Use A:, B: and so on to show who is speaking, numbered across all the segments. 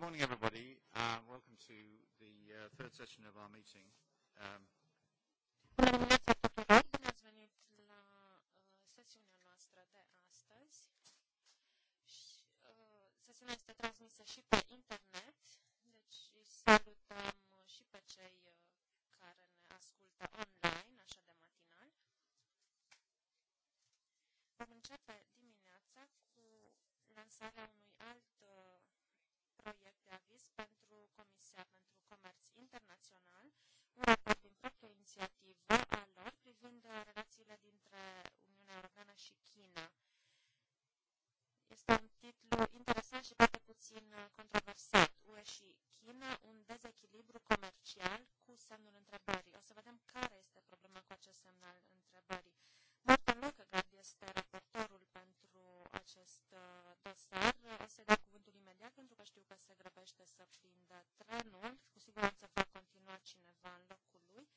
A: Good morning, everybody.
B: Uh, welcome to the uh, third session of our meeting. Um, Bună dimineața Bine ați
C: venit la uh, sesiunea noastră de astăzi.
D: Uh, sesiunea este transmisă și pe internet, deci salutăm și pe cei uh,
C: care ne ascultă online, așa de matinal. Vom începe dimineața cu lansarea unui alt proiect de aviz pentru Comisia pentru Comerț Internațional, un raport din proprie inițiativă a lor privind relațiile dintre Uniunea Europeană și China. Este un titlu interesant și poate puțin controversat. UE și China, un dezechilibru comercial cu semnul întrebării. O să vedem care este problema cu acest semnal întrebării. Martin Lockegaard este raportorul pentru acest uh, dosar. O să-i dau cuvântul imediat pentru că știu că se grăbește să prindă trenul. Cu siguranță va continua cineva în locul lui.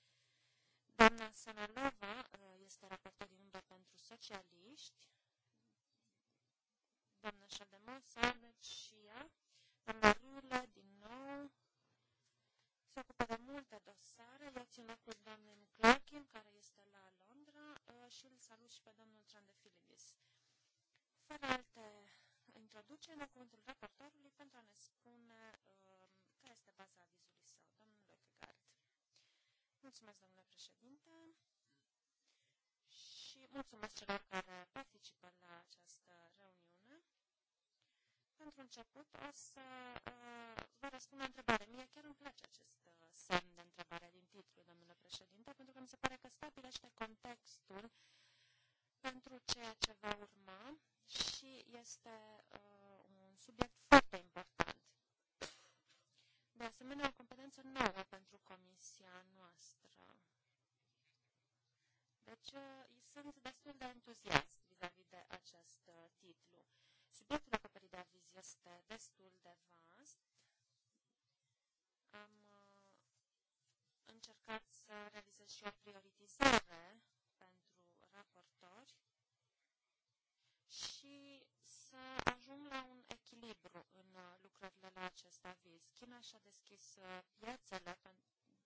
C: Doamna Sanalova uh, este raportor din umbră pentru socialiști. Doamna Șademosa, Necia, doamna Rulă, din nou, se ocupă de multe dosare. Eu țin locul doamnei Muclachin, care este la Londra, uh, și îl salut și pe domnul Trandefilidis fără alte introduceri, la cuvântul raportorului pentru a ne spune uh, care este baza avizului său. Domnul Lockegaard. Mulțumesc, domnule președinte, și mulțumesc celor care participă la această reuniune. Pentru început o să uh, vă răspund la întrebare. Mie chiar îmi place acest uh, semn de întrebare din titlu, domnule președinte, pentru că mi se pare că stabilește contextul uh, pentru ceea ce va urma și este uh, un subiect foarte important. De asemenea, o competență nouă pentru comisia noastră. Deci, uh, sunt destul de entuziast vis-a-vis -vis de acest uh, titlu. Subiectul acoperit de aviz este destul de vast. Am uh, încercat să realizez și o prioritizare raportori și să ajung la un echilibru în uh, lucrările la acest aviz. China și-a deschis uh, piețele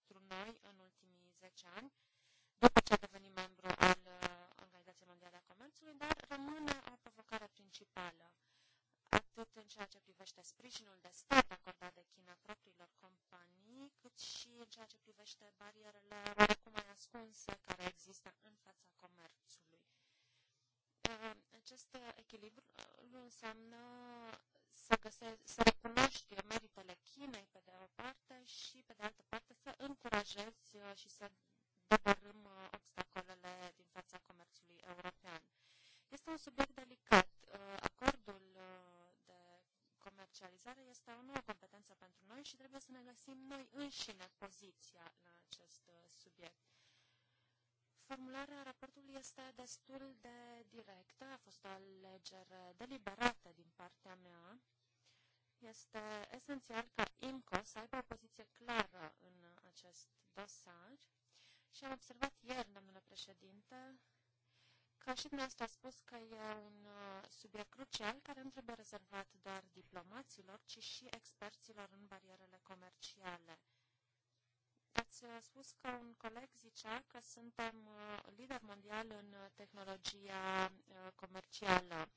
C: pentru noi în ultimii 10 ani, după ce a devenit membru al uh, Organizației Mondiale a Comerțului, dar rămâne o provocare principală atât în ceea ce privește sprijinul de stat acordat de China propriilor companii, cât și în ceea ce privește barierele oricum mai ascunse care există în fața comerțului. Ehm, acest echilibru înseamnă să, găse, să recunoști meritele Chinei pe de o parte și pe de altă parte să încurajezi uh, și să debărâm uh, obstacolele din fața comerțului european. Este un subiect delicat socializare este o nouă competență pentru noi și trebuie să ne găsim noi înșine poziția la acest uh, subiect. Formularea raportului este destul de directă, a fost o alegere deliberată din partea mea. Este esențial ca IMCO să aibă o poziție clară în acest dosar și am observat ieri, domnule președinte, ca și dumneavoastră a spus că e un uh, subiect crucial care nu trebuie rezervat doar diplomaților, ci și experților în barierele comerciale. Ați uh, spus că un coleg zicea că suntem uh, lider mondial în tehnologia comercială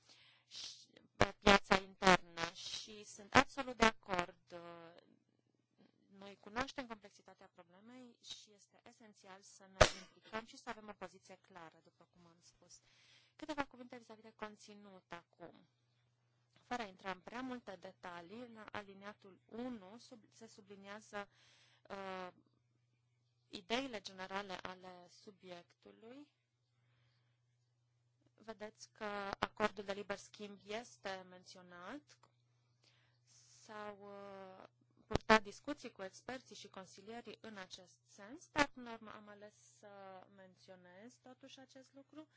C: pe piața internă și sunt absolut de acord noi cunoaștem complexitatea problemei și este esențial să ne implicăm și să avem o poziție clară, după cum am spus. Câteva cuvinte vis-a-vis de conținut acum. Fără a intra în prea multe detalii, la aliniatul 1 sub, se subliniază uh, ideile generale ale subiectului. Vedeți că acordul de liber schimb este menționat sau uh, purta discuții cu experții și consilierii în acest sens, dar până la urmă am ales să menționez totuși acest lucru.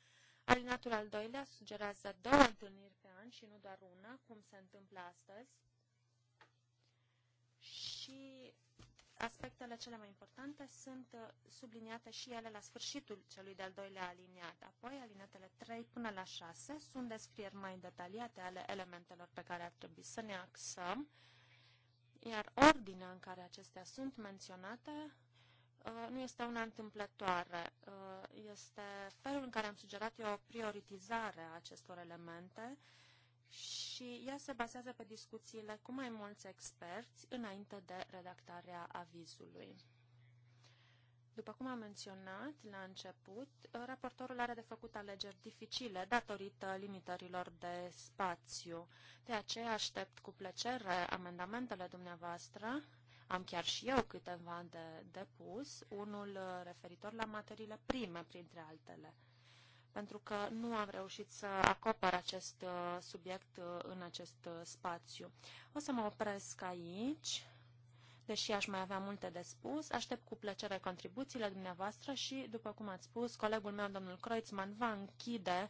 C: Alinatul al doilea sugerează două întâlniri pe an și nu doar una, cum se întâmplă astăzi. Și aspectele cele mai importante sunt uh, subliniate și ele la sfârșitul celui de-al doilea aliniat. Apoi, alinatele 3 până la 6 sunt descrieri mai detaliate ale elementelor pe care ar trebui să ne axăm iar ordinea în care acestea sunt menționate uh, nu este una întâmplătoare. Uh, este felul în care am sugerat eu o prioritizare a acestor elemente și ea se bazează pe discuțiile cu mai mulți experți înainte de redactarea avizului. După cum am menționat la început, raportorul are de făcut alegeri dificile datorită limitărilor de spațiu. De aceea aștept cu plăcere amendamentele dumneavoastră. Am chiar și eu câteva de depus, unul referitor la materiile prime, printre altele. Pentru că nu am reușit să acopăr acest uh, subiect uh, în acest uh, spațiu. O să mă opresc aici Deși aș mai avea multe de spus, aștept cu plăcere contribuțiile dumneavoastră și, după cum ați spus, colegul meu, domnul Kreutzmann, va închide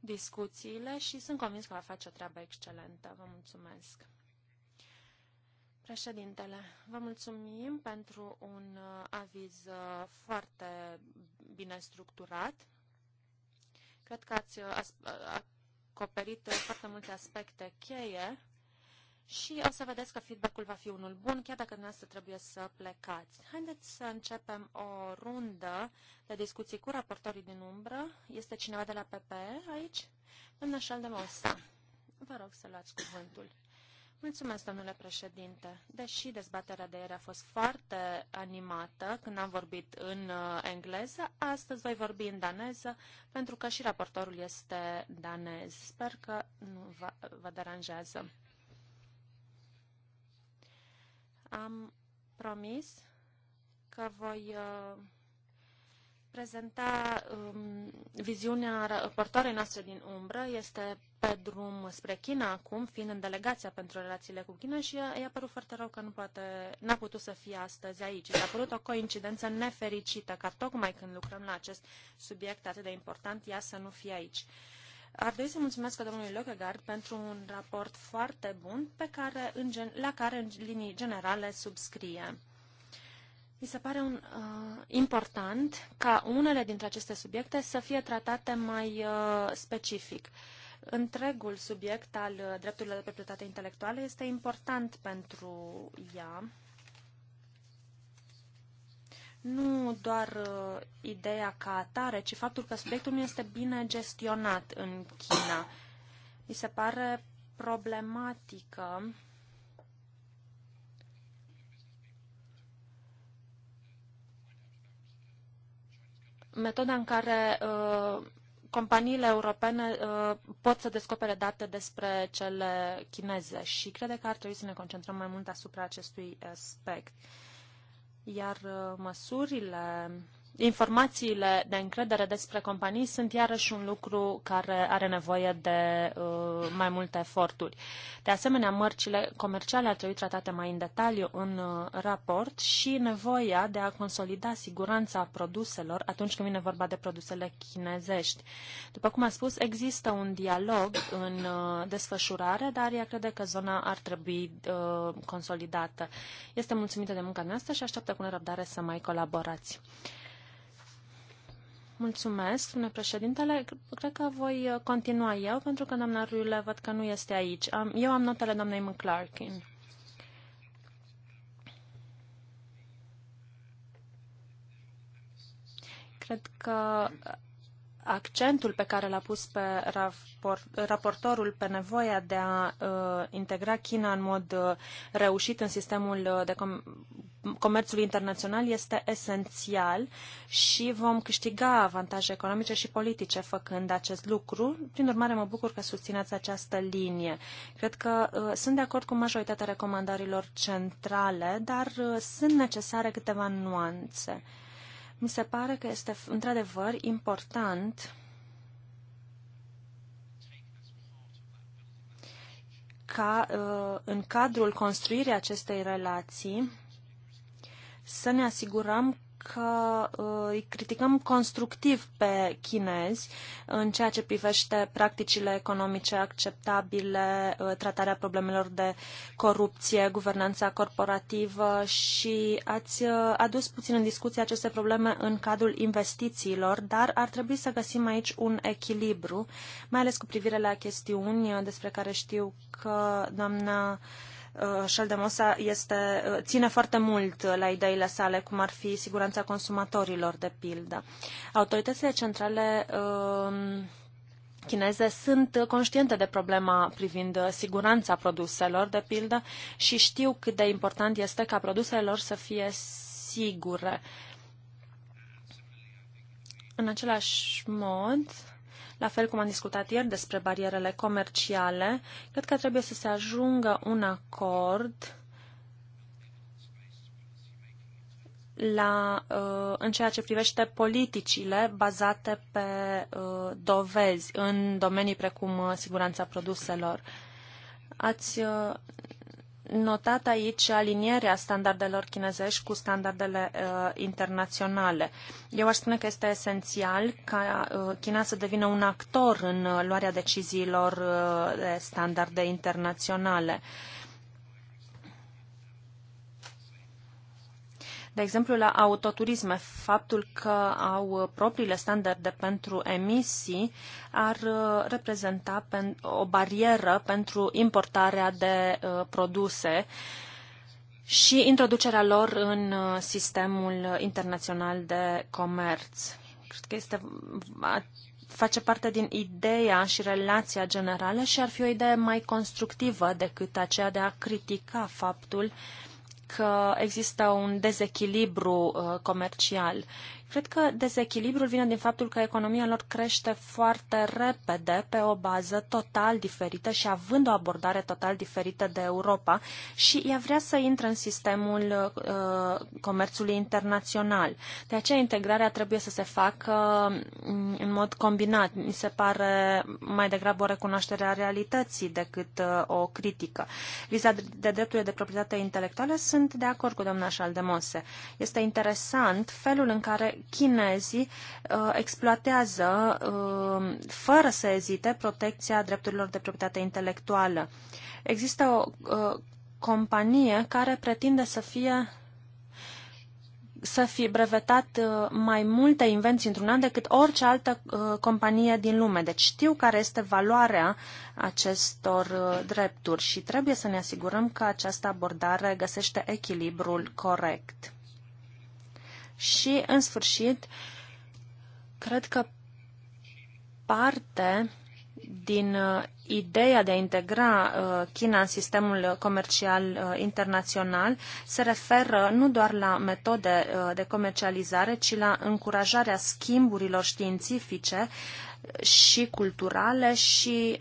C: discuțiile și sunt convins că va face o treabă excelentă. Vă mulțumesc! Președintele, vă mulțumim pentru un uh, aviz uh, foarte bine structurat. Cred că ați uh, acoperit foarte multe aspecte cheie și o să vedeți că feedback-ul va fi unul bun, chiar dacă dumneavoastră trebuie să plecați. Haideți să începem o rundă de discuții cu raportorii din umbră. Este cineva de la PP aici? Doamna Șaldemosa, vă rog să luați cuvântul. Mulțumesc, domnule președinte. Deși dezbaterea de ieri a fost foarte animată când am vorbit în uh, engleză, astăzi voi vorbi în daneză pentru că și raportorul este danez. Sper că nu vă, vă deranjează am promis că voi uh, prezenta um, viziunea raportoarei noastre din umbră. Este pe drum spre China acum, fiind în delegația pentru relațiile cu China și i-a părut foarte rău că nu poate, n-a putut să fie astăzi aici. I-a părut o coincidență nefericită ca tocmai când lucrăm la acest subiect atât de important, ea să nu fie aici. Uh, ar trebui să mulțumesc domnului Lockegaard pentru un raport foarte bun pe care, în gen, la care în linii generale subscrie. Mi se pare un, uh, important ca unele dintre aceste subiecte să fie tratate mai uh, specific. Întregul subiect al uh, drepturilor de proprietate intelectuală este important pentru ea nu doar uh, ideea ca atare, ci faptul că subiectul nu este bine gestionat în China. Mi se pare problematică metoda în care uh, companiile europene uh, pot să descopere date despre cele chineze și cred că ar trebui să ne concentrăm mai mult asupra acestui aspect. Uh, iar uh, măsurile informațiile de încredere despre companii sunt iarăși un lucru care are nevoie de uh, mai multe eforturi. De asemenea, mărcile comerciale ar trebui tratate mai în detaliu în uh, raport și nevoia de a consolida siguranța produselor atunci când vine vorba de produsele chinezești. După cum am spus, există un dialog în uh, desfășurare, dar ea crede că zona ar trebui uh, consolidată. Este mulțumită de munca noastră și așteaptă cu nerăbdare să mai colaborați. Mulțumesc, domnule președintele. Cred că voi uh, continua eu, pentru că doamna Ruiule văd că nu este aici. eu am notele doamnei McClarkin. Cred că accentul pe care l-a pus pe raport, raportorul pe nevoia de a uh, integra China în mod uh, reușit în sistemul uh, de com comerțului internațional este esențial și vom câștiga avantaje economice și politice făcând acest lucru. Prin urmare, mă bucur că susțineți această linie. Cred că uh, sunt de acord cu majoritatea recomandărilor centrale, dar uh, sunt necesare câteva nuanțe. Mi se pare că este într-adevăr important ca uh, în cadrul construirii acestei relații să ne asigurăm că uh, îi criticăm constructiv pe chinezi în ceea ce privește practicile economice acceptabile, uh, tratarea problemelor de corupție, guvernanța corporativă și ați uh, adus puțin în discuție aceste probleme în cadrul investițiilor, dar ar trebui să găsim aici un echilibru, mai ales cu privire la chestiuni despre care știu că doamna Uh, Șaldemosa este, uh, ține foarte mult uh, la ideile sale, cum ar fi siguranța consumatorilor, de pildă. Autoritățile centrale um, chineze sunt conștiente de problema privind siguranța produselor, de pildă, și știu cât de important este ca produsele lor să fie sigure. În același mod, la fel cum am discutat ieri despre barierele comerciale, cred că trebuie să se ajungă un acord la, uh, în ceea ce privește politicile bazate pe uh, dovezi în domenii precum uh, siguranța produselor. Ați notat aici alinierea standardelor chinezești cu standardele uh, internaționale. Eu aș spune că este esențial ca uh, China să devină un actor în uh, luarea deciziilor uh, de standarde internaționale. Uh, de exemplu la autoturisme. Faptul că au propriile standarde pentru emisii ar uh, reprezenta o barieră pentru importarea de uh, produse și introducerea lor în uh, sistemul internațional de comerț. Cred că este face parte din ideea și relația generală și ar fi o idee mai constructivă decât aceea de a critica faptul uh, că există un dezechilibru uh, comercial Cred că dezechilibrul vine din faptul că economia lor crește foarte repede pe o bază total diferită și având o abordare total diferită de Europa și ea vrea să intre în sistemul uh, comerțului internațional. De aceea integrarea trebuie să se facă mm, în mod combinat. Mi se pare mai degrabă o recunoaștere a realității decât uh, o critică. Viza de drepturile de proprietate intelectuală sunt de acord cu doamna Șaldemose. Este interesant felul în care chinezii uh, exploatează uh, fără să ezite protecția drepturilor de proprietate intelectuală. Există o uh, companie care pretinde să fie să fi brevetat mai multe invenții într-un an decât orice altă companie din lume. Deci știu care este valoarea acestor drepturi și trebuie să ne asigurăm că această abordare găsește echilibrul corect. Și, în sfârșit, cred că parte din uh, ideea de a integra uh, China în sistemul comercial uh, internațional se referă nu doar la metode de comercializare, ci la încurajarea schimburilor științifice și culturale și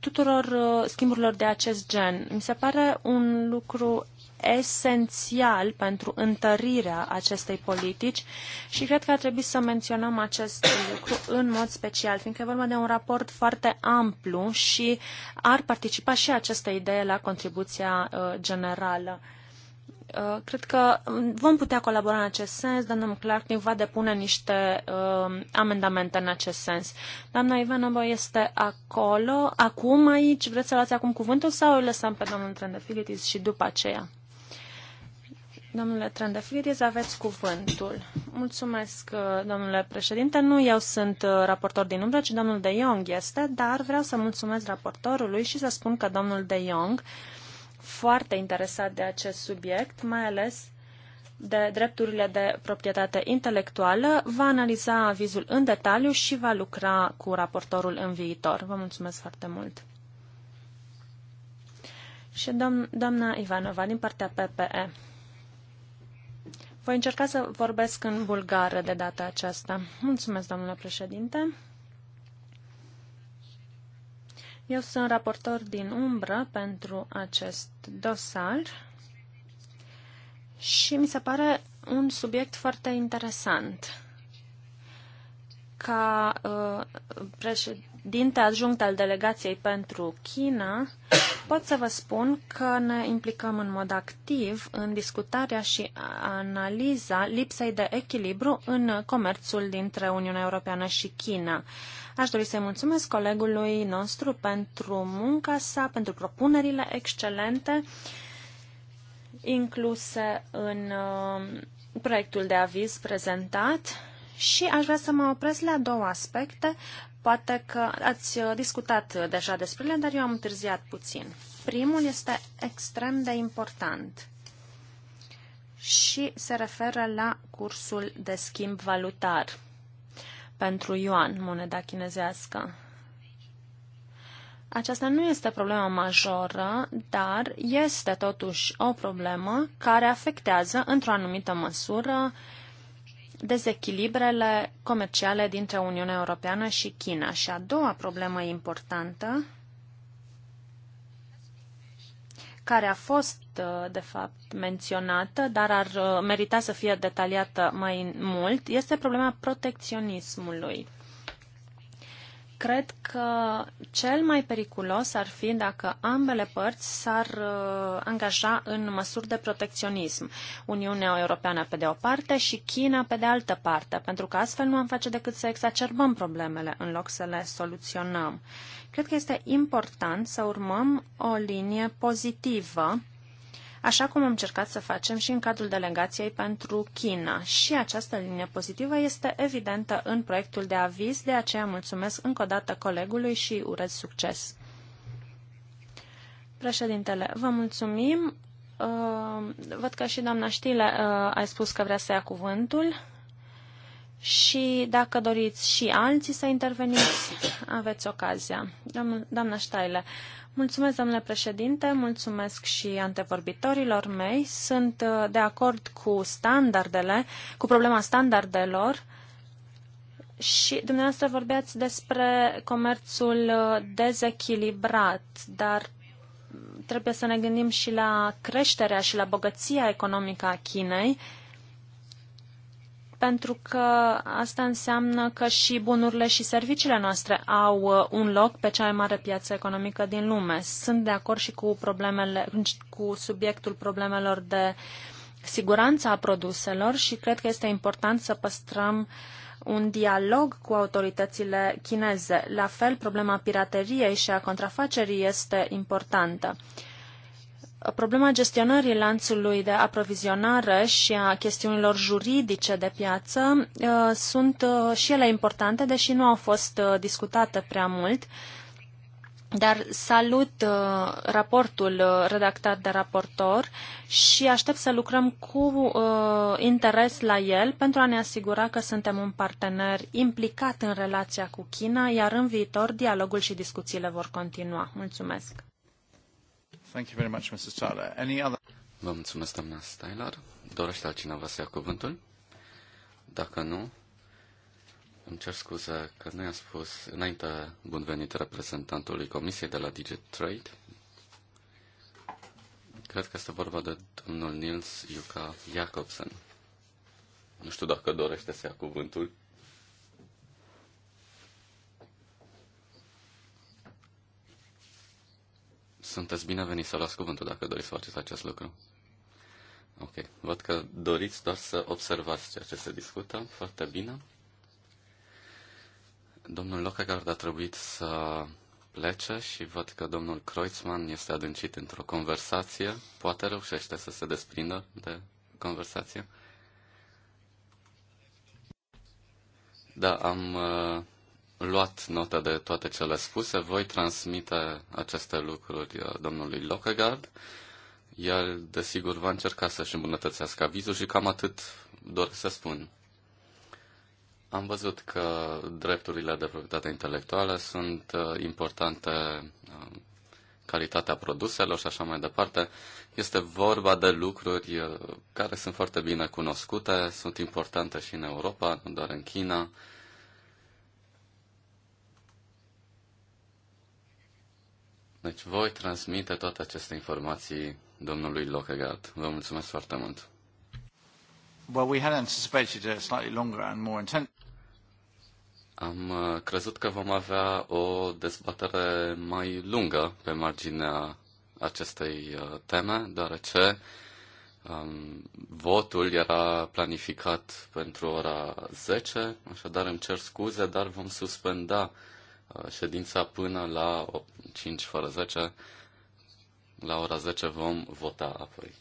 C: tuturor schimburilor de acest gen. Mi se pare un lucru esențial pentru întărirea acestei politici și cred că ar trebui să menționăm acest lucru în mod special, fiindcă e vorba de un raport foarte amplu și ar participa și această idee la contribuția uh, generală uh, cred că um, vom putea colabora în acest sens. Doamna McClarkin va depune niște uh, amendamente în acest sens. Doamna Ivanova este acolo. Acum aici? Vreți să luați acum cuvântul sau îl lăsăm pe domnul Trendefilitis și după aceea? Domnule Trandafiriz, aveți cuvântul. Mulțumesc, uh, domnule președinte. Nu eu sunt uh, raportor din umbră, ci domnul De Jong este, dar vreau să mulțumesc raportorului și să spun că domnul De Jong, foarte interesat de acest subiect, mai ales de drepturile de proprietate intelectuală, va analiza avizul în detaliu și va lucra cu raportorul în viitor. Vă mulțumesc foarte mult. Și doamna Ivanova, din partea PPE. Voi încerca să vorbesc în bulgară de data aceasta. Mulțumesc, domnule președinte. Eu sunt raportor din umbră pentru acest dosar și mi se pare un subiect foarte interesant. Ca uh, președinte președinte adjunct al delegației pentru China, pot să vă spun că ne implicăm în mod activ în discutarea și analiza lipsei de echilibru în comerțul dintre Uniunea Europeană și China. Aș dori să-i mulțumesc colegului nostru pentru munca sa, pentru propunerile excelente incluse în um, proiectul de aviz prezentat și aș vrea să mă opresc la două aspecte Poate că ați uh, discutat deja despre ele, dar eu am întârziat puțin. Primul este extrem de important și se referă la cursul de schimb valutar pentru yuan, moneda chinezească. Aceasta nu este problema majoră, dar este totuși o problemă care afectează într-o anumită măsură uh, dezechilibrele comerciale dintre Uniunea Europeană și China. Și a doua problemă importantă, care a fost, uh, de fapt, menționată, dar ar uh, merita să fie detaliată mai mult, este problema protecționismului cred că cel mai periculos ar fi dacă ambele părți s-ar uh, angaja în măsuri de protecționism. Uniunea Europeană pe de o parte și China pe de altă parte, pentru că astfel nu am face decât să exacerbăm problemele în loc să le soluționăm. Cred că este important să urmăm o linie pozitivă așa cum am încercat să facem și în cadrul delegației pentru China. Și această linie pozitivă este evidentă în proiectul de aviz, de aceea mulțumesc încă o dată colegului și urez succes. Președintele, vă mulțumim. Uh, văd că și doamna Știle uh, a spus că vrea să ia cuvântul. Și dacă doriți și alții să interveniți, aveți ocazia. Doamna Ștaile, Mulțumesc, domnule președinte, mulțumesc și antevorbitorilor mei. Sunt uh, de acord cu standardele, cu problema standardelor și dumneavoastră vorbeați despre comerțul uh, dezechilibrat, dar trebuie să ne gândim și la creșterea și la bogăția economică a Chinei, uh, pentru că asta înseamnă că și bunurile și serviciile noastre au uh, un loc pe cea mai mare piață economică din lume. Sunt de acord și cu, problemele, cu subiectul problemelor de siguranță a produselor și cred că este important să păstrăm un dialog cu autoritățile chineze. La fel, problema pirateriei și a contrafacerii este importantă. Uh, Problema gestionării lanțului de aprovizionare și a chestiunilor juridice de piață uh, sunt uh, și ele importante, deși nu au fost uh, discutate prea mult. Dar salut raportul redactat de raportor și aștept să lucrăm cu interes la el pentru a ne asigura că suntem un partener implicat în relația cu China, iar în viitor dialogul și discuțiile vor continua. Mulțumesc!
A: Thank you very much, Mrs. Tyler. Any other... Vă mulțumesc, doamna Steiler. Dorește altcineva să ia cuvântul? Dacă nu, îmi cer scuze că nu i-am spus înainte bun venit reprezentantului Comisiei de la DigiTrade. Cred că este vorba de domnul Nils Iuca Jacobsen. Nu știu dacă dorește să ia cuvântul. sunteți bineveniți să luați cuvântul dacă doriți să faceți acest lucru. Ok, văd că doriți doar să observați ceea ce se discută. Foarte bine. Domnul Lockhart a trebuit să plece și văd că domnul Kreutzmann este adâncit într-o conversație. Poate reușește să se desprindă de conversație. Da, am uh, luat notă de toate cele spuse. Voi transmite aceste lucruri uh, domnului Lockegaard. iar desigur, va încerca să-și îmbunătățească avizul și cam atât doresc să spun. Am văzut că drepturile de proprietate intelectuală sunt uh, importante, uh, calitatea produselor și așa mai departe. Este vorba de lucruri care sunt foarte bine cunoscute, sunt importante și în Europa, nu doar în China Deci voi transmite toate aceste informații domnului Lockegaard. Vă mulțumesc foarte mult. Well, we had anticipated a slightly longer and more intense... Am uh, crezut că vom avea o dezbatere mai lungă pe marginea acestei uh, teme, deoarece um, votul era planificat pentru ora 10, așadar îmi cer scuze, dar vom suspenda ședința până la 5 fără 10. La ora 10 vom vota apoi.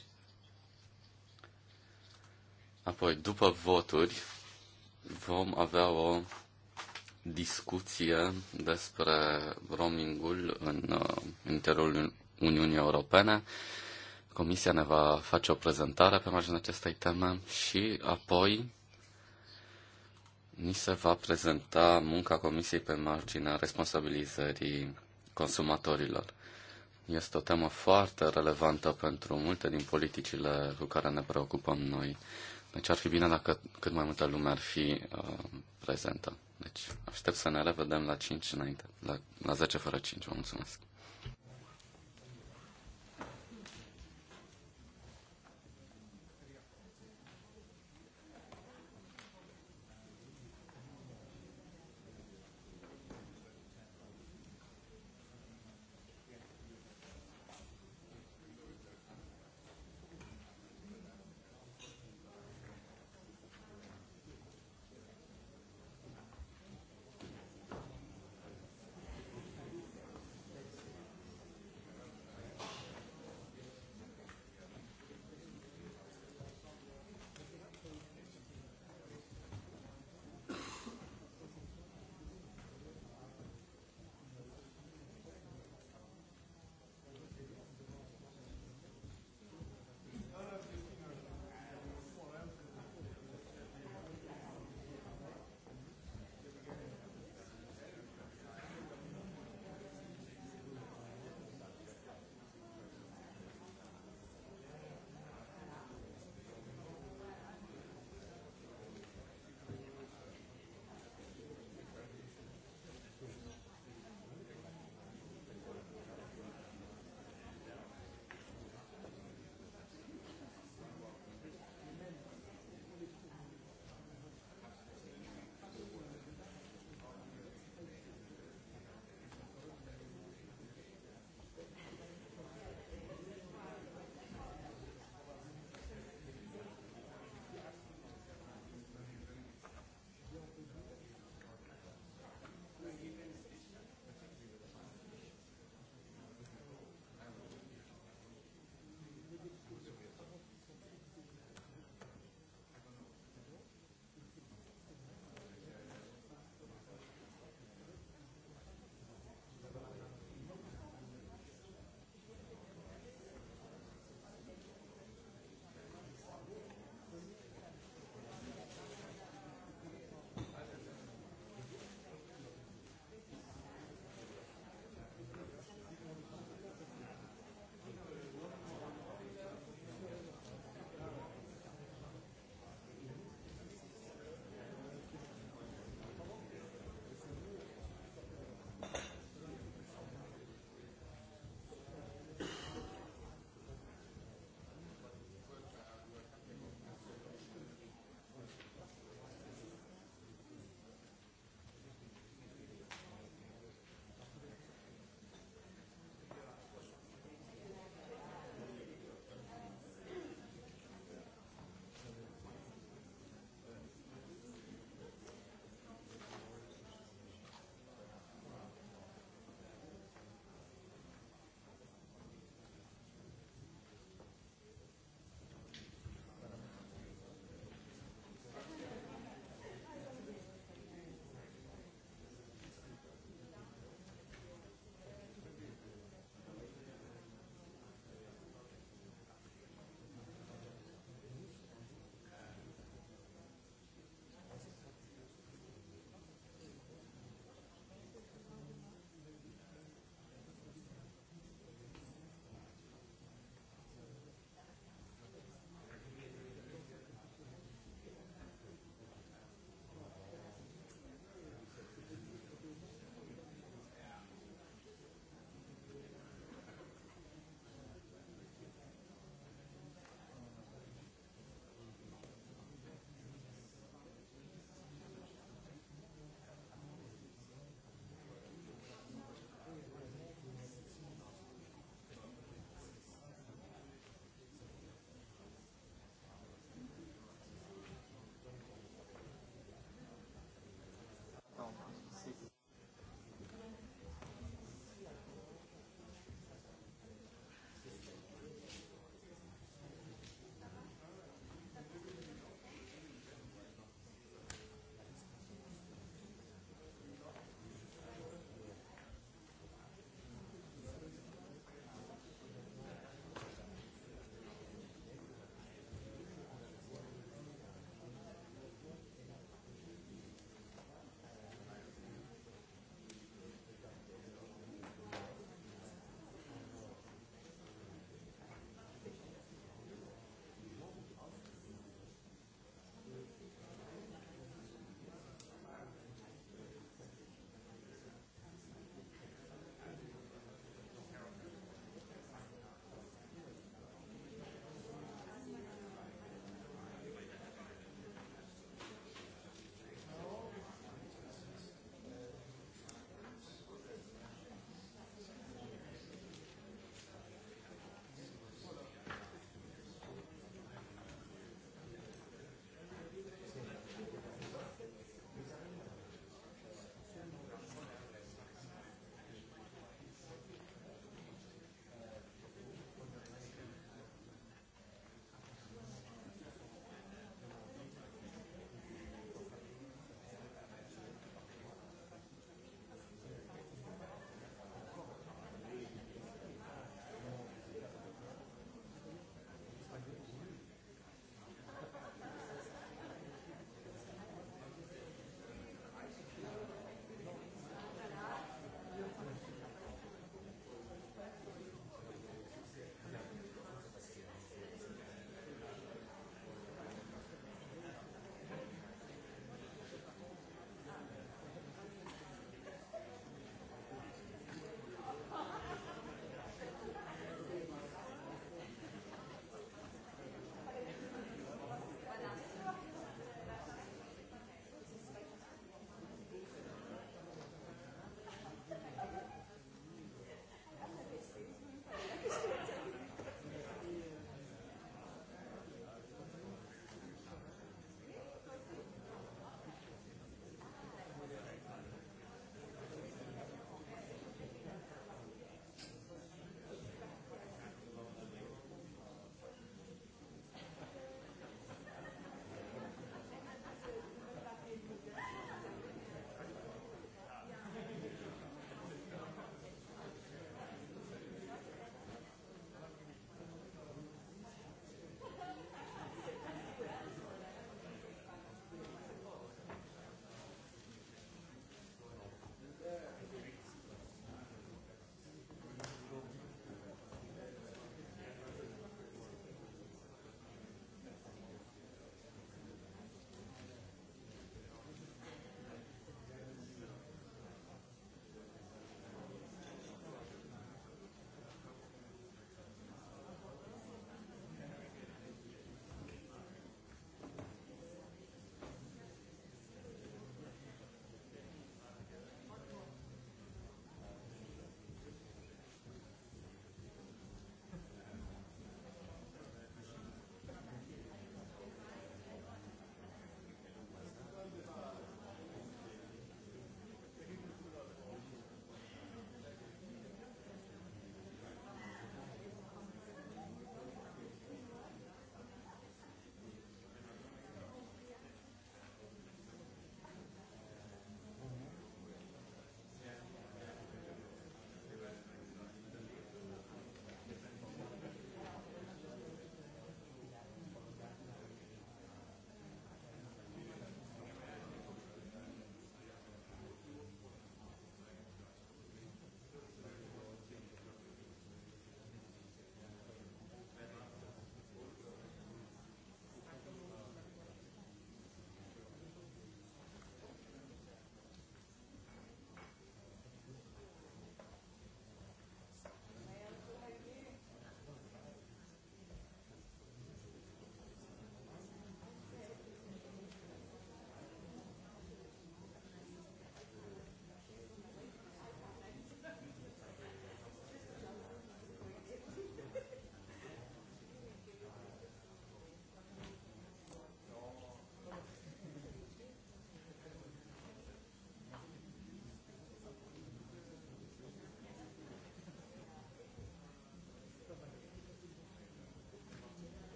A: Apoi, după voturi, vom avea o discuție despre roamingul în uh, interiorul Uniunii Europene. Comisia ne va face o prezentare pe marginea acestei teme și apoi ni se va prezenta munca Comisiei pe marginea responsabilizării consumatorilor. Este o temă foarte relevantă pentru multe din politicile cu care ne preocupăm noi. Deci ar fi bine dacă cât mai multă lume ar fi uh, prezentă. Deci aștept să ne revedem la 5 înainte, la, la 10 fără 5. Vă mulțumesc!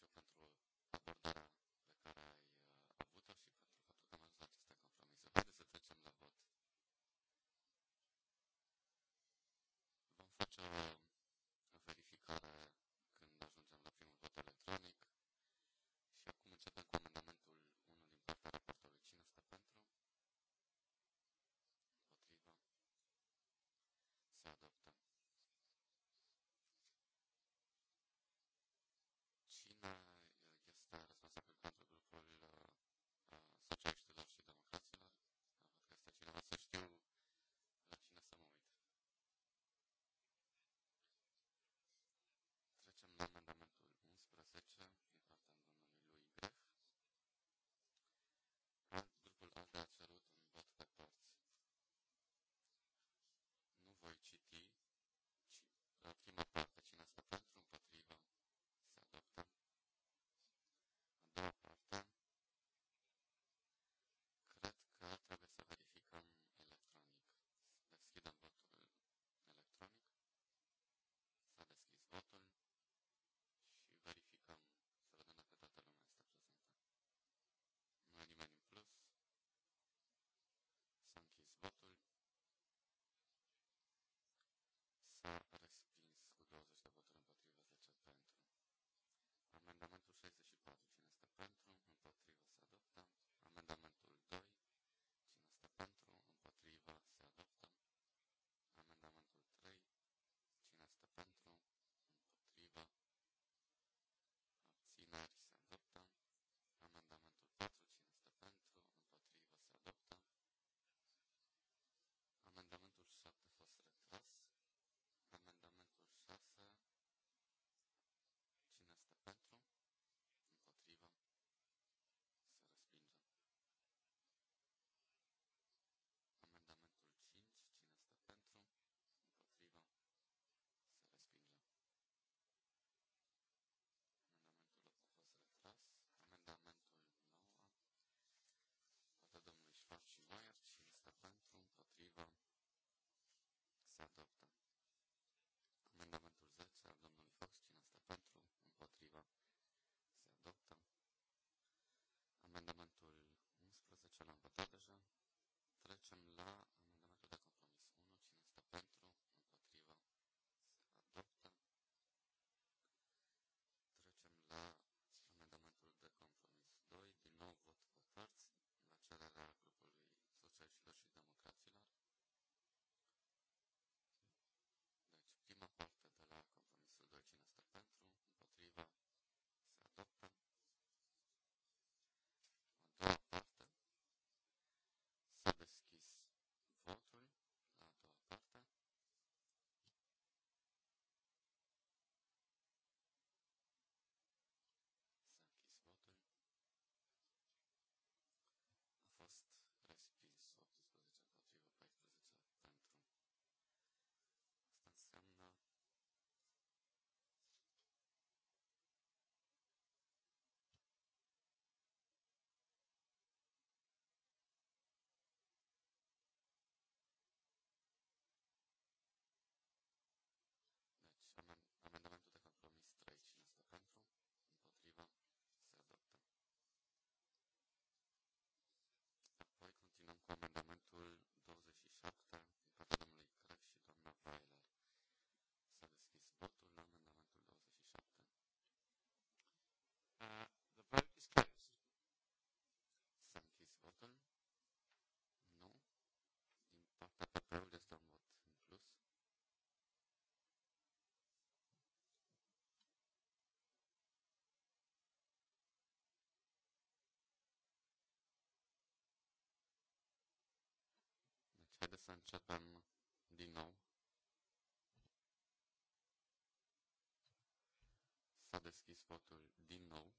A: și eu pentru abordarea Haideți să începem din nou. S-a deschis votul din nou.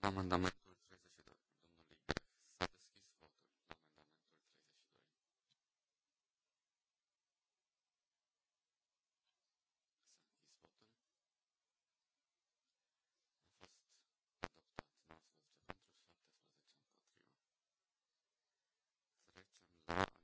A: la amendamentul 32. Domnului s-a deschis votul la amendamentul 32. S-a deschis votul. A fost adoptat 19 pentru 17 împotriva. Trecem la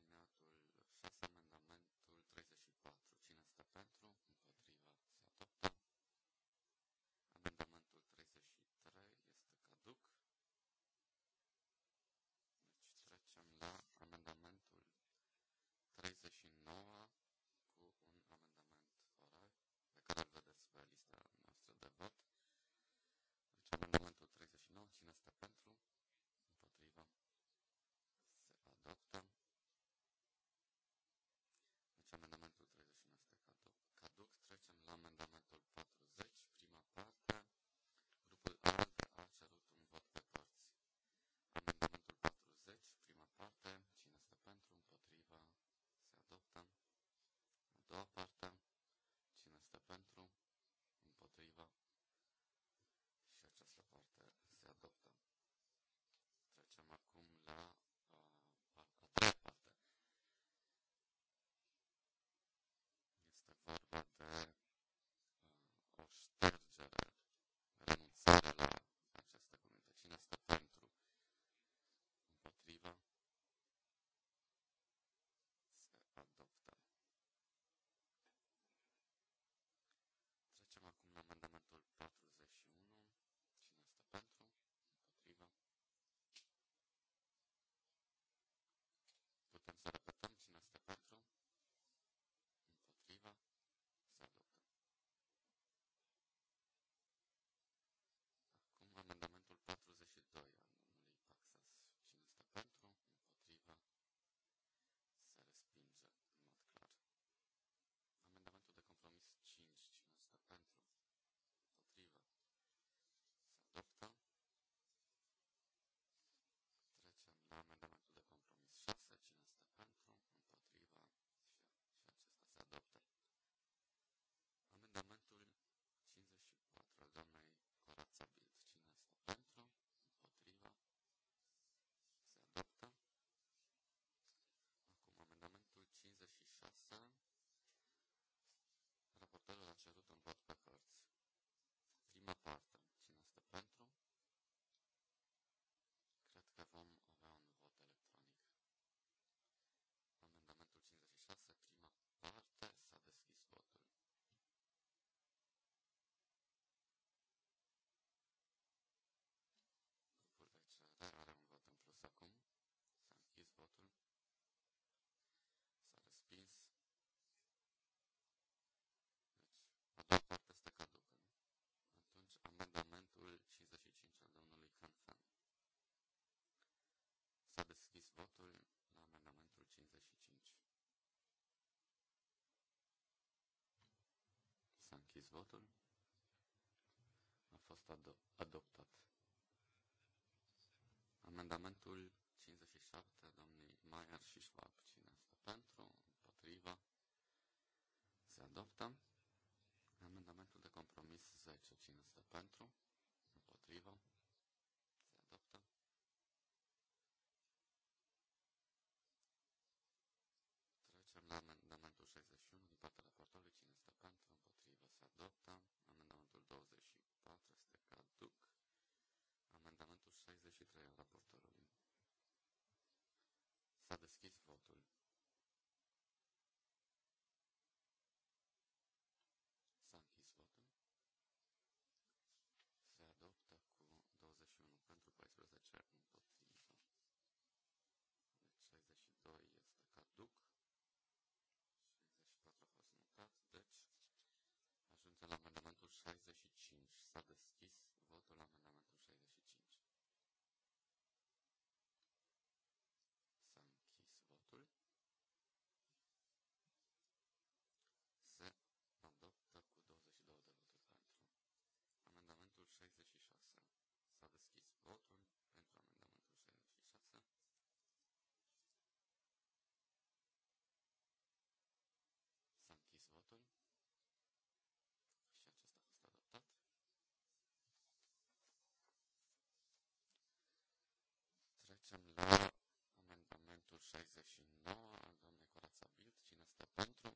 A: deschis votul. A fost ado- adoptat. Amendamentul 57, domnii Maier și Schwab. Cine este pentru? Împotriva? Se adoptă. Amendamentul de compromis 10. Cine este pentru? Împotriva? raportul. Trecem la amendamentul 69 al doamnei Corața Bild. Cine stă pentru?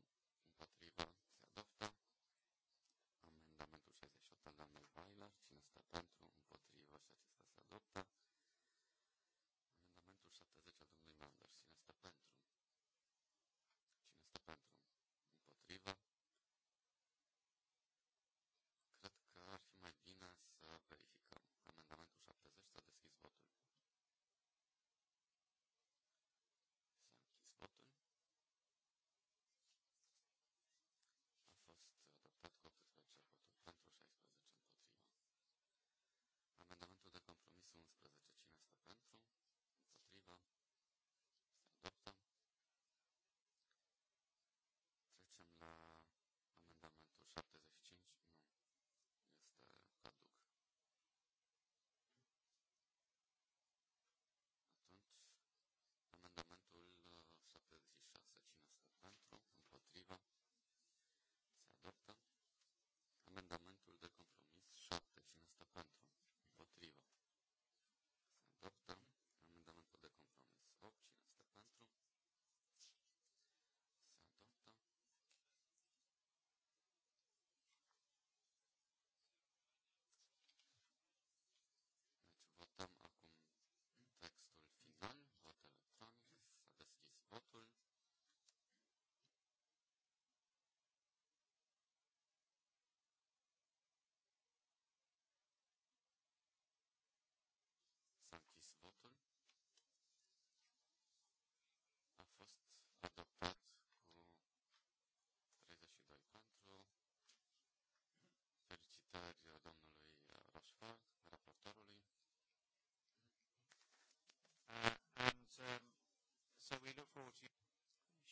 B: So we look forward to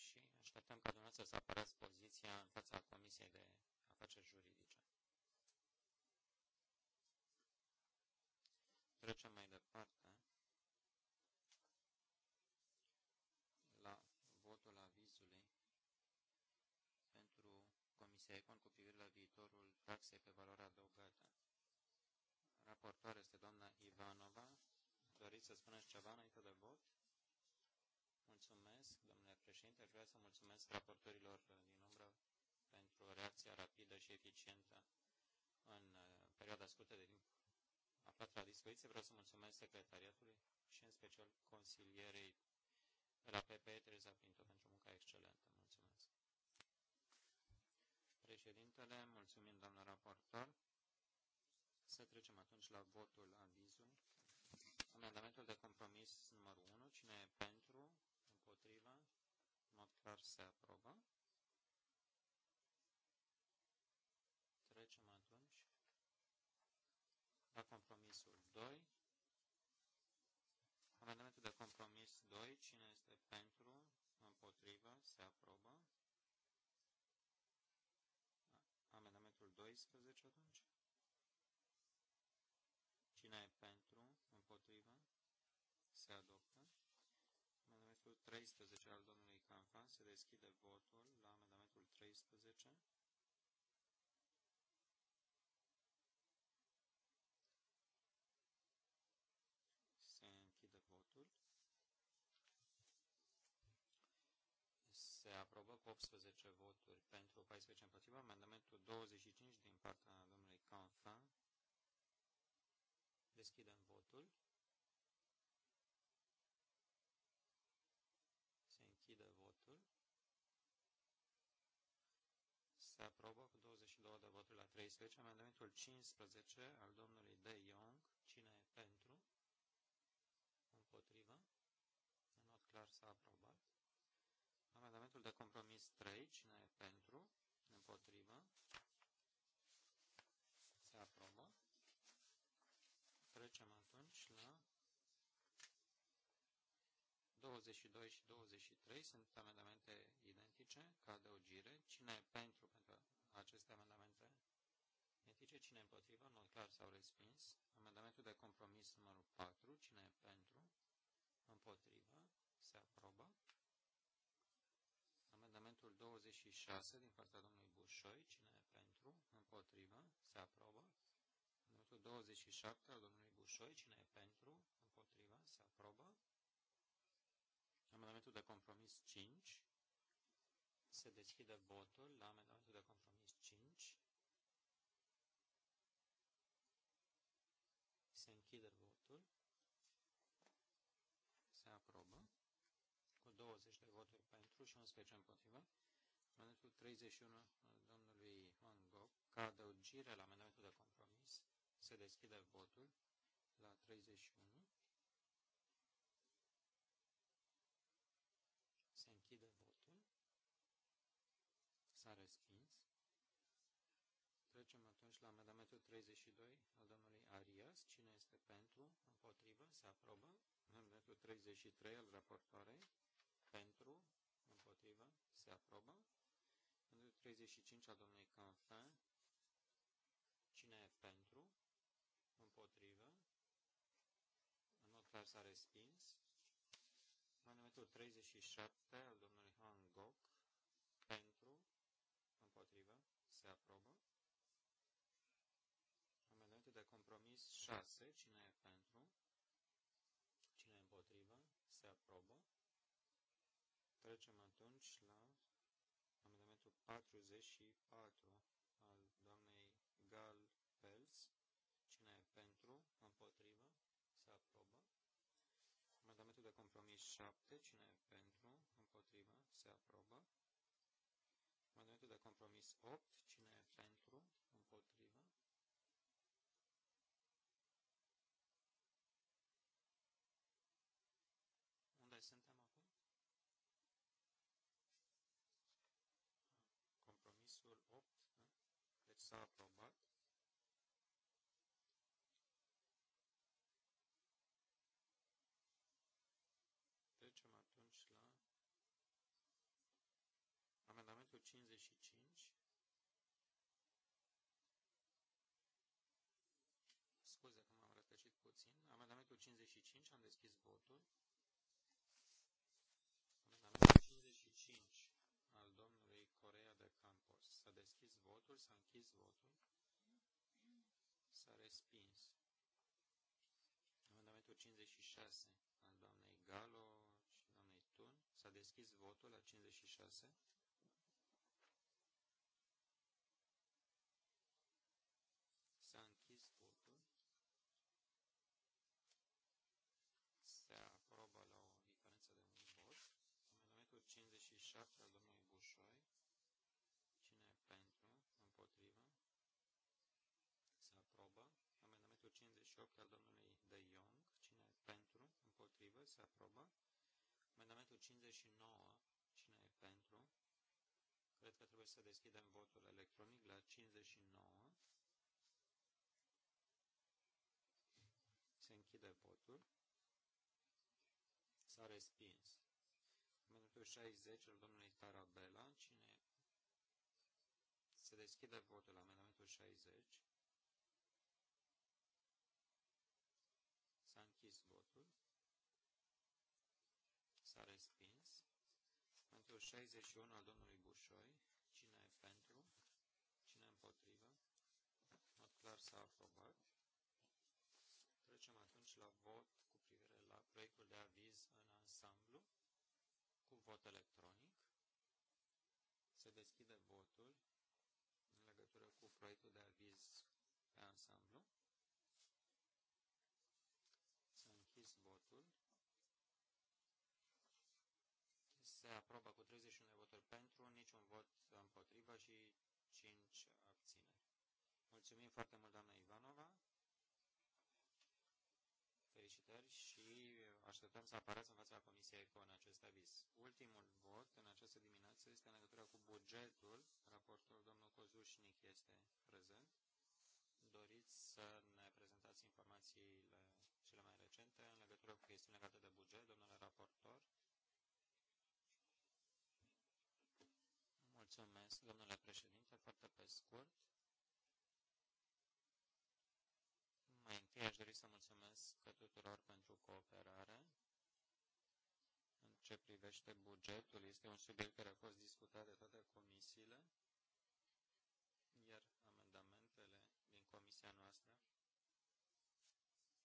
B: și așteptăm ca dumneavoastră să apărați poziția în fața Comisiei de Afaceri Juridice. Trecem mai departe la votul avizului pentru Comisia Econ cu privire la viitorul taxei pe valoare adăugată. Raportoare este doamna Ivanova. Doriți să spuneți ceva înainte de vot? Mulțumesc, domnule președinte. Vreau să mulțumesc raportorilor din umbră pentru reacția rapidă și eficientă în uh, perioada scurtă de timp a patra dispoziție. Vreau să mulțumesc secretariatului și în special consilierei de la PP, Teresa Pinto, pentru munca excelentă. Mulțumesc. Președintele, mulțumim, doamnă raportor. Să trecem atunci la votul avizului. Amendamentul de compromis numărul 1. Cine e pentru? împotriva, în mod clar se aprobă. Trecem atunci la compromisul 2. Amendamentul de compromis 2, cine este pentru, împotriva, se aprobă. Amendamentul 12 atunci. Cine e pentru, împotriva, se adoptă. 13 al domnului Canfan. Se deschide votul la amendamentul 13. Se închide votul. Se aprobă cu 18 voturi pentru 14 împotriva. Amendamentul 25 din partea domnului Canfan. Deschidem votul. se aprobă cu 22 de voturi la 13. Amendamentul 15 al domnului De Jong. Cine e pentru? Împotrivă? În mod clar s-a aprobat. Amendamentul de compromis 3. Cine e pentru? Împotrivă? Se aprobă. Trecem atunci la 22 și 23 sunt amendamente identice, ca adăugire. Cine e pentru aceste amendamente etice. Cine împotrivă? În mod clar s-au respins. Amendamentul de compromis numărul 4. Cine e pentru? Împotrivă? Se aprobă. Amendamentul 26 din partea domnului Bușoi. Cine e pentru? Împotrivă? Se aprobă. Amendamentul 27 al domnului Bușoi. Cine e pentru? Împotrivă? Se aprobă. Amendamentul de compromis 5. Se deschide votul la amendamentul de compromis 5. Se închide votul. Se aprobă cu 20 de voturi pentru și 11 împotrivă. Amendamentul 31 al domnului Van Gogh, ca adăugire la amendamentul de compromis, se deschide votul la 31. la amendamentul 32 al domnului Arias. Cine este pentru? Împotrivă? Se aprobă. Amendamentul 33 al raportoarei. Pentru? Împotrivă? Se aprobă. Amendamentul 35 al domnului Canfe Cine e pentru? Împotrivă? În mod clar s-a respins. Amendamentul 37 al domnului Han Compromis 6. Cine e pentru? Cine e împotrivă? Se aprobă. Trecem atunci la amendamentul 44 al doamnei Gal Pels. Cine e pentru? Împotrivă? Se aprobă. Amendamentul de compromis 7. Cine e pentru? Împotrivă? Se aprobă. Amendamentul de compromis 8. Cine e pentru? Împotrivă? S-a aprobat. Trecem atunci la amendamentul 55. Scuze că m-am rătăcit puțin. Amendamentul 55, am deschis votul. S-a deschis votul, s-a închis votul, s-a respins. Amendamentul 56 al doamnei Galo și doamnei Tun. S-a deschis votul la 56. 28 al domnului De Jong. Cine pentru? Împotrivă? Se aprobă. Amendamentul 59. Cine e pentru? Cred că trebuie să deschidem votul electronic la 59. Se închide votul. S-a respins. Amendamentul 60 al domnului Tarabella. Cine se deschide votul la amendamentul 60. s-a respins. Amendamentul 61 al domnului Bușoi, cine e pentru, cine e împotrivă, mod clar s-a aprobat. Trecem atunci la vot cu privire la proiectul de aviz în ansamblu, cu vot electronic. Se deschide votul în legătură cu proiectul de aviz pe ansamblu. se aprobă cu 31 de voturi pentru, niciun vot împotrivă și 5 abțineri. Mulțumim foarte mult, doamna Ivanova. Felicitări și așteptăm să apară în fața Comisiei cu în acest aviz. Ultimul vot în această dimineață este în legătură cu bugetul. Raportul domnul Cozușnic este prezent. Doriți să ne prezentați informațiile cele mai recente în legătură cu chestiuni legate de buget, domnule raportor? Mulțumesc, domnule președinte, foarte pe scurt. Mai întâi aș dori să mulțumesc tuturor pentru cooperare. În ce privește bugetul, este un subiect care a fost discutat de toate comisiile, iar amendamentele din comisia noastră,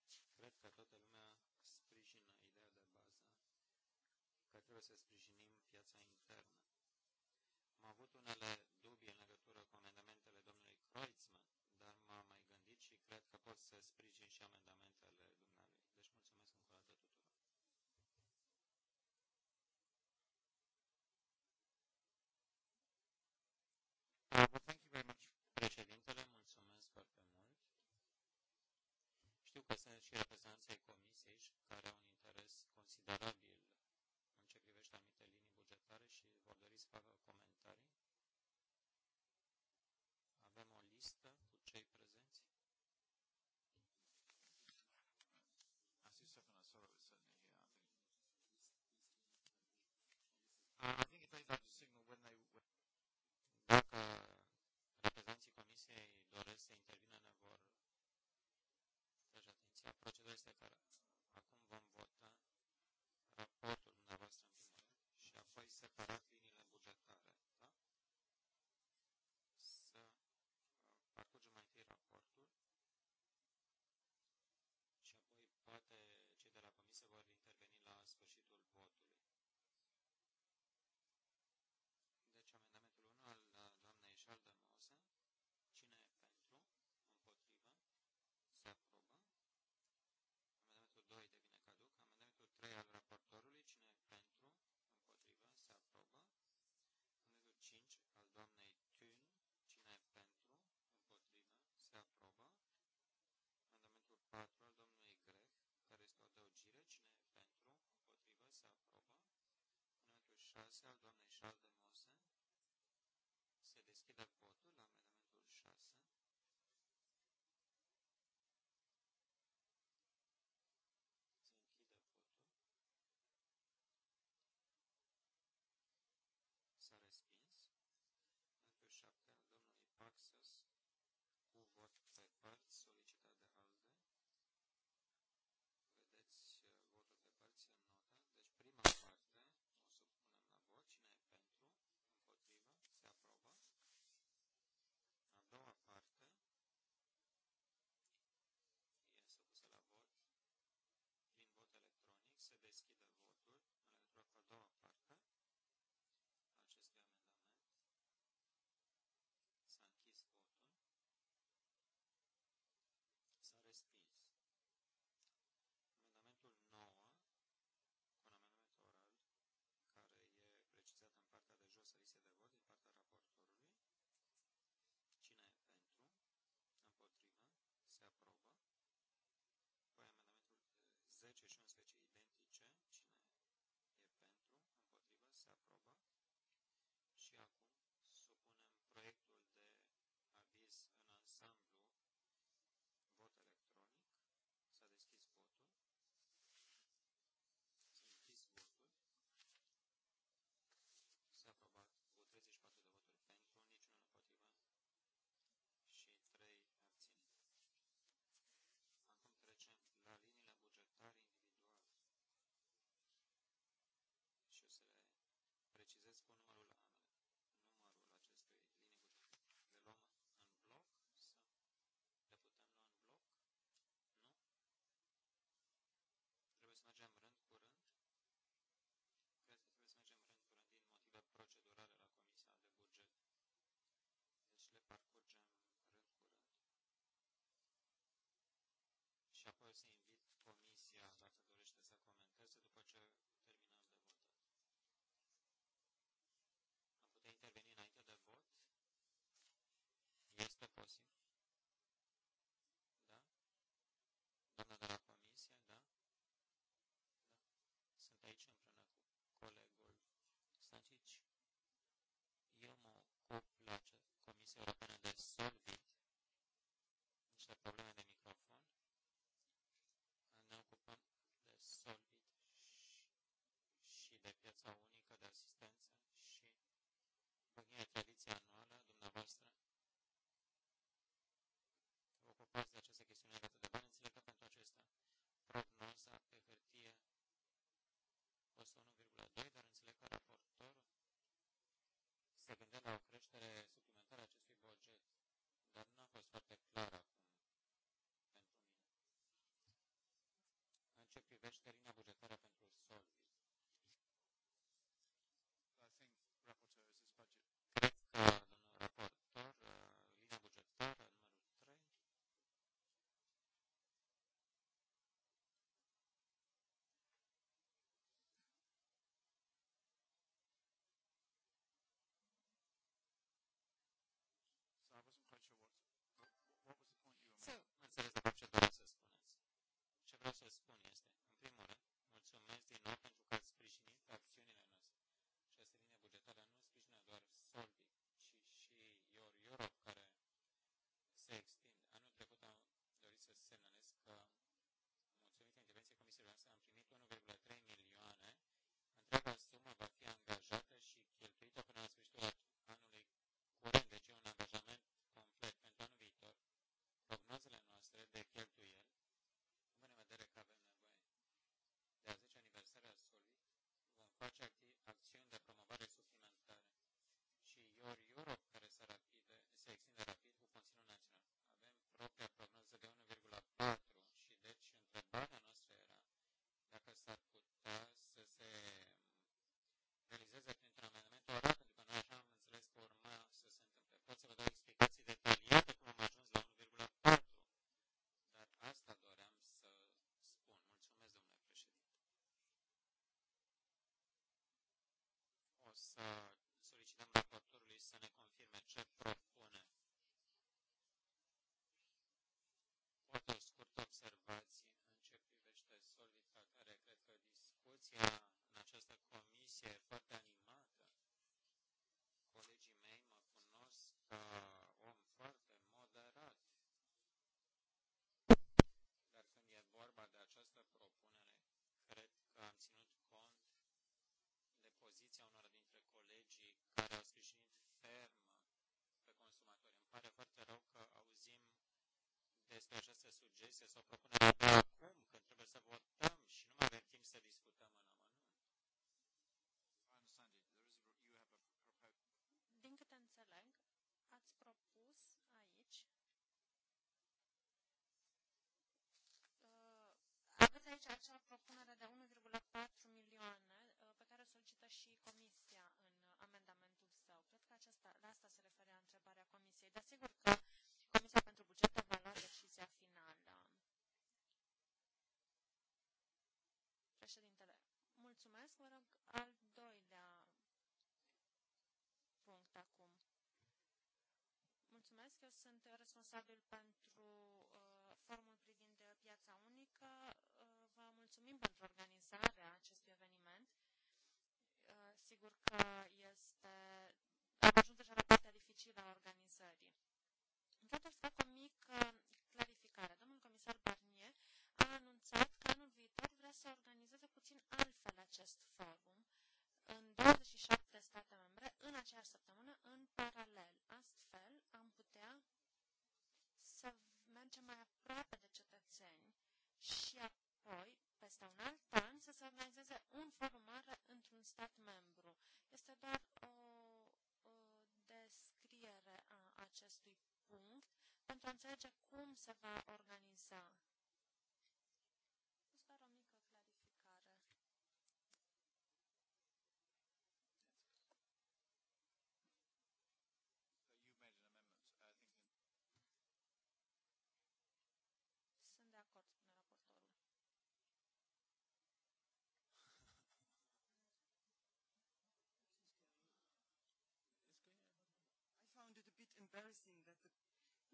B: cred că toată lumea sprijină ideea de bază că trebuie să unele dubii în legătură cu amendamentele domnului Kreutzmann, dar m-am mai gândit și cred că pot să sprijin și amendamentele dumnealui. Deci mulțumesc încă o dată tuturor. Vă uh, thank you very much, președintele. Mulțumesc foarte mult. Știu că sunt și reprezentanții comisiei care 6 al doamnei Sheldon să le precizez cu numărul vreau să spun este sugestie sau propunere abia acum, când trebuie să votăm și nu mai avem timp să discutăm în amănunt. Din câte înțeleg,
C: ați propus aici uh, aveți aici acea propunere de 1,4 milioane uh, pe care o solicită și Comisia în amendamentul său. Cred că acesta, la asta se referea întrebarea Comisiei. Dar sigur, Mulțumesc, mă rog, al doilea punct acum. Mulțumesc, eu sunt responsabil pentru uh, formul privind uh, piața unică. Uh, vă mulțumim pentru organizarea acestui eveniment. Uh, sigur că este, am ajuns deja la partea dificilă a organizării. Vreau doar să fac o mică clarificare. Domnul comisar Barnier a anunțat că anul viitor vrea să organizeze puțin acest forum în 27 state membre în aceeași săptămână în paralel. Astfel am putea să mergem mai aproape de cetățeni și apoi, peste un alt an, să se organizeze un forum mare într-un stat membru. Este doar o, o descriere a acestui punct pentru a înțelege cum se va organiza
D: embarrassing decât...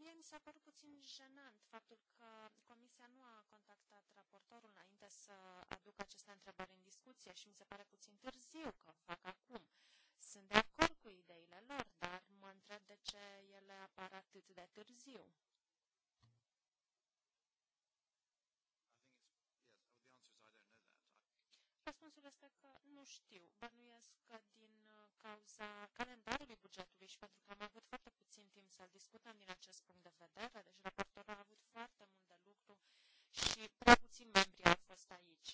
C: Mie mi s-a părut puțin jenant faptul că Comisia nu a contactat raportorul înainte să aducă aceste întrebări în discuție și mi se pare puțin târziu că o fac acum. Sunt de acord cu ideile lor, dar mă întreb de ce ele apar atât de târziu. nu știu. Bănuiesc că din uh, cauza calendarului bugetului și pentru că am avut foarte puțin timp să-l discutăm din acest punct de vedere, deci raportorul a avut foarte mult de lucru și prea puțini membri au fost aici.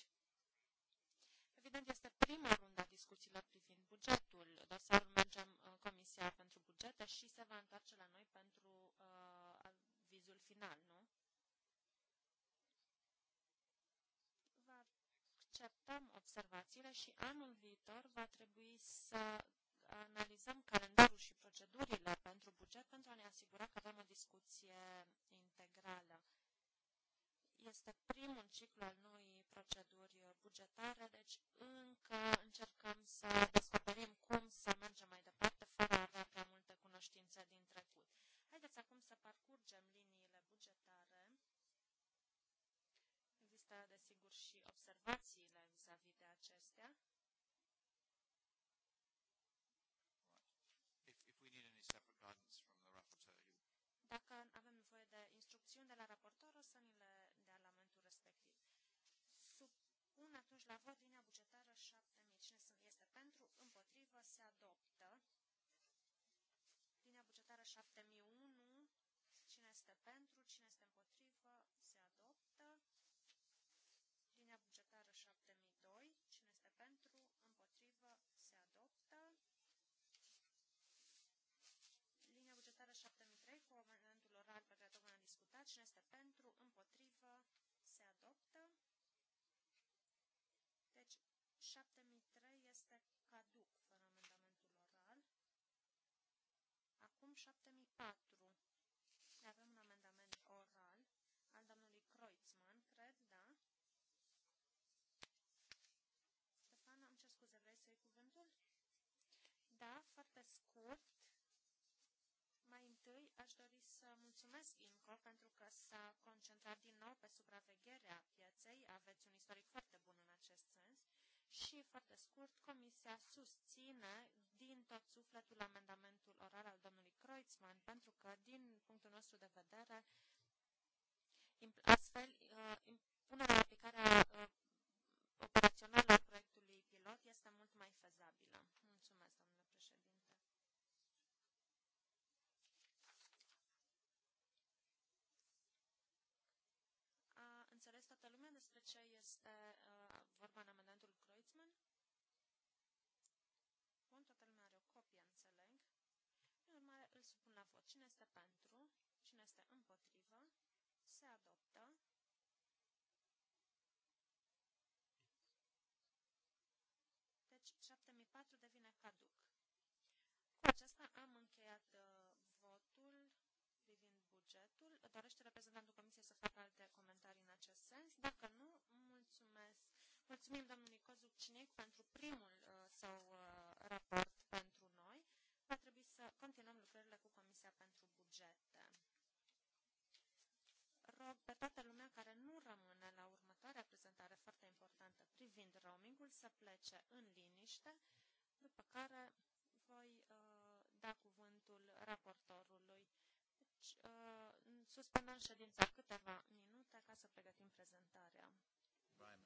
C: Evident, este prima rundă a discuțiilor privind bugetul. Dosarul merge în Comisia pentru Bugete și se va întoarce la noi pentru uh, vizul final, nu? acceptăm observațiile și anul viitor va trebui să analizăm calendarul și procedurile pentru buget pentru a ne asigura că avem o discuție integrală. Este primul ciclu al noii proceduri bugetare, deci încă încercăm să descoperim cum să mergem mai departe fără a avea prea multe cunoștințe din trecut. Haideți acum să parcurgem liniile bugetare și observațiile vis-a-vis -vis de acestea. Dacă avem nevoie de instrucțiuni de la raportor, o să ni le dea la momentul respectiv. Supun atunci la vot linia bugetară 7.000. Cine este pentru, împotrivă, se adoptă. Linia bugetară 7.001. Cine este pentru, cine este împotrivă? cine este pentru, împotrivă, se adoptă. Deci 7003 este caduc fără amendamentul oral. Acum 7004. Ne avem un amendament oral al domnului Kreutzmann, cred, da? Stefan, am cer scuze, vrei să iei cuvântul? Da, foarte scurt aș dori să mulțumesc IMCO pentru că s-a concentrat din nou pe supravegherea pieței. Aveți un istoric foarte bun în acest sens. Și, foarte scurt, Comisia susține din tot sufletul amendamentul oral al domnului Kreutzmann, pentru că, din punctul nostru de vedere, astfel, uh, punerea în aplicare uh, operațională a proiectului pilot este mult mai fezabilă. Mulțumesc, domnule președinte. ce este uh, vorba în amendamentul Kreutzmann? Bun, toată lumea are o copie, înțeleg. În urmare, îl supun la vot. Cine este pentru? Cine este împotrivă? Se adoptă. Deci, 7004 devine caduc. Cu aceasta am încheiat uh, votul privind bugetul. Dorește reprezentantul Comisiei să facă acest sens. Dacă nu, mulțumesc. Mulțumim domnului Cozucinic pentru primul uh, său uh, raport pentru noi. Va trebui să continuăm lucrările cu Comisia pentru Bugete. Rog pe toată lumea care nu rămâne la următoarea prezentare foarte importantă privind roamingul să plece în liniște, după care voi uh, da cuvântul raportorului. Deci, uh, suspendăm ședința câteva minute să pregătim prezentarea.
B: Brian.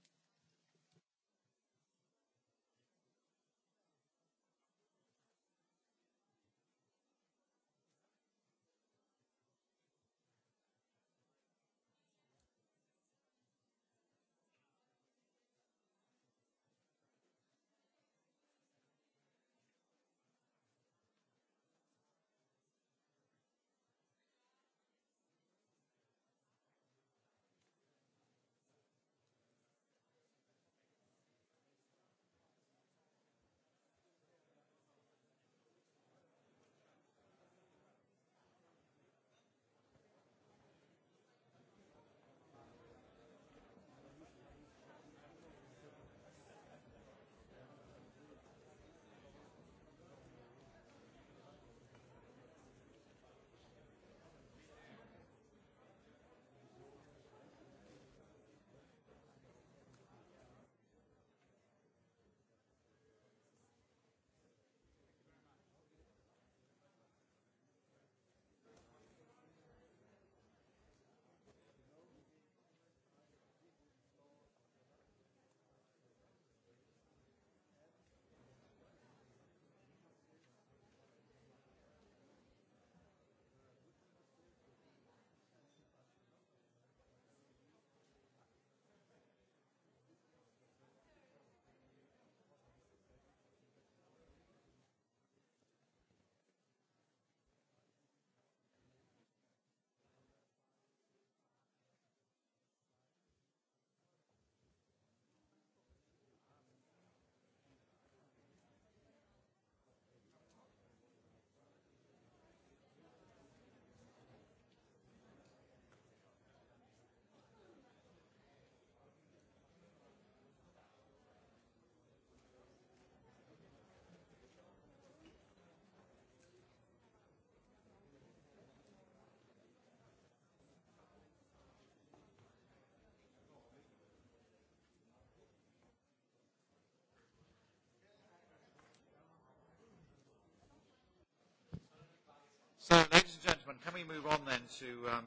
B: So, ladies and gentlemen, can we move on then to... Um...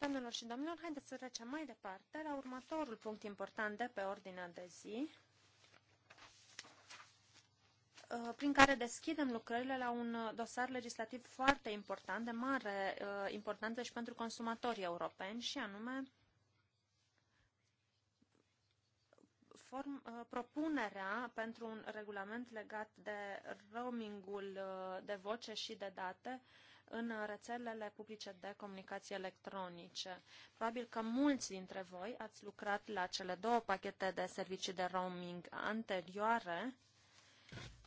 C: Doamnelor și domnilor, haideți să trecem mai departe la următorul punct important de pe ordinea de zi, uh, prin care deschidem lucrările la un uh, dosar legislativ foarte important, de mare uh, importanță și pentru consumatorii europeni, și anume form, uh, propunerea pentru un regulament legat de roamingul uh, de voce și de date în rețelele publice de comunicații electronice. Probabil că mulți dintre voi ați lucrat la cele două pachete de servicii de roaming anterioare,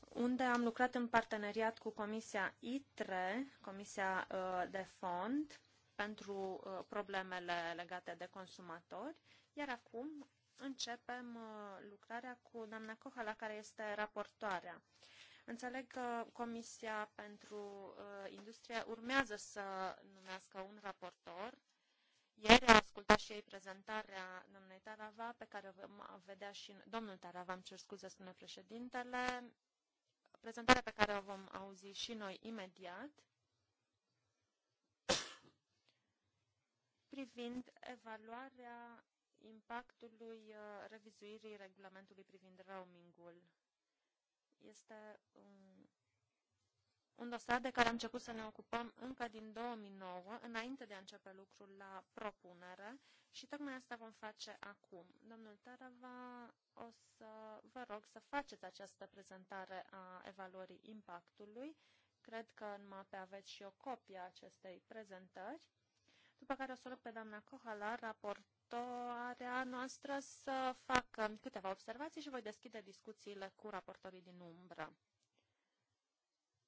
C: unde am lucrat în parteneriat cu Comisia ITRE, Comisia uh, de Fond, pentru problemele legate de consumatori, iar acum începem uh, lucrarea cu doamna Cohala, care este raportoarea. Înțeleg că Comisia pentru uh, Industrie urmează să numească un raportor. Ieri a ascultat și ei prezentarea domnului Tarava, pe care o vom vedea și domnul Tarava, îmi cer scuze, spune președintele, prezentarea pe care o vom auzi și noi imediat. privind evaluarea impactului uh, revizuirii regulamentului privind roamingul. Este un, un dosar de care am început să ne ocupăm încă din 2009, înainte de a începe lucrul la propunere și tocmai asta vom face acum. Domnul Tarava, o să vă rog să faceți această prezentare a evaluării impactului. Cred că în mape aveți și o copie a acestei prezentări după care o să rog pe doamna Cohala, raport raportoarea noastră să facă câteva observații și voi deschide discuțiile cu raportorii din umbră.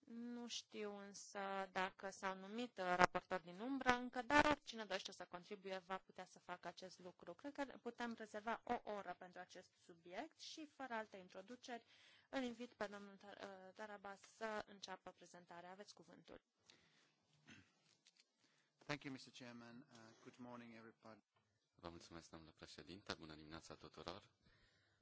C: Nu știu însă dacă s-au numit raportori din umbră încă, dar oricine dorește să contribuie va putea să facă acest lucru. Cred că putem rezerva o oră pentru acest subiect și, fără alte introduceri, îl invit pe domnul uh, Tarabas să înceapă prezentarea. Aveți cuvântul. Thank you, Mr. Chairman. Uh, good morning, everybody.
A: Vă mulțumesc, domnule președinte. Bună dimineața tuturor.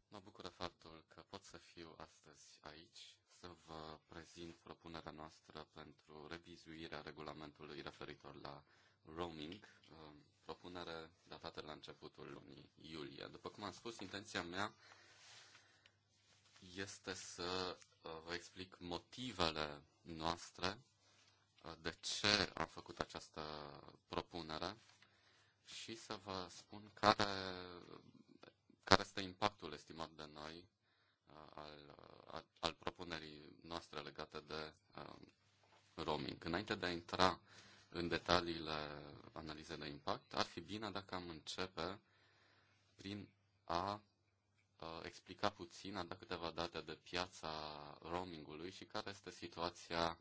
A: Mă bucură faptul că pot să fiu astăzi aici să vă prezint propunerea noastră pentru revizuirea regulamentului referitor la roaming, um, propunere datată la începutul lunii iulie. După cum am spus, intenția mea este să uh, vă explic motivele noastre uh, de ce am făcut această propunere și să vă spun care, care este impactul estimat de noi uh, al, uh, al, propunerii noastre legate de uh, roaming. Înainte de a intra în detaliile analizei de impact, ar fi bine dacă am începe prin a explica puțin, a da câteva date de piața roamingului și care este situația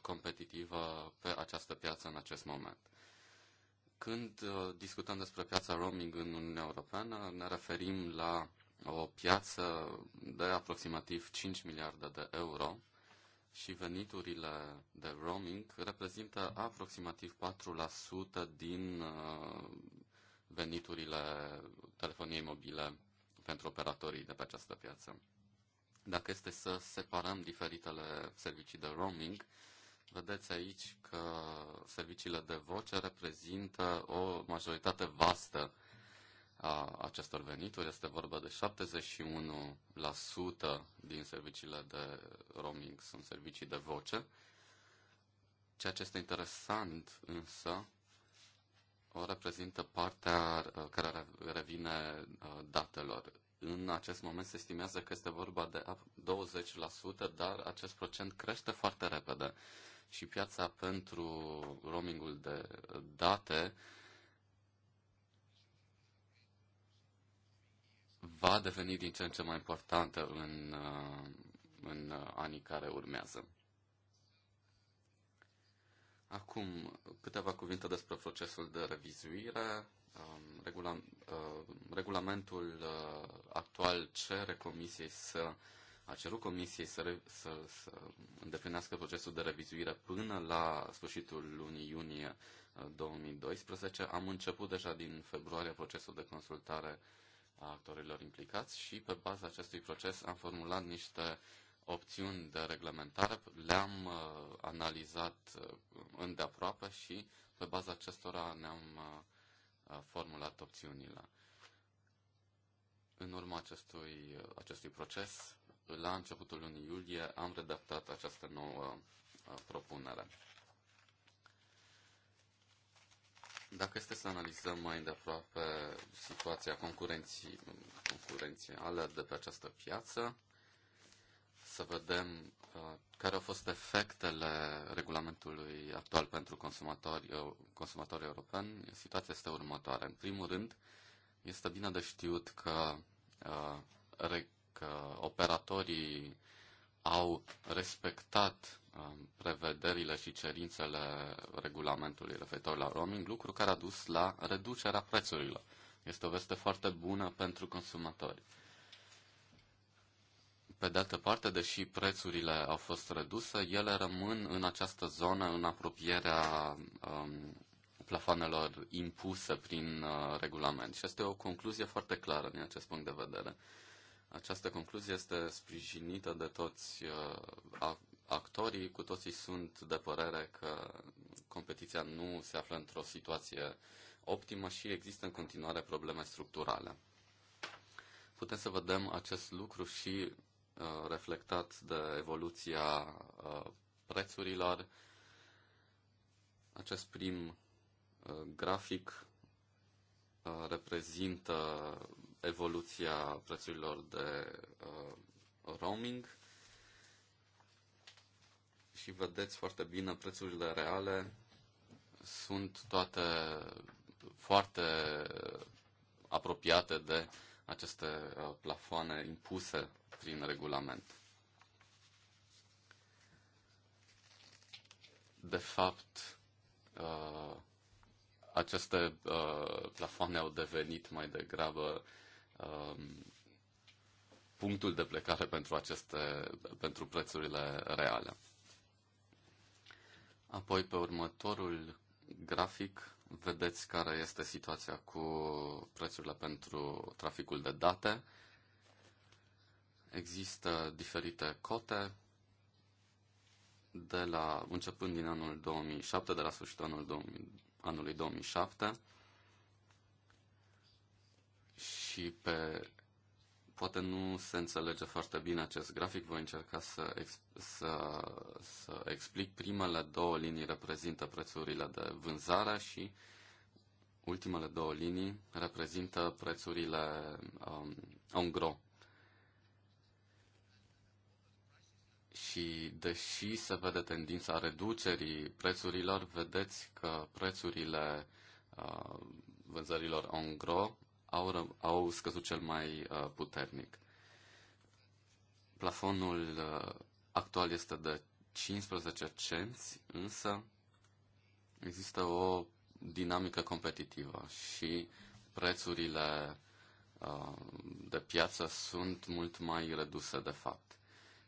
A: competitivă pe această piață în acest moment. Când uh, discutăm despre piața roaming în Uniunea Europeană, ne referim la o piață de aproximativ 5 miliarde de euro și veniturile de roaming reprezintă aproximativ 4% din uh, veniturile telefoniei mobile pentru operatorii de pe această piață. Dacă este să separăm diferitele servicii de roaming, Vedeți aici că serviciile de voce reprezintă o majoritate vastă a acestor venituri. Este vorba de 71% din serviciile de roaming sunt servicii de voce. Ceea ce este interesant însă o reprezintă partea uh, care revine uh, datelor. În acest moment se estimează că este vorba de 20%, dar acest procent crește foarte repede și piața pentru roamingul de date va deveni din ce în ce mai importantă în, uh, în anii care urmează. Acum, câteva cuvinte despre procesul de revizuire. Um, Regula, uh, regulamentul uh, actual cere Comisiei să a cerut Comisiei să, re- să, să îndeplinească procesul de revizuire până la sfârșitul lunii iunie 2012. Uh, am început deja din februarie procesul de consultare a actorilor implicați și pe baza acestui proces am formulat niște opțiuni de reglementare, le-am uh, analizat uh, îndeaproape și pe baza acestora ne-am uh, uh formulat opțiunile. În urma acestui, uh, acestui proces, la începutul lunii iulie am redactat această nouă uh, propunere. Dacă este să analizăm mai îndeaproape situația concurenții, concurențială de pe această piață, să vedem uh, care au fost efectele regulamentului actual pentru consumatori, consumatorii europeni, situația este următoare. În primul rând, este bine de știut că uh, dacă operatorii au respectat um, prevederile și cerințele regulamentului referitor la roaming, lucru care a dus la reducerea prețurilor. Este o veste foarte bună pentru consumatori. Pe de altă parte, deși prețurile au fost reduse, ele rămân în această zonă, în apropierea um, plafanelor impuse prin uh, regulament. Și este o concluzie foarte clară din acest punct de vedere. Această concluzie este sprijinită de toți uh, actorii, cu toții sunt de părere că competiția nu se află într-o situație optimă și există în continuare probleme structurale. Putem să vedem acest lucru și uh, reflectat de evoluția uh, prețurilor. Acest prim uh, grafic uh, reprezintă evoluția prețurilor de uh, roaming și vedeți foarte bine prețurile reale sunt toate foarte apropiate de aceste uh, plafoane impuse prin regulament. De fapt, uh, aceste uh, plafoane au devenit mai degrabă Um, punctul de plecare pentru, aceste, pentru prețurile reale. Apoi, pe următorul grafic, vedeți care este situația cu prețurile pentru traficul de date. Există diferite cote de la, începând din anul 2007, de la sfârșitul anului 2007, și pe... Poate nu se înțelege foarte bine acest grafic, voi încerca să, ex... să, să explic. Primele două linii reprezintă prețurile de vânzare și ultimele două linii reprezintă prețurile um, en Și deși se vede tendința reducerii prețurilor, vedeți că prețurile uh, vânzărilor en au, au scăzut cel mai uh, puternic. Plafonul uh, actual este de 15 cenți, însă există o dinamică competitivă și prețurile uh, de piață sunt mult mai reduse de fapt.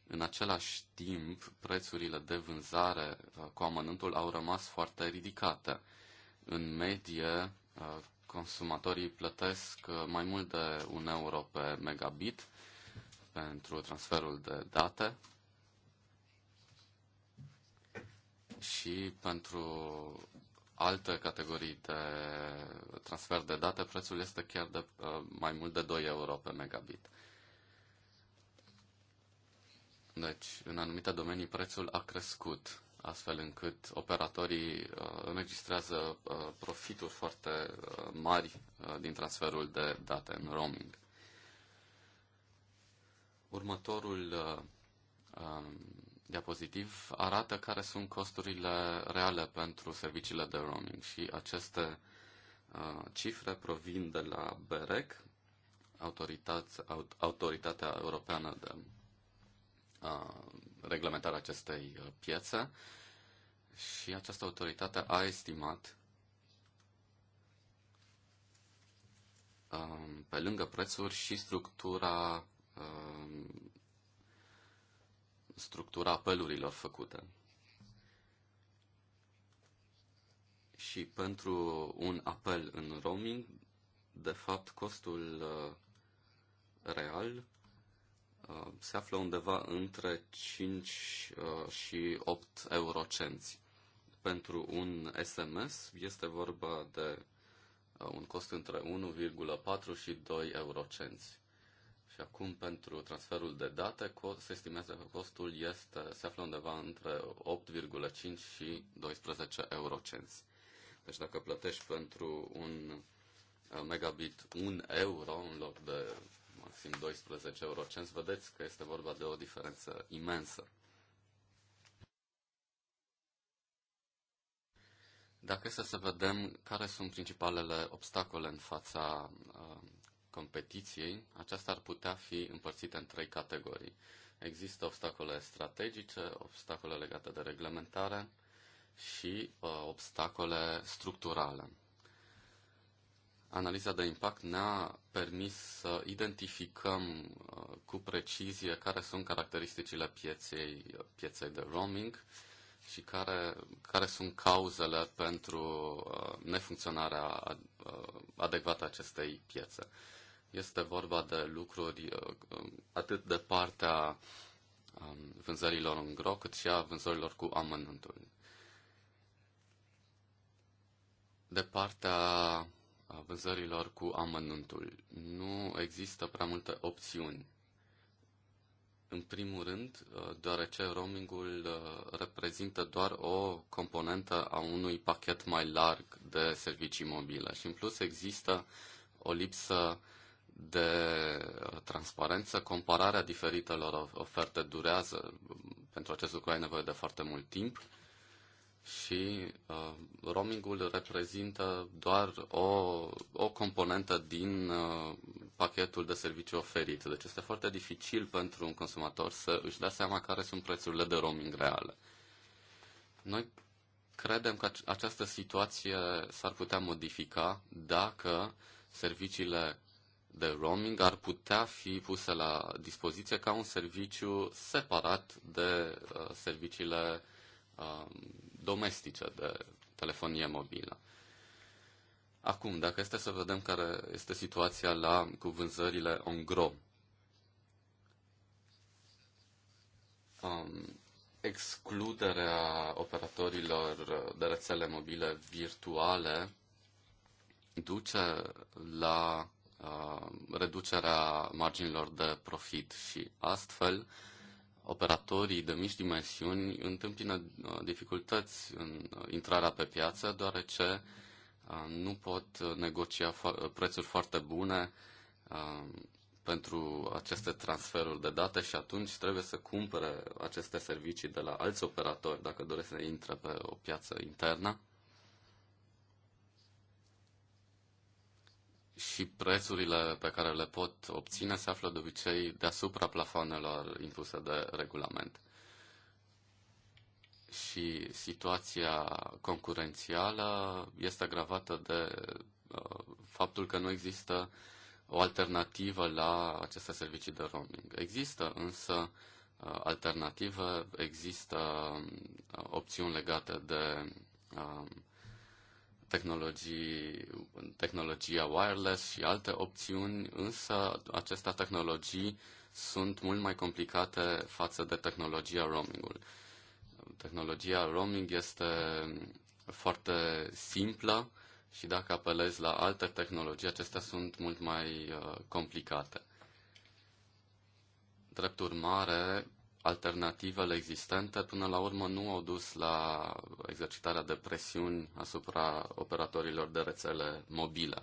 A: În același timp, prețurile de vânzare uh, cu amănântul au rămas foarte ridicate. În medie, uh, consumatorii plătesc uh, mai mult de un euro pe megabit pentru transferul de date și pentru alte categorii de transfer de date, prețul este chiar de uh, mai mult de 2 euro pe megabit. Deci, în anumite domenii, prețul a crescut astfel încât operatorii uh, înregistrează uh, profituri foarte uh, mari din transferul de date în roaming. Următorul um, diapozitiv arată care sunt costurile reale pentru serviciile de roaming și aceste cifre provin de la BEREC, Autoritatea Europeană de reglementarea acestei uh, piețe și această autoritate a estimat um, pe lângă prețuri și structura um, structura apelurilor făcute. Și pentru un apel în roaming, de fapt, costul uh, real Uh, se află undeva între 5 uh, și 8 eurocenți. Pentru un SMS este vorba de uh, un cost între 1,4 și 2 eurocenți. Și acum pentru transferul de date se estimează că costul este, se află undeva între 8,5 și 12 eurocenți. Deci dacă plătești pentru un megabit 1 euro în loc de maxim 12 eurocenți, vedeți că este vorba de o diferență imensă. Dacă este să vedem care sunt principalele obstacole în fața uh, competiției, aceasta ar putea fi împărțită în trei categorii. Există obstacole strategice, obstacole legate de reglementare și uh, obstacole structurale. Analiza de impact ne-a permis să identificăm uh, cu precizie care sunt caracteristicile pieței, pieței de roaming și care, care sunt cauzele pentru uh, nefuncționarea uh, adecvată a acestei piețe. Este vorba de lucruri um, atât de partea um, vânzărilor în gro, cât și a vânzărilor cu amănuntul. De partea vânzărilor cu amănuntul. Nu există prea multe opțiuni. În primul rând, uh, deoarece roamingul uh, reprezintă doar o componentă a unui pachet mai larg de servicii mobile și în plus există o lipsă de uh, transparență, compararea diferitelor oferte durează, pentru acest lucru ai nevoie de foarte mult timp și uh, roamingul reprezintă doar o, o componentă din uh, pachetul de servicii oferit. Deci este foarte dificil pentru un consumator să își dea seama care sunt prețurile de roaming reale. Noi credem că această situație s-ar putea modifica dacă serviciile de roaming ar putea fi puse la dispoziție ca un serviciu separat de uh, serviciile uh, domestice de telefonie mobilă. Acum, dacă este să vedem care este situația la cu vânzările ongro, um, excluderea operatorilor de rețele mobile virtuale duce la uh, reducerea marginilor de profit și astfel uh, operatorii de mici dimensiuni întâmpină uh, dificultăți în uh, intrarea pe piață, deoarece uh, nu pot negocia prețuri foarte bune pentru aceste transferuri de date și atunci trebuie să cumpere aceste servicii de la alți operatori dacă doresc să intre pe o piață internă. și prețurile pe care le pot obține se află de obicei deasupra plafonelor impuse de regulament. Și situația concurențială este agravată de uh, faptul că nu există o alternativă la aceste servicii de roaming. Există însă uh, alternative, există uh, opțiuni legate de tehnologii, tehnologia wireless și alte opțiuni, însă aceste tehnologii sunt mult mai complicate față de tehnologia roamingul. Tehnologia roaming este foarte simplă și dacă apelezi la alte tehnologii, acestea sunt mult mai uh, complicate. Drept urmare, alternativele existente până la urmă nu au dus la exercitarea de presiuni asupra operatorilor de rețele mobile.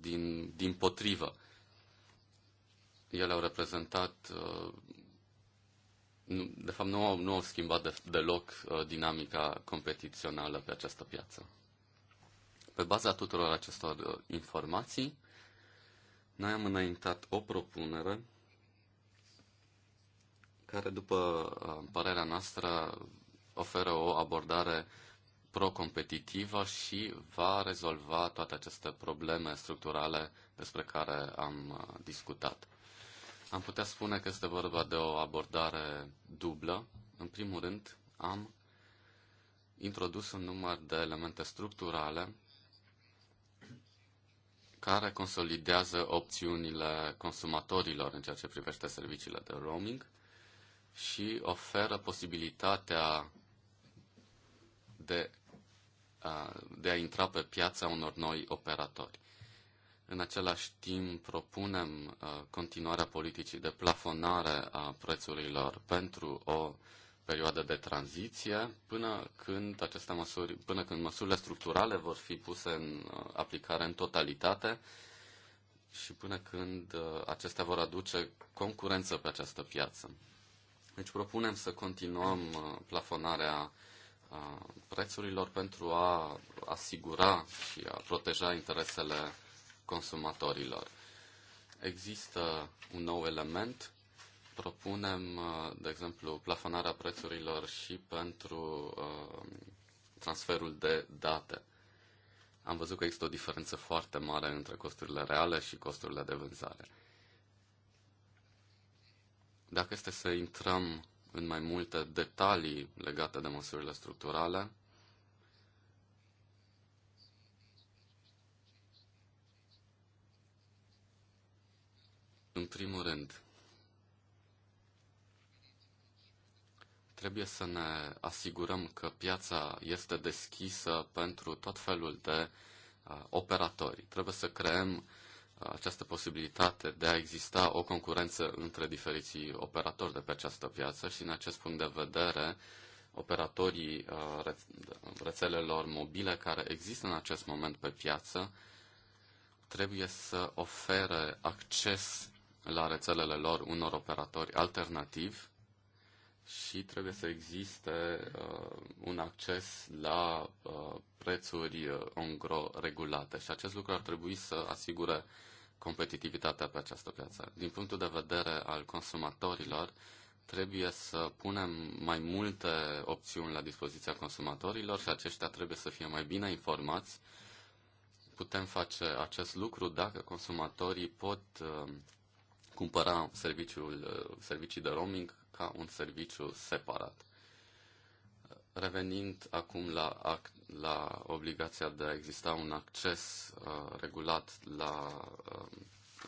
A: Din, din potrivă, ele au reprezentat, uh, de fapt nu au, nu au schimbat de, deloc uh, dinamica competițională pe această piață. Pe baza tuturor acestor uh, informații, noi am înaintat o propunere care, după uh, părerea noastră, oferă o abordare pro-competitivă și va rezolva toate aceste probleme structurale despre care am uh, discutat. Am putea spune că este vorba de o abordare dublă. În primul rând, am introdus un număr de elemente structurale care consolidează opțiunile consumatorilor în ceea ce privește serviciile de roaming – și oferă posibilitatea de a, de a intra pe piața unor noi operatori. În același timp, propunem continuarea politicii de plafonare a prețurilor pentru o perioadă de tranziție până când aceste măsuri, până când măsurile structurale vor fi puse în aplicare în totalitate și până când acestea vor aduce concurență pe această piață. Deci propunem să continuăm uh, plafonarea uh, prețurilor pentru a asigura și a proteja interesele consumatorilor. Există un nou element. Propunem, uh, de exemplu, plafonarea prețurilor și pentru transferul de date. Am văzut că există o diferență foarte mare între costurile reale și costurile de vânzare. Dacă este să intrăm în mai multe detalii legate de măsurile structurale, în primul rând, trebuie să ne asigurăm că piața este deschisă pentru tot felul de uh, operatori. Trebuie să creăm această posibilitate de a exista o concurență între diferiții operatori de pe această piață și, în acest punct de vedere, operatorii uh, rețelelor mobile care există în acest moment pe piață trebuie să ofere acces la rețelele lor unor operatori alternativi și trebuie să existe uh, un acces la uh, prețuri uh, regulate. Și acest lucru ar trebui să asigure uh, competitivitatea pe această piață. Din punctul de vedere al consumatorilor, trebuie să punem mai multe opțiuni la dispoziția consumatorilor și aceștia trebuie să fie mai bine informați. Putem face acest lucru dacă consumatorii pot uh, cumpăra serviciul, uh, servicii de roaming ca un serviciu separat. Revenind acum la, act, la obligația de a exista un acces uh, regulat la uh,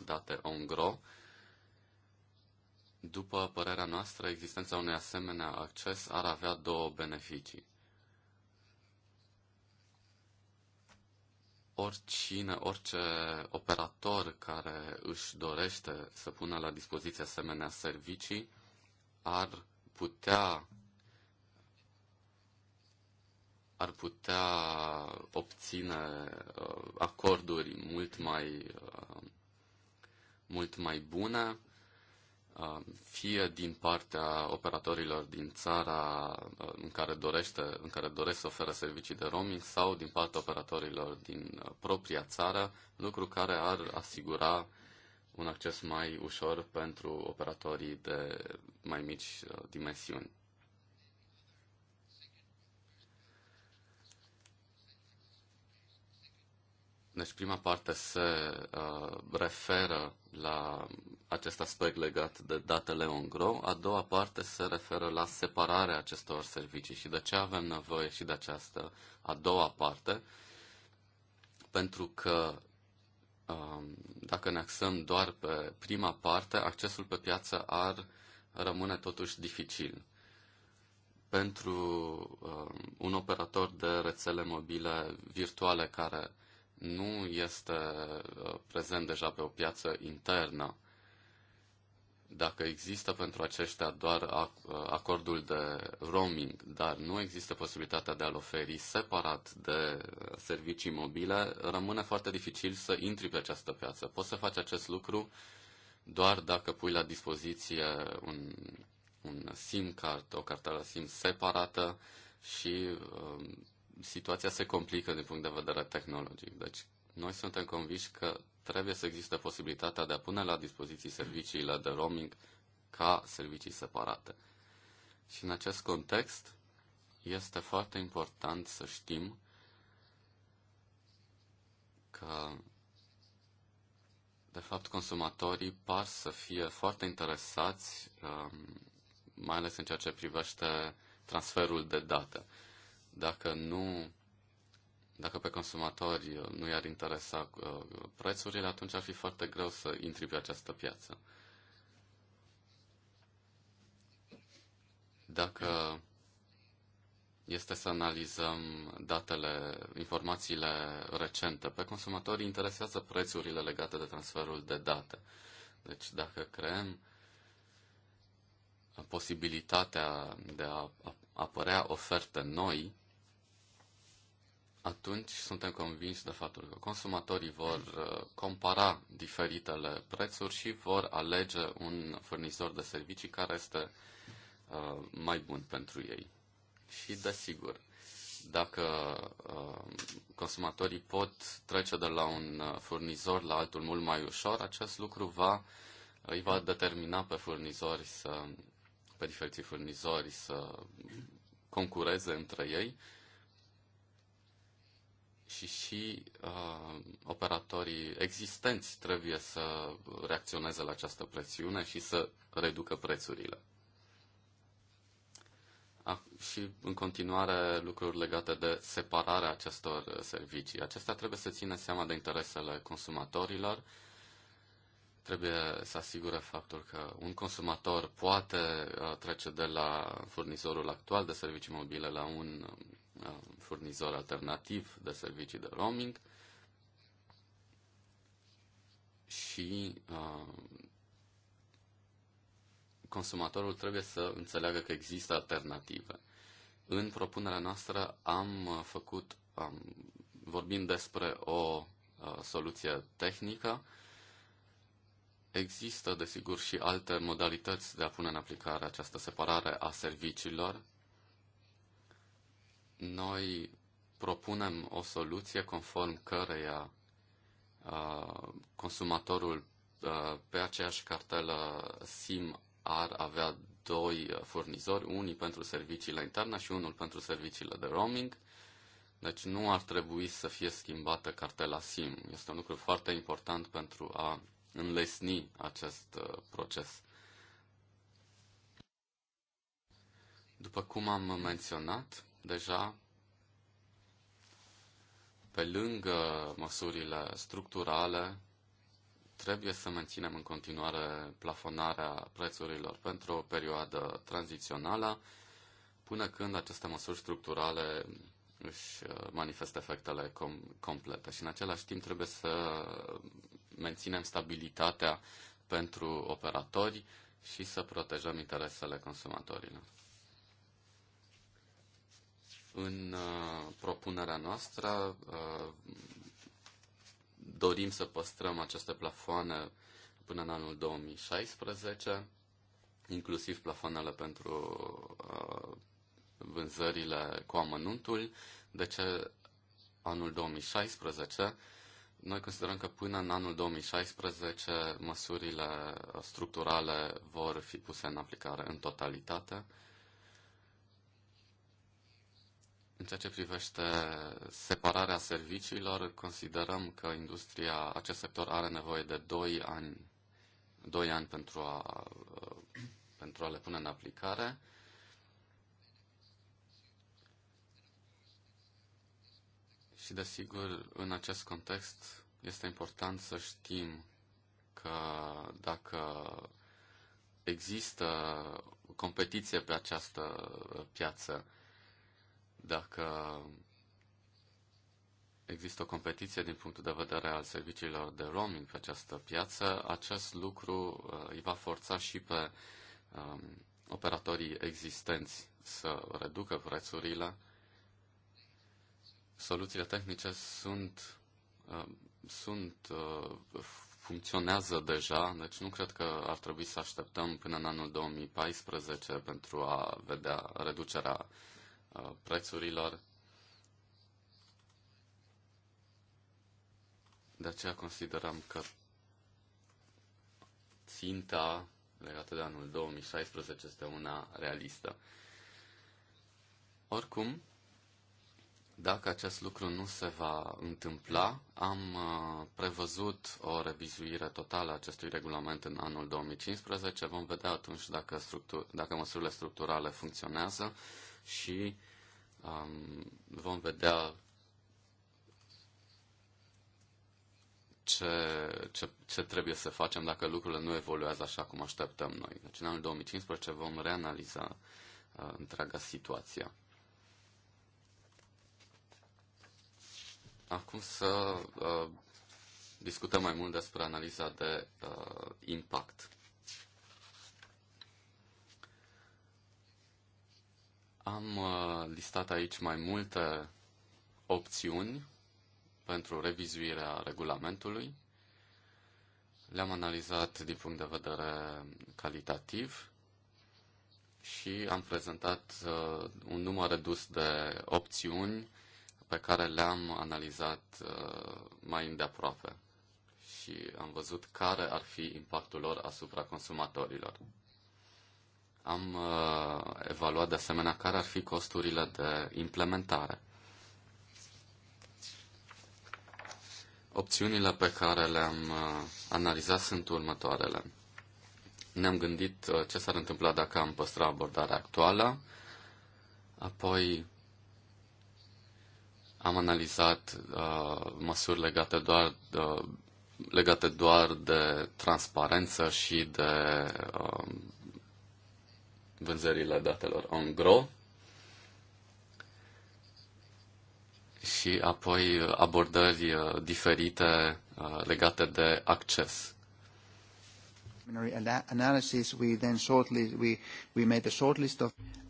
A: date ONGRO, după părerea noastră, existența unui asemenea acces ar avea două beneficii. oricine, orice operator care își dorește să pună la dispoziție asemenea servicii ar putea ar putea obține uh, acorduri mult mai, uh, mult mai bune, uh, fie din partea operatorilor din țara în care, dorește, în care doresc să oferă servicii de roaming sau din partea operatorilor din propria țară, lucru care ar asigura un acces mai ușor pentru operatorii de mai mici dimensiuni. Deci prima parte se uh, referă la acest aspect legat de datele ongro, a doua parte se referă la separarea acestor servicii și de ce avem nevoie și de această a doua parte, pentru că uh, dacă ne axăm doar pe prima parte, accesul pe piață ar rămâne totuși dificil pentru uh, un operator de rețele mobile virtuale care nu este uh, prezent deja pe o piață internă. Dacă există pentru aceștia doar uh, acordul de roaming, dar nu există posibilitatea de a-l oferi separat de uh, servicii mobile, rămâne foarte dificil să intri pe această piață. Poți să faci acest lucru doar dacă pui la dispoziție un, un SIM card, o cartelă SIM separată și um, situația se complică din punct de vedere tehnologic. Deci, noi suntem conviși că trebuie să existe posibilitatea de a pune la dispoziție serviciile de roaming ca servicii separate. Și în acest context, este foarte important să știm că, de fapt, consumatorii par să fie foarte interesați, um, mai ales în ceea ce privește transferul de date. Dacă nu dacă pe consumatori nu i-ar interesa uh, prețurile, atunci ar fi foarte greu să intri pe această piață. Dacă este să analizăm datele, informațiile recente, pe consumatori interesează prețurile legate de transferul de date. Deci dacă creăm posibilitatea de a apărea oferte noi, atunci suntem convins de faptul că consumatorii vor uh, compara diferitele prețuri și vor alege un furnizor de servicii care este uh, mai bun pentru ei. Și desigur, dacă uh, consumatorii pot trece de la un furnizor la altul mult mai ușor, acest lucru va, îi va determina pe furnizori să, pe diferiții furnizori să concureze între ei și și uh, operatorii existenți trebuie să reacționeze la această presiune și să reducă prețurile. Ah, și în continuare lucruri legate de separarea acestor servicii. Acestea trebuie să țină seama de interesele consumatorilor, trebuie să asigure faptul că un consumator poate uh, trece de la furnizorul actual de servicii mobile la un Uh, furnizor alternativ de servicii de roaming și uh, consumatorul trebuie să înțeleagă că există alternative. În propunerea noastră am uh, făcut, am, vorbim despre o soluție tehnică. Există, desigur, și alte modalități de a pune în aplicare această separare a serviciilor noi propunem o soluție conform căreia consumatorul pe aceeași cartelă SIM ar avea doi furnizori, unii pentru serviciile interne și unul pentru serviciile de roaming. Deci nu ar trebui să fie schimbată cartela SIM. Este un lucru foarte important pentru a înlesni acest proces. După cum am menționat, deja pe lângă măsurile structurale, trebuie să menținem în continuare plafonarea prețurilor pentru o perioadă tranzițională, până când aceste măsuri structurale își uh, manifestă efectele com- complete. Și în același timp trebuie să menținem stabilitatea pentru operatori și să protejăm interesele consumatorilor. În uh, propunerea noastră uh, dorim să păstrăm aceste plafoane până în anul 2016, inclusiv plafoanele pentru uh, vânzările cu amănuntul. De ce anul 2016? Noi considerăm că până în anul 2016 măsurile structurale vor fi puse în aplicare în totalitate În ceea ce privește separarea serviciilor, considerăm că industria, acest sector are nevoie de 2 ani, 2 ani pentru a, pentru a le pune în aplicare. Și desigur, în acest context, este important să știm că dacă există competiție pe această piață, dacă există o competiție din punctul de vedere al serviciilor de roaming pe această piață, acest lucru uh, îi va forța și pe um, operatorii existenți să reducă prețurile. Soluțiile tehnice sunt, uh, sunt uh, funcționează deja, deci nu cred că ar trebui să așteptăm până în anul 2014 pentru a vedea reducerea uh, prețurilor. De aceea considerăm că ținta legată de anul 2016 este una realistă. Oricum, dacă acest lucru nu se va întâmpla, am uh, prevăzut o revizuire totală a acestui regulament în anul 2015. Vom vedea atunci dacă, structur- dacă măsurile structurale funcționează și um, vom vedea ce, ce, ce trebuie să facem dacă lucrurile nu evoluează așa cum așteptăm noi. Deci în anul 2015 vom reanaliza uh, întreaga situație. Acum să uh, discutăm mai mult despre analiza de uh, impact. Am uh, listat aici mai multe opțiuni pentru revizuirea regulamentului. Le-am analizat din punct de vedere calitativ și am prezentat uh, un număr redus de opțiuni pe care le-am analizat uh, mai îndeaproape și am văzut care ar fi impactul lor asupra consumatorilor. Am uh, evaluat de asemenea care ar fi costurile de implementare. Opțiunile pe care le-am uh, analizat sunt următoarele. Ne-am gândit uh, ce s-ar întâmpla dacă am păstra abordarea actuală, apoi am analizat uh, măsuri legate doar, uh, legate doar de transparență și de uh, vânzările datelor ongro și apoi uh, abordări uh, diferite uh, legate de acces.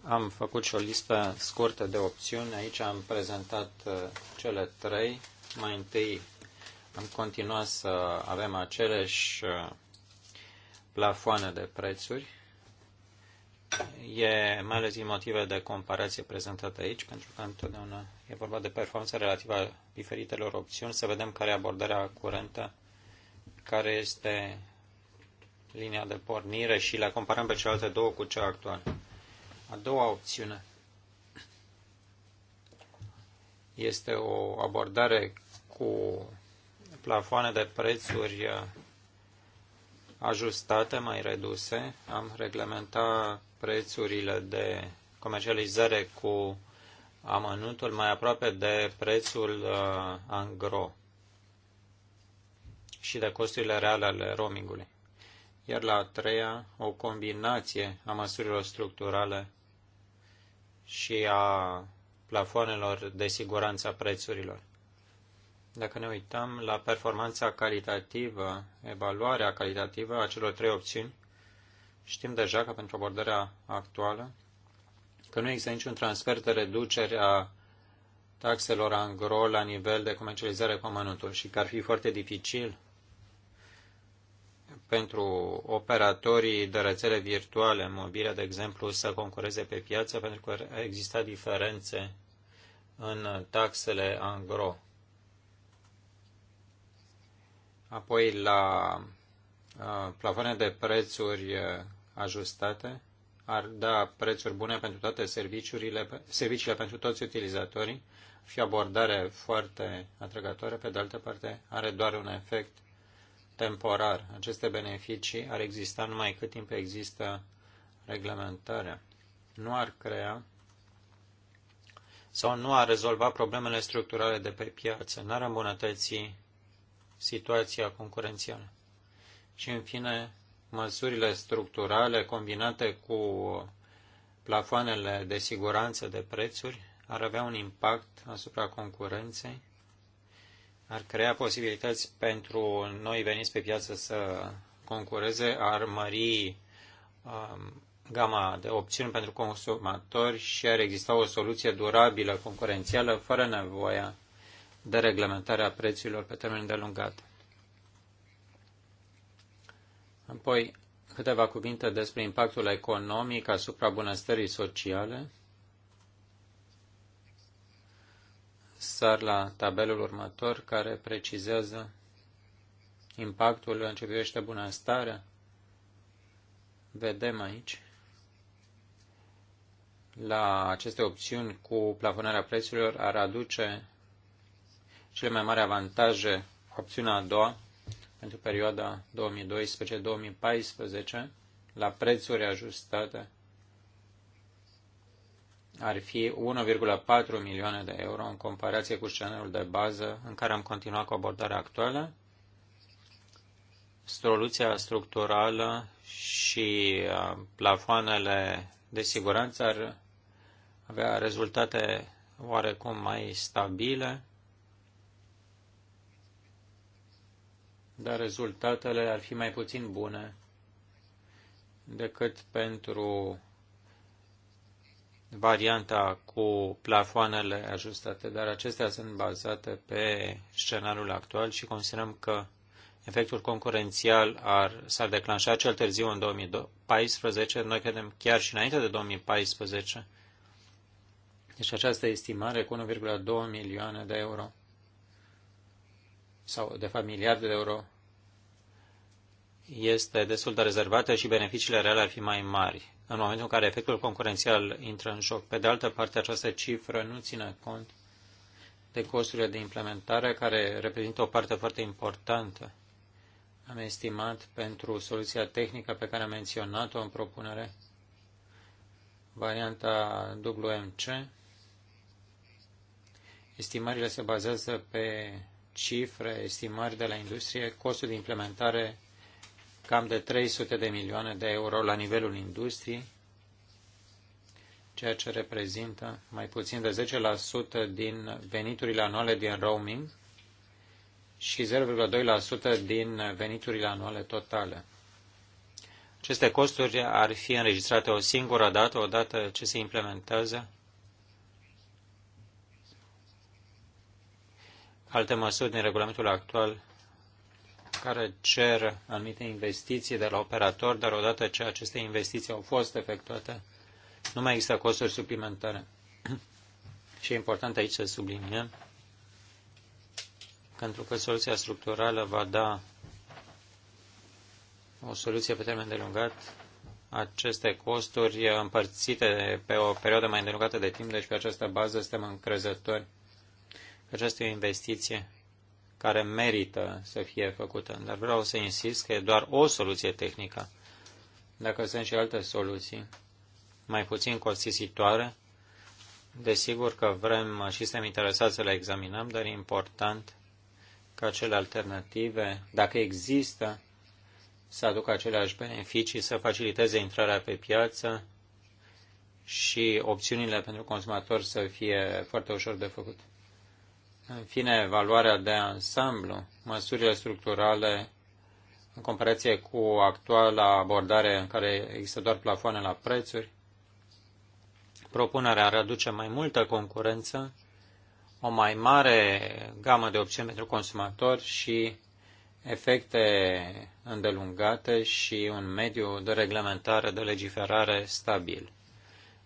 B: Am făcut și o listă scurtă de opțiuni. Aici am prezentat cele trei. Mai întâi am continuat să avem aceleași plafoane de prețuri e mai ales din motive de comparație prezentate aici, pentru că întotdeauna e vorba de performanța relativă a diferitelor opțiuni, să vedem care e abordarea curentă, care este linia de pornire și le comparăm pe celelalte două cu cea actuală. A doua opțiune este o abordare cu plafoane de prețuri ajustate, mai reduse. Am reglementat prețurile de comercializare cu amănuntul mai aproape de prețul uh, angro și de costurile reale ale roamingului. Iar la a treia, o combinație a măsurilor structurale și a plafoanelor de siguranță a prețurilor. Dacă ne uităm la performanța calitativă, evaluarea calitativă a celor trei opțiuni, știm deja că pentru abordarea actuală, că nu există niciun transfer de reducere a taxelor angro la nivel de comercializare cu amănuntul și că ar fi foarte dificil pentru operatorii de rețele virtuale mobile, de exemplu, să concureze pe piață pentru că există diferențe în taxele angro. apoi la uh, plafoane de prețuri uh, ajustate ar da prețuri bune pentru toate serviciurile, serviciile pentru toți utilizatorii, fi abordare foarte atrăgătoare, pe de altă parte are doar un efect temporar. Aceste beneficii ar exista numai cât timp există reglementarea. Nu ar crea sau nu ar rezolva problemele structurale de pe piață, n-ar îmbunătăți situația concurențială. Și, în fine, măsurile structurale combinate cu plafoanele de siguranță de prețuri ar avea un impact asupra concurenței, ar crea posibilități pentru noi veniți pe piață să concureze, ar mări um, gama de opțiuni pentru consumatori și ar exista o soluție durabilă, concurențială, fără nevoia de reglementare a prețurilor pe termen îndelungat. Apoi, câteva cuvinte despre impactul economic asupra bunăstării sociale. Sar la tabelul următor care precizează impactul în ce privește bunăstarea. Vedem aici la aceste opțiuni cu plafonarea prețurilor ar aduce cele mai mari avantaje, opțiunea a doua, pentru perioada 2012-2014, la prețuri ajustate, ar fi 1,4 milioane de euro în comparație cu scenariul de bază în care am continuat cu abordarea actuală. Soluția structurală și uh, plafoanele de siguranță ar avea rezultate oarecum mai stabile dar rezultatele ar fi mai puțin bune decât pentru varianta cu plafoanele ajustate, dar acestea sunt bazate pe scenariul actual și considerăm că efectul concurențial ar, s-ar declanșa cel târziu în 2014, noi credem chiar și înainte de 2014. Deci această estimare cu 1,2 milioane de euro sau de fapt miliarde de euro este destul de rezervată și beneficiile reale ar fi mai mari în momentul în care efectul concurențial intră în joc. Pe de altă parte, această cifră nu ține cont de costurile de implementare, care reprezintă o parte foarte importantă. Am estimat pentru soluția tehnică pe care am menționat-o în propunere, varianta WMC. Estimările se bazează pe cifre, estimări de la industrie, costul de implementare cam de 300 de milioane de euro la nivelul industriei, ceea ce reprezintă mai puțin de 10% din veniturile anuale din roaming și 0,2% din veniturile anuale totale. Aceste costuri ar fi înregistrate o singură dată, odată ce se implementează alte măsuri din regulamentul actual care cer anumite investiții de la operator, dar odată ce aceste investiții au fost efectuate, nu mai există costuri suplimentare. Și e important aici să subliniem, pentru că soluția structurală va da o soluție pe termen delungat, aceste costuri împărțite pe o perioadă mai îndelungată de timp, deci pe această bază suntem încrezători că această investiție care merită să fie făcută. Dar vreau să insist că e doar o soluție tehnică. Dacă sunt și alte soluții, mai puțin costisitoare, desigur că vrem și suntem interesați să le examinăm, dar e important ca cele alternative, dacă există, să aducă aceleași beneficii, să faciliteze intrarea pe piață și opțiunile pentru consumator să fie foarte ușor de făcut. În fine, valoarea de ansamblu, măsurile structurale în comparație cu actuala abordare în care există doar plafoane la prețuri, propunerea ar aduce mai multă concurență, o mai mare gamă de opțiuni pentru consumatori și efecte îndelungate și un mediu de reglementare, de legiferare stabil.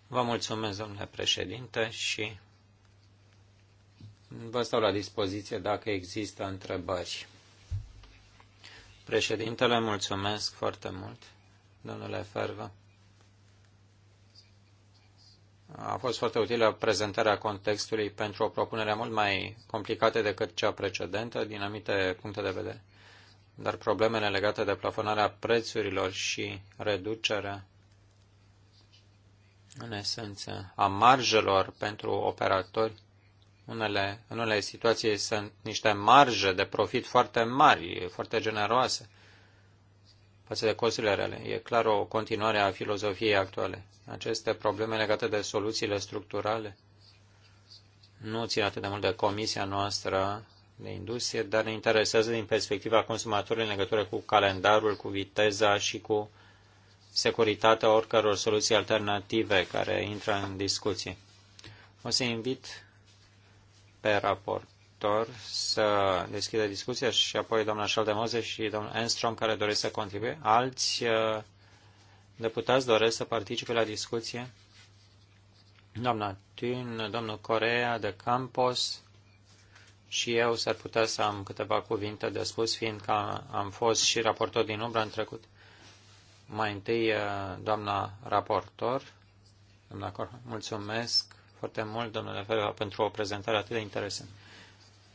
B: Vă mulțumesc, domnule președinte, și Vă stau la dispoziție dacă există întrebări. Președintele, mulțumesc foarte mult, domnule Fervă. A fost foarte utilă prezentarea contextului pentru o propunere mult mai complicată decât cea precedentă, din anumite puncte de vedere. Dar problemele legate de plafonarea prețurilor și reducerea, în esență, a marjelor pentru operatori unele, în unele situații sunt niște marje de profit foarte mari, foarte generoase față de costurile reale. E clar o continuare a filozofiei actuale. Aceste probleme legate de soluțiile structurale nu țin atât de mult de comisia noastră de industrie, dar ne interesează din perspectiva consumatorului în legătură cu calendarul, cu viteza și cu securitatea oricăror soluții alternative care intră în discuție. O să invit pe raportor să deschidă discuția și apoi doamna Șaldemoze și domnul Enstrom care doresc să contribuie. Alți uh, deputați doresc să participe la discuție? Doamna Tin, domnul Corea de Campos și eu s-ar putea să am câteva cuvinte de spus, fiindcă am fost și raportor din umbra în trecut. Mai întâi, uh, doamna raportor, doamna Corea mulțumesc foarte mult, domnule Ferva, pentru o prezentare atât de interesantă.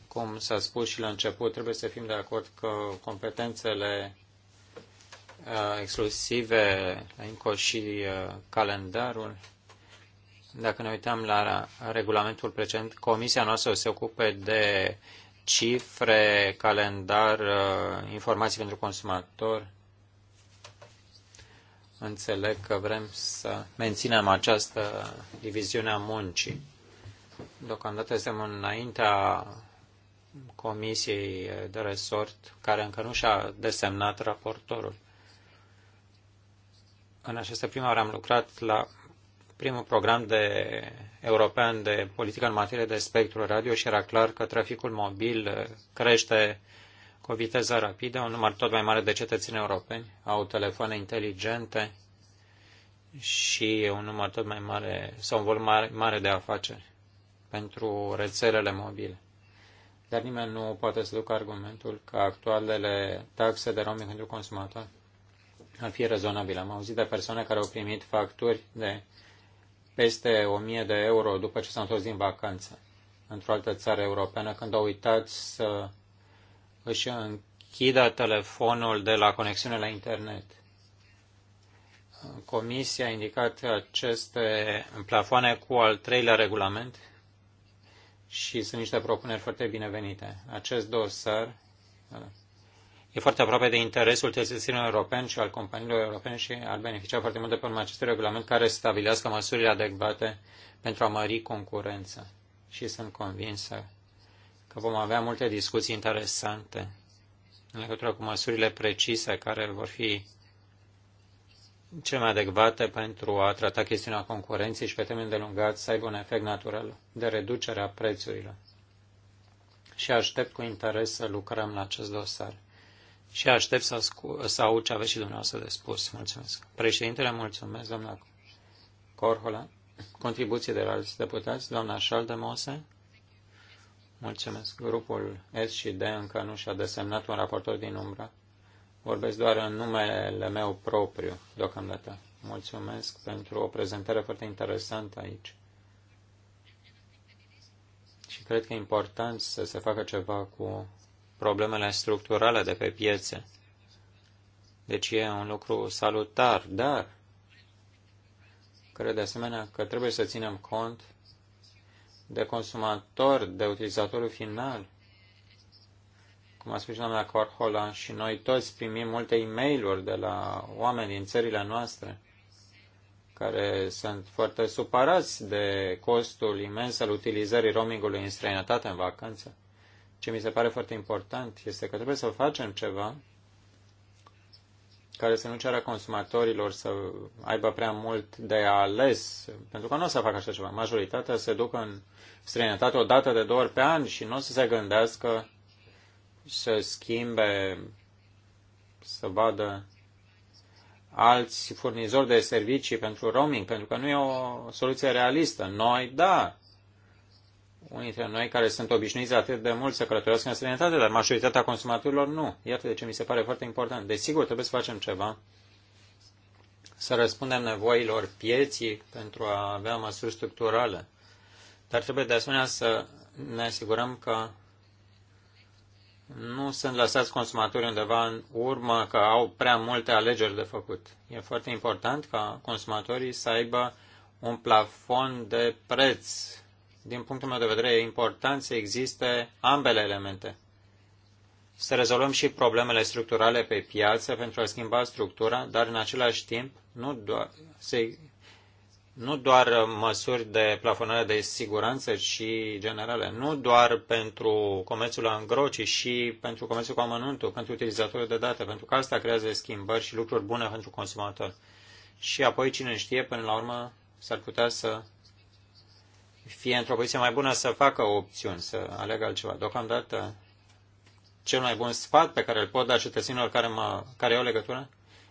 B: Cum s-a spus și la început, trebuie să fim de acord că competențele uh, exclusive încă și și uh, calendarul. Dacă ne uităm la regulamentul precedent, comisia noastră se ocupe de cifre, calendar, uh, informații pentru consumator, Înțeleg că vrem să menținem această diviziune a muncii. Deocamdată suntem înaintea comisiei de resort, care încă nu și-a desemnat raportorul. În această prima oară am lucrat la primul program de european de politică în materie de spectru radio și era clar că traficul mobil crește cu o viteză rapidă, un număr tot mai mare de cetățeni europeni au telefoane inteligente și un număr tot mai mare sau un volum mare, mare de afaceri pentru rețelele mobile. Dar nimeni nu poate să ducă argumentul că actualele taxe de roaming pentru consumator ar fi rezonabile. Am auzit de persoane care au primit facturi de peste 1000 de euro după ce s-au întors din vacanță într-o altă țară europeană, când au uitat să își închidă telefonul de la conexiune la internet. Comisia a indicat aceste plafoane cu al treilea regulament și sunt niște propuneri foarte binevenite. Acest dosar uh, e foarte aproape de interesul cetățenilor europeni și al companiilor europene și ar beneficia foarte mult de pe urma acestui regulament care stabilească măsurile adecvate pentru a mări concurența. Și sunt convinsă că vom avea multe discuții interesante în legătură cu măsurile precise care vor fi cele mai adecvate pentru a trata chestiunea concurenței și pe termen de lungat să aibă un efect natural de reducere a prețurilor. Și aștept cu interes să lucrăm la acest dosar. Și aștept să, să aud ce aveți și dumneavoastră de spus. Mulțumesc. Președintele, mulțumesc, doamna Corhola. Contribuții de la alți deputați, doamna Șaldemose. Mulțumesc. Grupul S și D încă nu și-a desemnat un raportor din umbră. Vorbesc doar în numele meu propriu, deocamdată. Mulțumesc pentru o prezentare foarte interesantă aici. Și cred că e important să se facă ceva cu problemele structurale de pe piețe. Deci e un lucru salutar, dar cred de asemenea că trebuie să ținem cont de consumator, de utilizatorul final. Cum a spus doamna Corhola, și noi toți primim multe e mail de la oameni din țările noastre care sunt foarte supărați de costul imens al utilizării roamingului în străinătate, în vacanță. Ce mi se pare foarte important este că trebuie să facem ceva care să nu ceară consumatorilor să aibă prea mult de ales, pentru că nu o să facă așa ceva. Majoritatea se duc în străinătate o dată de două ori pe an și nu o să se gândească să schimbe, să vadă alți furnizori de servicii pentru roaming, pentru că nu e o soluție realistă. Noi, da, unii dintre noi care sunt obișnuiți atât de mult să călătorească în străinătate, dar majoritatea consumatorilor nu. Iată de ce mi se pare foarte important. Desigur, trebuie să facem ceva, să răspundem nevoilor pieții pentru a avea măsuri structurale. Dar trebuie de asemenea să ne asigurăm că nu sunt lăsați consumatorii undeva în urmă că au prea multe alegeri de făcut. E foarte important ca consumatorii să aibă un plafon de preț din punctul meu de vedere, e important să existe ambele elemente. Să rezolvăm și problemele structurale pe piață pentru a schimba structura, dar în același timp nu doar, să, nu doar măsuri de plafonare de siguranță, ci generale, nu doar pentru comerțul angro, ci și pentru comerțul cu amănuntul, pentru utilizatorul de date, pentru că asta creează schimbări și lucruri bune pentru consumator. Și apoi, cine știe, până la urmă, s-ar putea să fie într-o poziție mai bună să facă opțiuni, să aleagă altceva. Deocamdată, cel mai bun sfat pe care îl pot da cetățenilor care, mă, care au legătură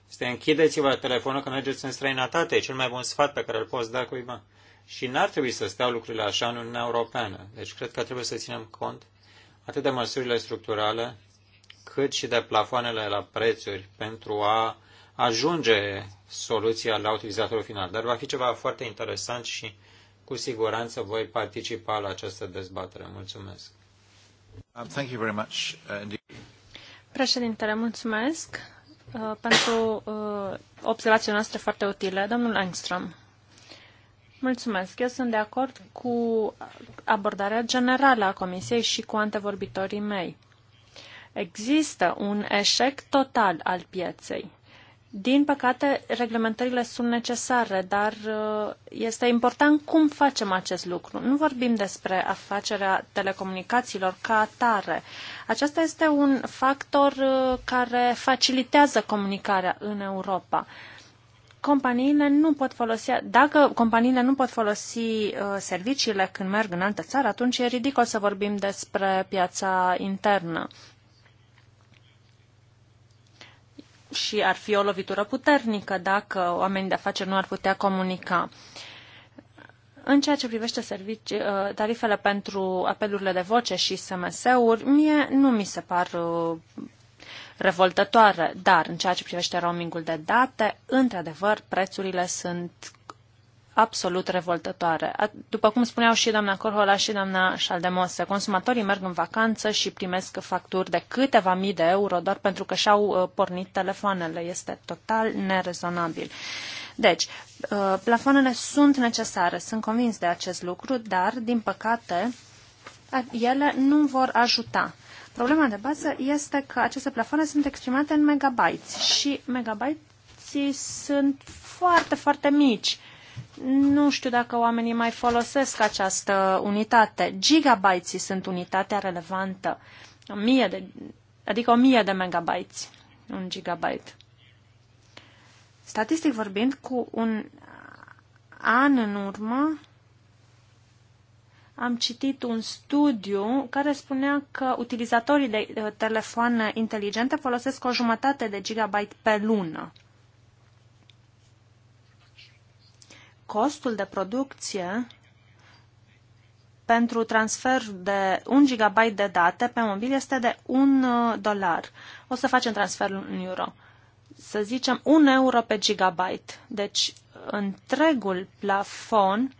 B: este închideți-vă telefonul că mergeți în străinătate. E cel mai bun sfat pe care îl poți da cuiva. Și n-ar trebui să stea lucrurile așa în Uniunea Europeană. Deci cred că trebuie să ținem cont atât de măsurile structurale, cât și de plafoanele la prețuri pentru a ajunge soluția la utilizatorul final. Dar va fi ceva foarte interesant și cu siguranță voi participa la această dezbatere. Mulțumesc.
D: Uh, thank you very much. Uh,
B: Președintele, mulțumesc
C: uh, pentru observațiile noastre foarte utile. Domnul Engström. Mulțumesc. Eu sunt de acord cu abordarea generală a Comisiei și cu antevorbitorii mei. Există un eșec total al pieței. Din păcate, reglementările sunt necesare, dar uh, este important cum facem acest lucru. Nu vorbim despre afacerea telecomunicațiilor ca atare. Aceasta este un factor uh, care facilitează comunicarea în Europa. Companiile nu pot folosi, dacă companiile nu pot folosi uh, serviciile când merg în altă țară, atunci e ridicol să vorbim despre piața internă. și ar fi o lovitură puternică dacă oamenii de afaceri nu ar putea comunica. În ceea ce privește servicii, uh, tarifele pentru apelurile de voce și SMS-uri, mie nu mi se par uh, revoltătoare, dar în ceea ce privește roamingul de date, într-adevăr, prețurile sunt absolut revoltătoare. După cum spuneau și doamna Corhola și doamna Șaldemose, consumatorii merg în vacanță și primesc facturi de câteva mii de euro doar pentru că și-au uh, pornit telefoanele. Este total nerezonabil. Deci, uh, plafoanele sunt necesare, sunt convins de acest lucru, dar, din păcate, ele nu vor ajuta. Problema de bază este că aceste plafoane sunt exprimate în megabytes și megabytes sunt foarte, foarte mici. Uh, nu știu dacă oamenii mai folosesc această unitate. Gigabytes sunt unitatea relevantă. O mie de, adică o mie de megabytes. Un gigabyte. Statistic vorbind, cu un an în urmă, am citit un studiu care spunea că utilizatorii de telefoane inteligente folosesc o jumătate de gigabyte pe lună. costul de producție pentru transfer de 1 GB de date pe mobil este de 1 uh, dolar. O să facem transferul în euro. Să zicem 1 euro pe gigabyte. Deci întregul plafon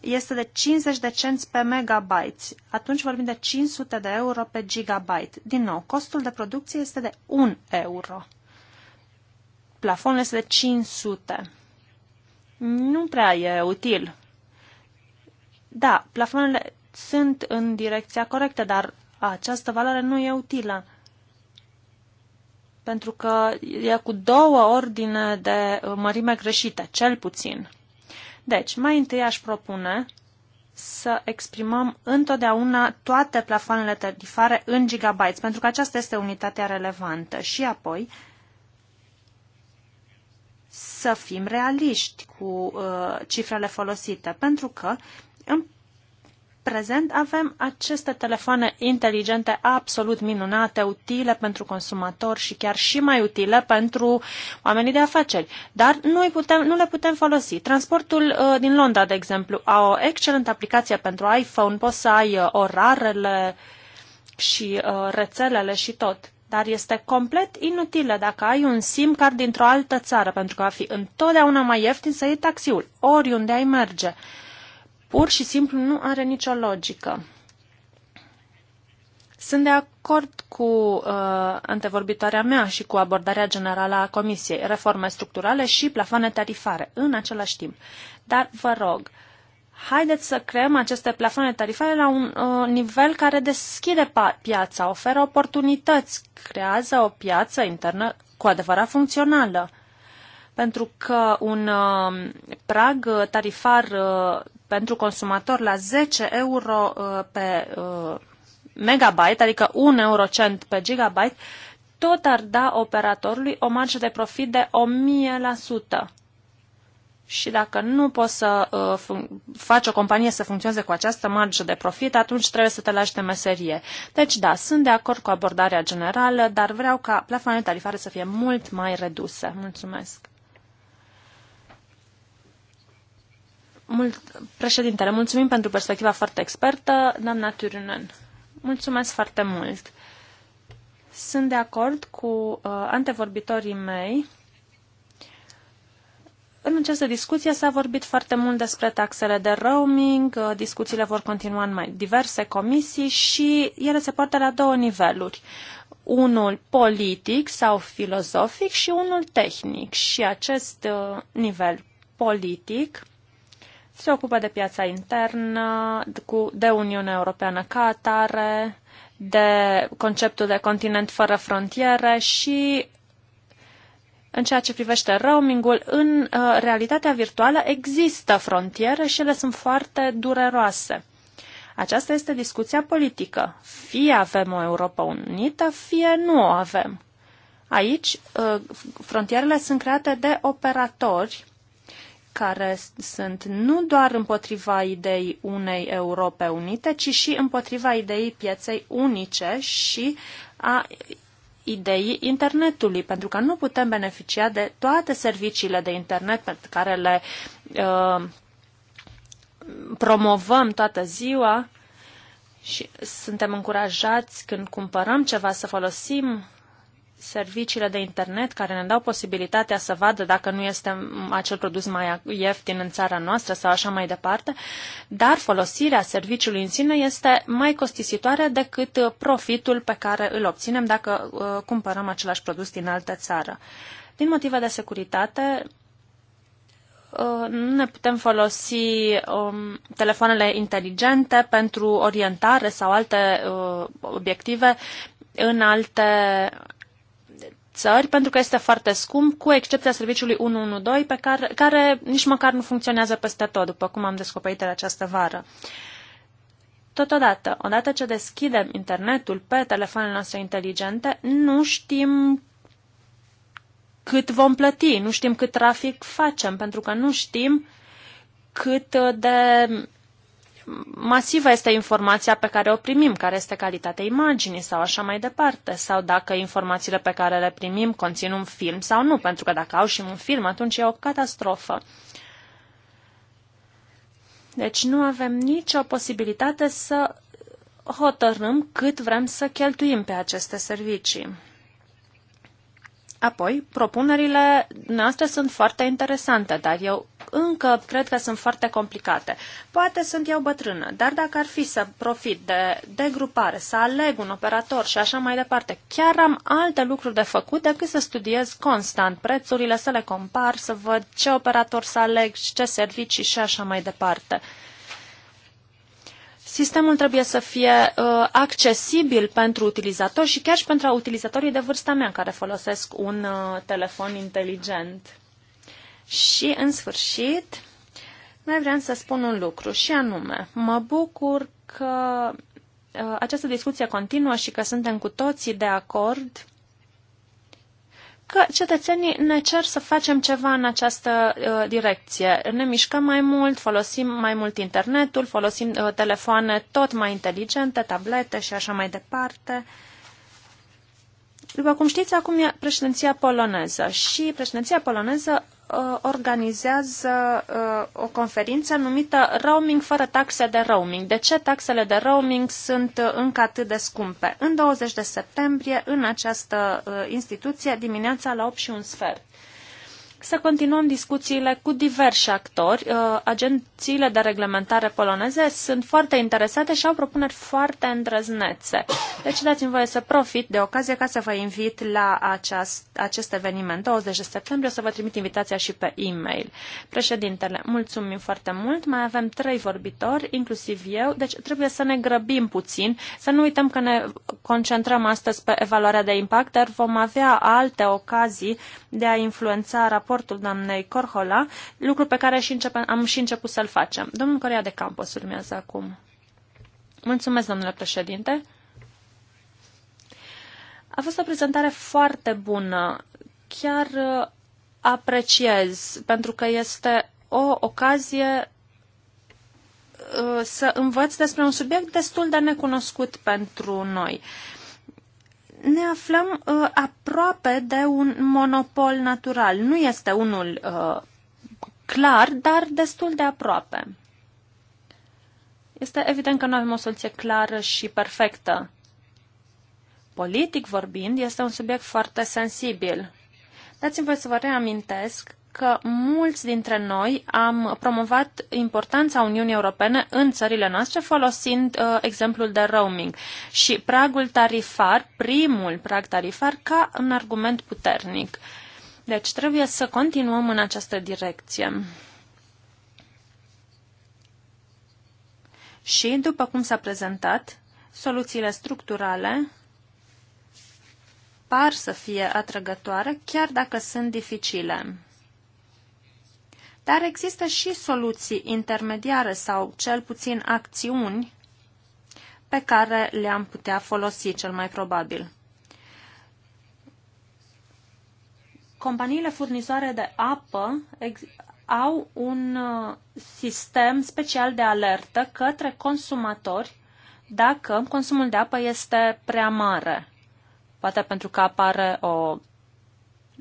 C: este de 50 de cenți pe megabyte. Atunci vorbim de 500 de euro pe gigabyte. Din nou, costul de producție este de 1 euro. Plafonul este de 500 nu prea e util. Da, plafonele sunt în direcția corectă, dar această valoare nu e utilă. Pentru că e cu două ordine de mărime greșite, cel puțin. Deci, mai întâi aș propune să exprimăm întotdeauna toate plafoanele tarifare în gigabytes, pentru că aceasta este unitatea relevantă. Și apoi, să fim realiști cu uh, cifrele folosite, pentru că în prezent avem aceste telefoane inteligente absolut minunate, utile pentru consumatori și chiar și mai utile pentru oamenii de afaceri. Dar nu, putem, nu le putem folosi. Transportul uh, din Londra, de exemplu, au o excelentă aplicație pentru iPhone, poți să ai uh, orarele și uh, rețelele și tot dar este complet inutilă dacă ai un SIM card dintr-o altă țară, pentru că va fi întotdeauna mai ieftin să iei taxiul, oriunde ai merge. Pur și simplu nu are nicio logică. Sunt de acord cu uh, antevorbitoarea mea și cu abordarea generală a Comisiei, reforme structurale și plafoane tarifare în același timp. Dar vă rog, uh, haideți să creăm aceste plafoane tarifare la un uh, nivel care deschide piața, oferă oportunități, creează o piață internă cu adevărat funcțională. Pentru că un uh, prag tarifar uh, pentru consumator la 10 euro uh, pe uh, megabyte, adică 1 eurocent pe gigabyte, tot ar da operatorului o marjă de profit de 1000%. Și dacă nu poți să uh, faci o companie să funcționeze cu această marjă de profit, atunci trebuie să te lași de meserie. Deci, da, sunt de acord cu abordarea generală, dar vreau ca plafoanele tarifare să fie mult mai reduse. Mulțumesc. Mult, președintele, mulțumim pentru perspectiva foarte expertă, doamna Turunen. Mulțumesc foarte mult. Sunt de acord cu uh, antevorbitorii mei în această discuție s-a vorbit foarte mult despre taxele de roaming, uh, discuțiile vor continua în mai diverse comisii și ele se poartă la două niveluri. Unul politic sau filozofic și unul tehnic. Și acest uh, nivel politic se ocupă de piața internă, de Uniunea Europeană ca atare, de conceptul de continent fără frontiere și în ceea ce privește roamingul, în uh, realitatea virtuală există frontiere și ele sunt foarte dureroase. Aceasta este discuția politică. Fie avem o Europa unită, fie nu o avem. Aici, uh, frontierele sunt create de operatori care sunt nu doar împotriva ideii unei Europe unite, ci și împotriva ideii pieței unice și a ideii internetului, pentru că nu putem beneficia de toate serviciile de internet pe care le uh, promovăm toată ziua și suntem încurajați când cumpărăm ceva să folosim serviciile de internet care ne dau posibilitatea să vadă dacă nu este acel produs mai ieftin în țara noastră sau așa mai departe, dar folosirea serviciului în sine este mai costisitoare decât profitul pe care îl obținem dacă uh, cumpărăm același produs din altă țară. Din motive de securitate, nu uh, ne putem folosi um, telefoanele inteligente pentru orientare sau alte uh, obiective în alte țări, pentru că este foarte scump, cu excepția serviciului 112, pe care, care nici măcar nu funcționează peste tot, după cum am descoperit de această vară. Totodată, odată ce deschidem internetul pe telefoanele noastre inteligente, nu știm cât vom plăti, nu știm cât trafic facem, pentru că nu știm cât de masivă este informația pe care o primim, care este calitatea imaginii sau așa mai departe, sau dacă informațiile pe care le primim conțin un film sau nu, pentru că dacă au și un film, atunci e o catastrofă. Deci nu avem nicio posibilitate să hotărâm cât vrem să cheltuim pe aceste servicii. Apoi, propunerile noastre sunt foarte interesante, dar eu încă cred că sunt foarte complicate. Poate sunt eu bătrână, dar dacă ar fi să profit de degrupare, să aleg un operator și așa mai departe, chiar am alte lucruri de făcut decât să studiez constant prețurile, să le compar, să văd ce operator să aleg, ce servicii și așa mai departe. Sistemul trebuie să fie uh, accesibil pentru utilizatori și chiar și pentru utilizatorii de vârsta mea care folosesc un uh, telefon inteligent. Și, în sfârșit, mai vreau să spun un lucru și anume, mă bucur că uh, această discuție continuă și că suntem cu toții de acord că cetățenii ne cer să facem ceva în această uh, direcție. Ne mișcăm mai mult, folosim mai mult internetul, folosim uh, telefoane tot mai inteligente, tablete și așa mai departe. După cum știți, acum e președinția poloneză și președinția poloneză Uh, organizează uh, o conferință numită Roaming fără taxe de roaming. De ce taxele de roaming sunt uh, încă atât de scumpe? În 20 de septembrie, în această instituție, dimineața la 8 și un sfert să continuăm discuțiile cu diversi actori. Uh, agențiile de reglementare poloneze sunt foarte interesate și au propuneri foarte îndrăznețe. Deci dați-mi voie să profit de ocazie ca să vă invit la aceast, acest eveniment. 20 septembrie o să vă trimit invitația și pe e-mail. Președintele, mulțumim foarte mult. Mai avem trei vorbitori, inclusiv eu, deci trebuie să ne grăbim puțin, să nu uităm că ne concentrăm astăzi pe evaluarea de impact, dar vom avea alte ocazii de a influența raportul raportul doamnei Corhola, lucru pe care și începe, am și început să-l facem. Domnul Corea de Campos urmează acum. Mulțumesc, domnule președinte. A fost o prezentare foarte bună. Chiar uh, apreciez, pentru că este o ocazie uh, să învăț despre un subiect destul de necunoscut pentru noi. Uh, ne aflăm uh, aproape de un monopol natural. Nu este unul uh, clar, dar destul de aproape. Este evident că nu avem o soluție clară și perfectă. Politic vorbind, este un subiect foarte sensibil. Dați-mi voi să vă reamintesc că mulți dintre noi am promovat importanța Uniunii Europene în țările noastre folosind uh, exemplul de roaming și pragul tarifar, primul prag tarifar, ca un argument puternic. Deci trebuie să continuăm în această direcție. Și, după cum s-a prezentat, soluțiile structurale par să fie atrăgătoare, chiar dacă sunt dificile. Dar există și soluții intermediare sau cel puțin acțiuni pe care le-am putea folosi cel mai probabil. Companiile furnizoare de apă au un uh, sistem special de alertă către consumatori dacă consumul de apă este prea mare, poate pentru că apare o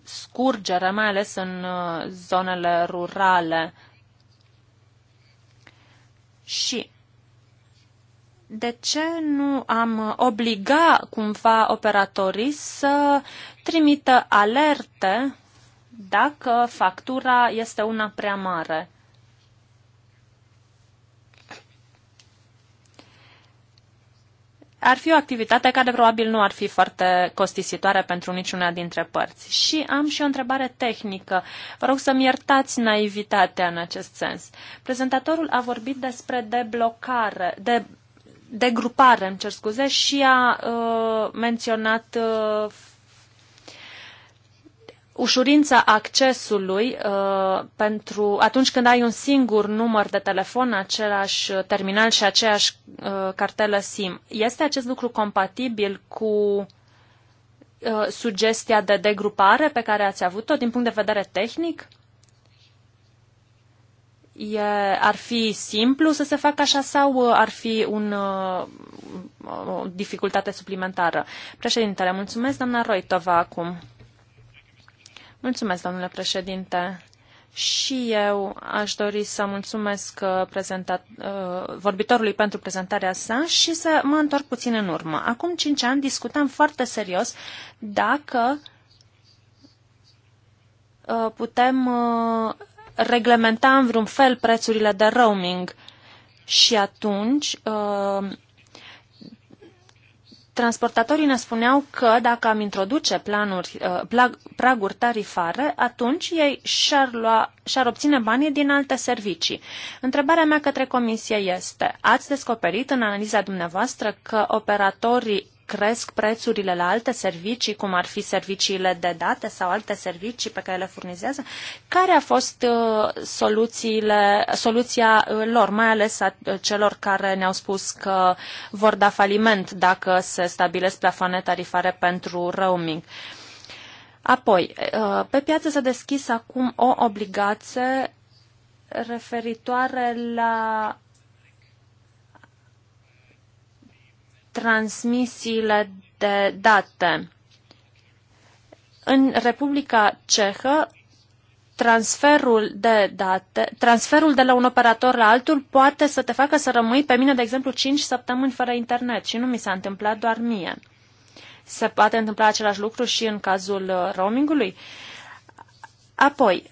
C: scurgere, mai ales în uh, zonele rurale. Și de ce nu am obliga cumva operatorii să trimită alerte dacă factura este una prea mare? ar fi o activitate care probabil nu ar fi foarte costisitoare pentru niciuna dintre părți. Și am și o întrebare tehnică. Vă rog să-mi iertați naivitatea în acest sens. Prezentatorul a vorbit despre deblocare, de degrupare, îmi cer scuze, și a uh, menționat uh, ușurința accesului uh, pentru atunci când ai un singur număr de telefon, același terminal și aceeași uh, cartelă SIM. Este acest lucru compatibil cu uh, sugestia de degrupare pe care ați avut-o din punct de vedere tehnic? E, ar fi simplu să se facă așa sau uh, ar fi un, uh, o dificultate suplimentară? Președintele, mulțumesc, doamna Roitova, acum. Mulțumesc, domnule președinte. Și eu aș dori să mulțumesc uh, prezentat, uh, vorbitorului pentru prezentarea sa și să mă întorc puțin în urmă. Acum cinci ani discutam foarte serios dacă uh, putem reglementa în vreun fel prețurile de roaming. Și atunci Transportatorii ne spuneau că dacă am introduce planuri, uh, plag, praguri tarifare, atunci ei și-ar, lua, și-ar obține banii din alte servicii. Întrebarea mea către comisie este, ați descoperit în analiza dumneavoastră că operatorii cresc prețurile la alte servicii, cum ar fi serviciile de date sau alte servicii pe care le furnizează? Care a fost uh, soluțiile, soluția uh, lor, mai ales a uh, celor care ne-au spus că vor da faliment dacă se stabilesc plafoane tarifare pentru roaming? Apoi, pe piață s-a deschis acum o obligație referitoare la transmisiile de date. În Republica Cehă, transferul de date, transferul de la un operator la altul poate să te facă să rămâi pe mine, de exemplu, 5 săptămâni fără internet și nu mi s-a întâmplat doar mie. Se poate întâmpla același lucru și în cazul roamingului. Apoi,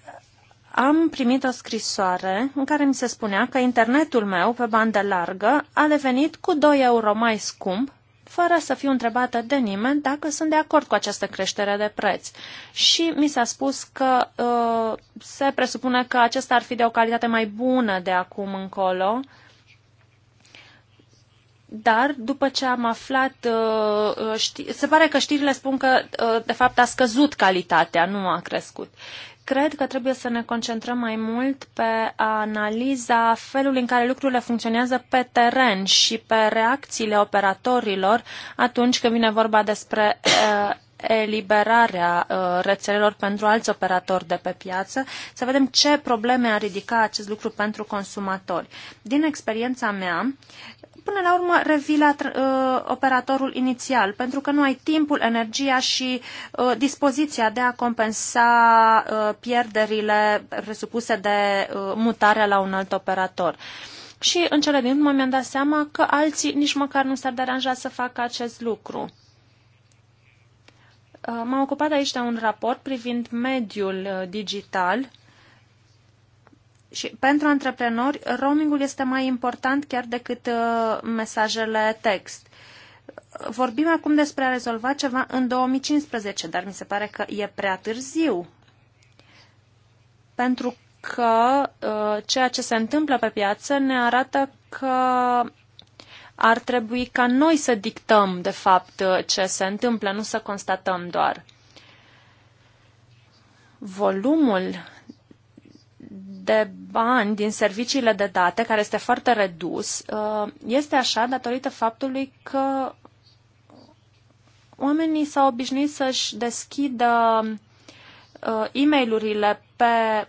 C: am primit o scrisoare în care mi se spunea că internetul meu pe bandă largă a devenit cu 2 euro mai scump, fără să fiu întrebată de nimeni dacă sunt de acord cu această creștere de preț. Și mi s-a spus că uh, se presupune că acesta ar fi de o calitate mai bună de acum încolo, dar după ce am aflat, uh, uh, se pare că știrile spun că uh, de fapt a scăzut calitatea, nu a crescut. Cred că trebuie să ne concentrăm mai mult pe analiza felului în care lucrurile funcționează pe teren și pe reacțiile operatorilor atunci când vine vorba despre eh, eliberarea eh, rețelelor pentru alți operatori de pe piață, să vedem ce probleme a ridicat acest lucru pentru consumatori. Din experiența mea, până la urmă revii la uh, operatorul inițial, pentru că nu ai timpul, energia și uh, dispoziția de a compensa uh, pierderile presupuse de uh, mutarea la un alt operator. Și în cele din urmă mi-am dat seama că alții nici măcar nu s-ar deranja să facă acest lucru. Uh, m-am ocupat aici de un raport privind mediul uh, digital și pentru antreprenori, roamingul este mai important chiar decât uh, mesajele text. Vorbim acum despre a rezolva ceva în 2015, dar mi se pare că e prea târziu. Pentru că uh, ceea ce se întâmplă pe piață ne arată că ar trebui ca noi să dictăm, de fapt, uh, ce se întâmplă, nu să constatăm doar. Volumul de bani din serviciile de date, care este foarte redus, uh, este așa datorită faptului că oamenii s-au obișnuit să-și deschidă uh, e mail pe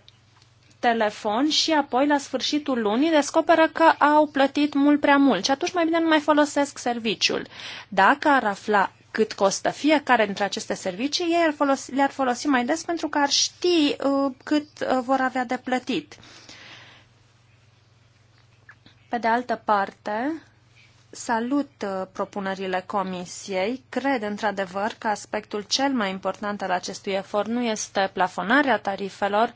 C: telefon și apoi la sfârșitul lunii descoperă că au plătit mult prea mult și atunci mai bine nu mai folosesc serviciul. Dacă ar afla cât costă fiecare dintre aceste servicii, ei le-ar folosi, le folosi mai des pentru că ar ști uh, cât uh, vor avea de plătit. Pe de altă parte, salut uh, propunerile Comisiei. Cred într-adevăr că aspectul cel mai important al acestui efort nu este plafonarea tarifelor,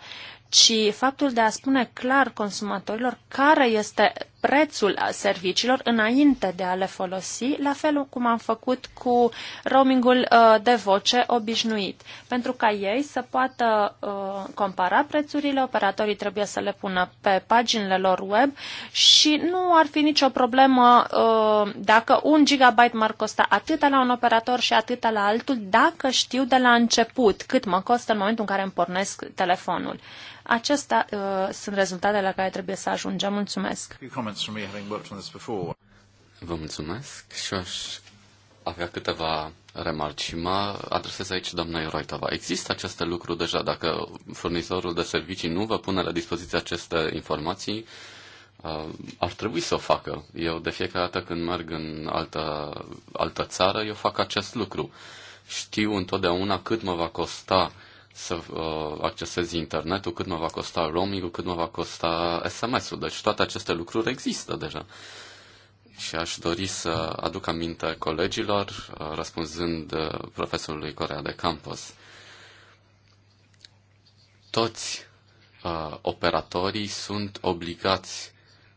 C: ci faptul de a spune clar consumatorilor care este prețul serviciilor înainte de a le folosi, la fel cum am făcut cu roamingul uh, de voce obișnuit. Pentru ca ei să poată uh, compara prețurile, operatorii trebuie să le pună pe paginile lor web și nu ar fi nicio problemă uh, dacă un gigabyte m-ar costa atâta la un operator și atâta la altul, dacă știu de la început cât mă costă în momentul în care îmi pornesc telefonul. Acestea uh, sunt rezultatele la care trebuie să ajungem. Mulțumesc!
A: comments from me having worked on this before. Vă mulțumesc și aș avea câteva remarci și mă adresez aici doamnei Roitova. Există aceste lucruri deja. Dacă furnizorul de servicii nu vă pune la dispoziție aceste informații, uh, ar trebui să o facă. Eu de fiecare dată când merg în altă, altă țară, eu fac acest lucru. Știu întotdeauna cât mă va costa uh, să uh, accesezi internetul, cât mă va costa roamingul, cât mă va costa SMS-ul. Deci toate aceste lucruri există deja. Și aș dori să aduc aminte colegilor, uh, răspunzând uh, profesorului Corea de Campus. Toți uh, operatorii sunt obligați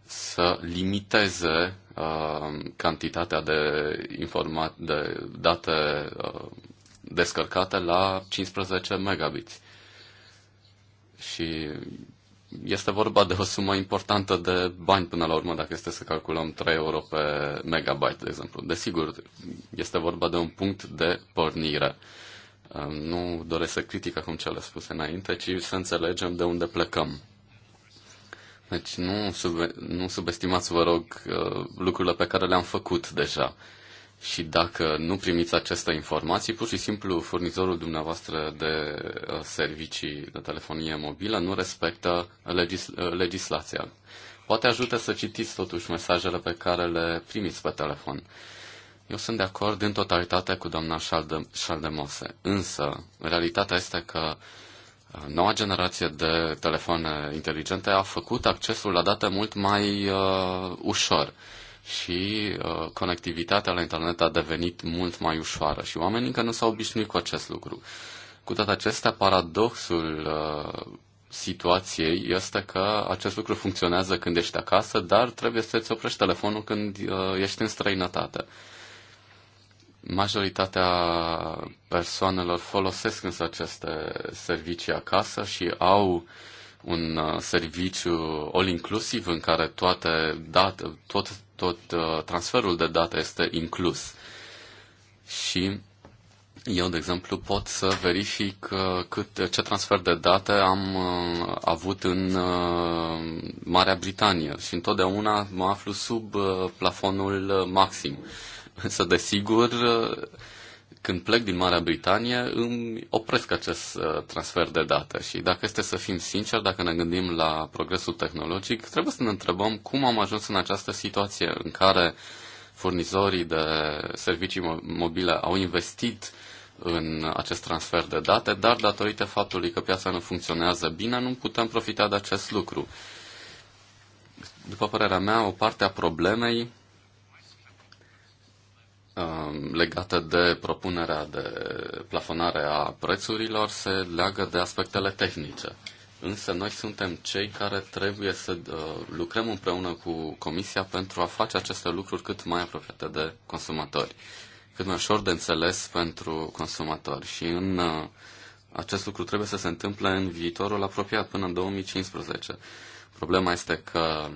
A: să limiteze uh, cantitatea de, informa- de date uh, descărcate la 15 megabits. Și este vorba de o sumă importantă de bani până la urmă, dacă este să calculăm 3 euro pe megabyte, de exemplu. Desigur, este vorba de un punct de pornire. Nu doresc să critic acum le spuse înainte, ci să înțelegem de unde plecăm. Deci nu, sub, nu subestimați, vă rog, uh, lucrurile pe care le-am făcut deja. Și dacă nu primiți aceste informații, pur și simplu furnizorul dumneavoastră de uh, servicii de telefonie mobilă nu respectă legis- uh, legislația. Poate ajută să citiți totuși mesajele pe care le primiți pe telefon. Eu sunt de acord în totalitate cu doamna Șaldemose, însă realitatea este că uh, noua generație de telefoane inteligente a făcut accesul la date mult mai uh, ușor și uh, conectivitatea la internet a devenit mult mai ușoară și oamenii încă nu s-au obișnuit cu acest lucru. Cu toate acestea, paradoxul uh, situației este că acest lucru funcționează când ești acasă, dar trebuie să-ți oprești telefonul când uh, ești în străinătate. Majoritatea persoanelor folosesc însă aceste servicii acasă și au un uh, serviciu all-inclusiv în care toate date, tot, tot uh, transferul de date este inclus. Și eu, de exemplu, pot să verific uh, cât, ce transfer de date am avut în Marea Britanie și întotdeauna mă aflu sub plafonul maxim. Însă, desigur, când plec din Marea Britanie, îmi opresc acest uh, transfer de date. Și dacă este să fim sinceri, dacă ne gândim la progresul tehnologic, trebuie să ne întrebăm cum am ajuns în această situație în care furnizorii de servicii mobile au investit în acest transfer de date, dar datorită faptului că piața nu funcționează bine, nu putem profita de acest lucru. După părerea mea, o parte a problemei Um, legate de propunerea de plafonare a prețurilor se leagă de aspectele tehnice. Însă noi suntem cei care trebuie să uh, lucrăm împreună cu Comisia pentru a face aceste lucruri cât mai apropiate de consumatori, cât mai ușor de înțeles pentru consumatori. Și în uh, acest lucru trebuie să se întâmple în viitorul apropiat, până în 2015. Problema este că,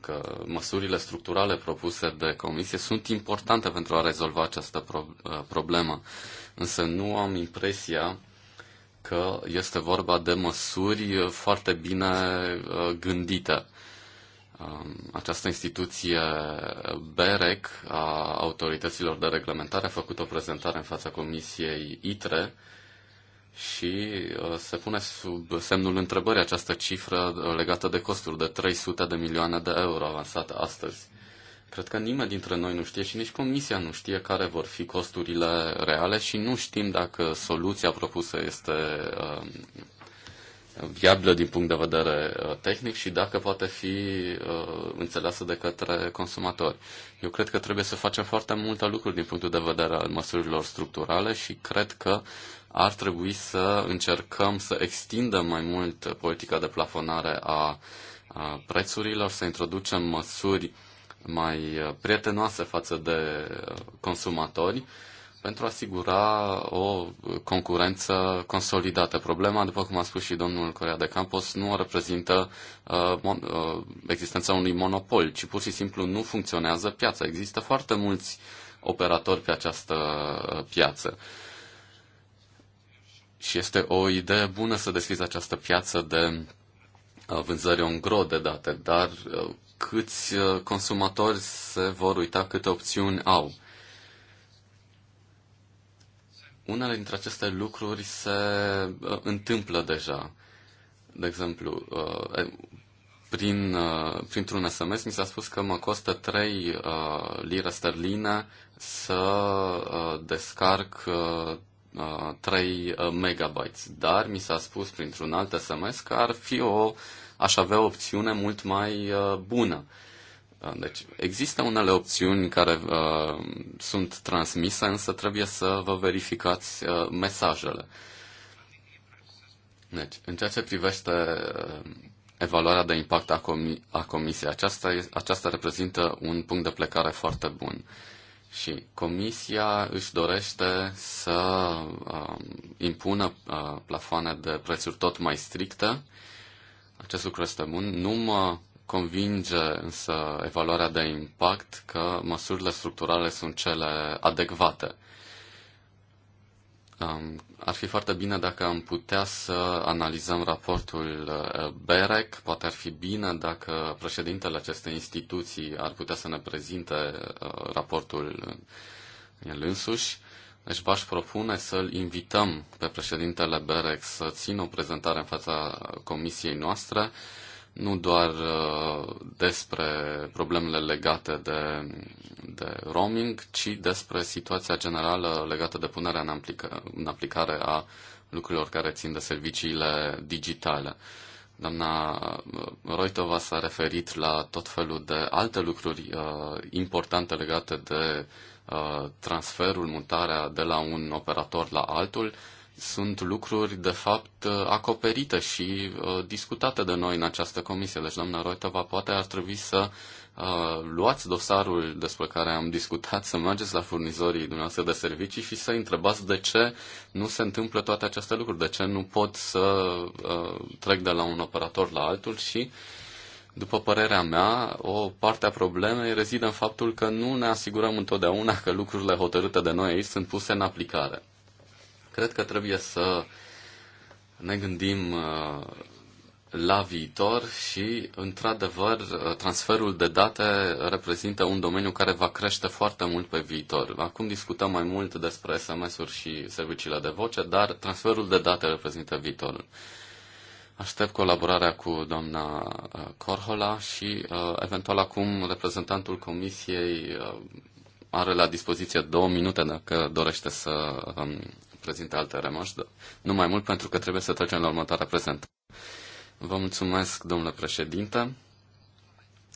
A: că măsurile structurale propuse de comisie sunt importante pentru a rezolva această ă, problemă, însă nu am impresia că este vorba de măsuri foarte bine ă, gândite. Această instituție BEREC a autorităților de reglementare a făcut o prezentare în fața Comisiei ITRE și uh, se pune sub semnul întrebării această cifră uh, legată de costuri de 300 de milioane de euro avansate astăzi. Cred că nimeni dintre noi nu știe și nici Comisia nu știe care vor fi costurile reale și nu știm dacă soluția propusă este uh, viabilă din punct de vedere tehnic și dacă poate fi înțeleasă de către consumatori. Eu cred că trebuie să facem foarte multe lucruri din punctul de vedere al măsurilor structurale și cred că ar trebui să încercăm să extindem mai mult politica de plafonare a, a prețurilor, să introducem măsuri mai prietenoase față de consumatori pentru a asigura o concurență consolidată. Problema, după cum a spus și domnul Corea de Campos, nu reprezintă uh, mon, uh, existența unui monopol, ci pur și simplu nu funcționează piața. Există foarte mulți operatori pe această piață. Uh, și este o idee bună să deschizi această piață de uh, vânzări gro de date, dar uh, câți uh, consumatori se vor uita câte opțiuni au. Unele dintre aceste lucruri se întâmplă deja. De exemplu, prin, printr-un SMS mi s-a spus că mă costă 3 lire sterline să descarc 3 uh, uh, megabytes, dar mi s-a spus printr-un alt SMS că ar fi o, aș avea o opțiune mult mai uh, bună. Deci există unele opțiuni care uh, sunt transmise, însă trebuie să vă verificați uh, mesajele. Deci, în ceea ce privește uh, evaluarea de impact a, comi- a comisiei, aceasta, aceasta reprezintă un punct de plecare foarte bun. Uh, și Comisia își dorește să uh, impună uh, plafoane de prețuri tot mai stricte. Acest lucru este bun. Nu mă convinge însă evaluarea de impact că măsurile structurale sunt cele adecvate ar fi foarte bine dacă am putea să analizăm raportul uh, BEREC. Poate ar fi bine dacă președintele acestei instituții ar putea să ne prezinte uh, raportul uh, el însuși. Deci v-aș propune să-l invităm pe președintele BEREC să țină o prezentare în fața comisiei noastre nu doar uh, despre problemele legate de, de roaming, ci despre situația generală legată de punerea în, aplică, în aplicare a lucrurilor care țin de serviciile digitale. Doamna uh, Roitova s-a referit la tot felul de alte lucruri uh, importante legate de uh, transferul, mutarea de la un operator la altul, uh, sunt lucruri, de fapt, uh, acoperite și uh, discutate de noi în această comisie. Deci, doamna Roitova, poate ar trebui să uh, luați dosarul despre care am discutat, să mergeți la furnizorii dumneavoastră de servicii și să întrebați de ce nu se întâmplă toate aceste lucruri, de ce nu pot să uh, trec de la un operator la altul și după părerea mea, o parte a problemei rezidă în faptul că nu ne asigurăm întotdeauna că lucrurile hotărâte de noi aici sunt puse în aplicare. Cred că trebuie să ne gândim uh, la viitor și, într-adevăr, uh, transferul de date reprezintă un domeniu care va crește foarte mult pe viitor. Acum discutăm mai mult despre SMS-uri și serviciile de voce, dar transferul de date reprezintă viitorul. Aștept colaborarea cu doamna uh, Corhola și, eventual, acum reprezentantul Comisiei are la dispoziție două minute dacă dorește să um, prezinte alte remarci, nu mai mult pentru că trebuie să trecem la următoarea prezentă. Vă mulțumesc, domnule președinte.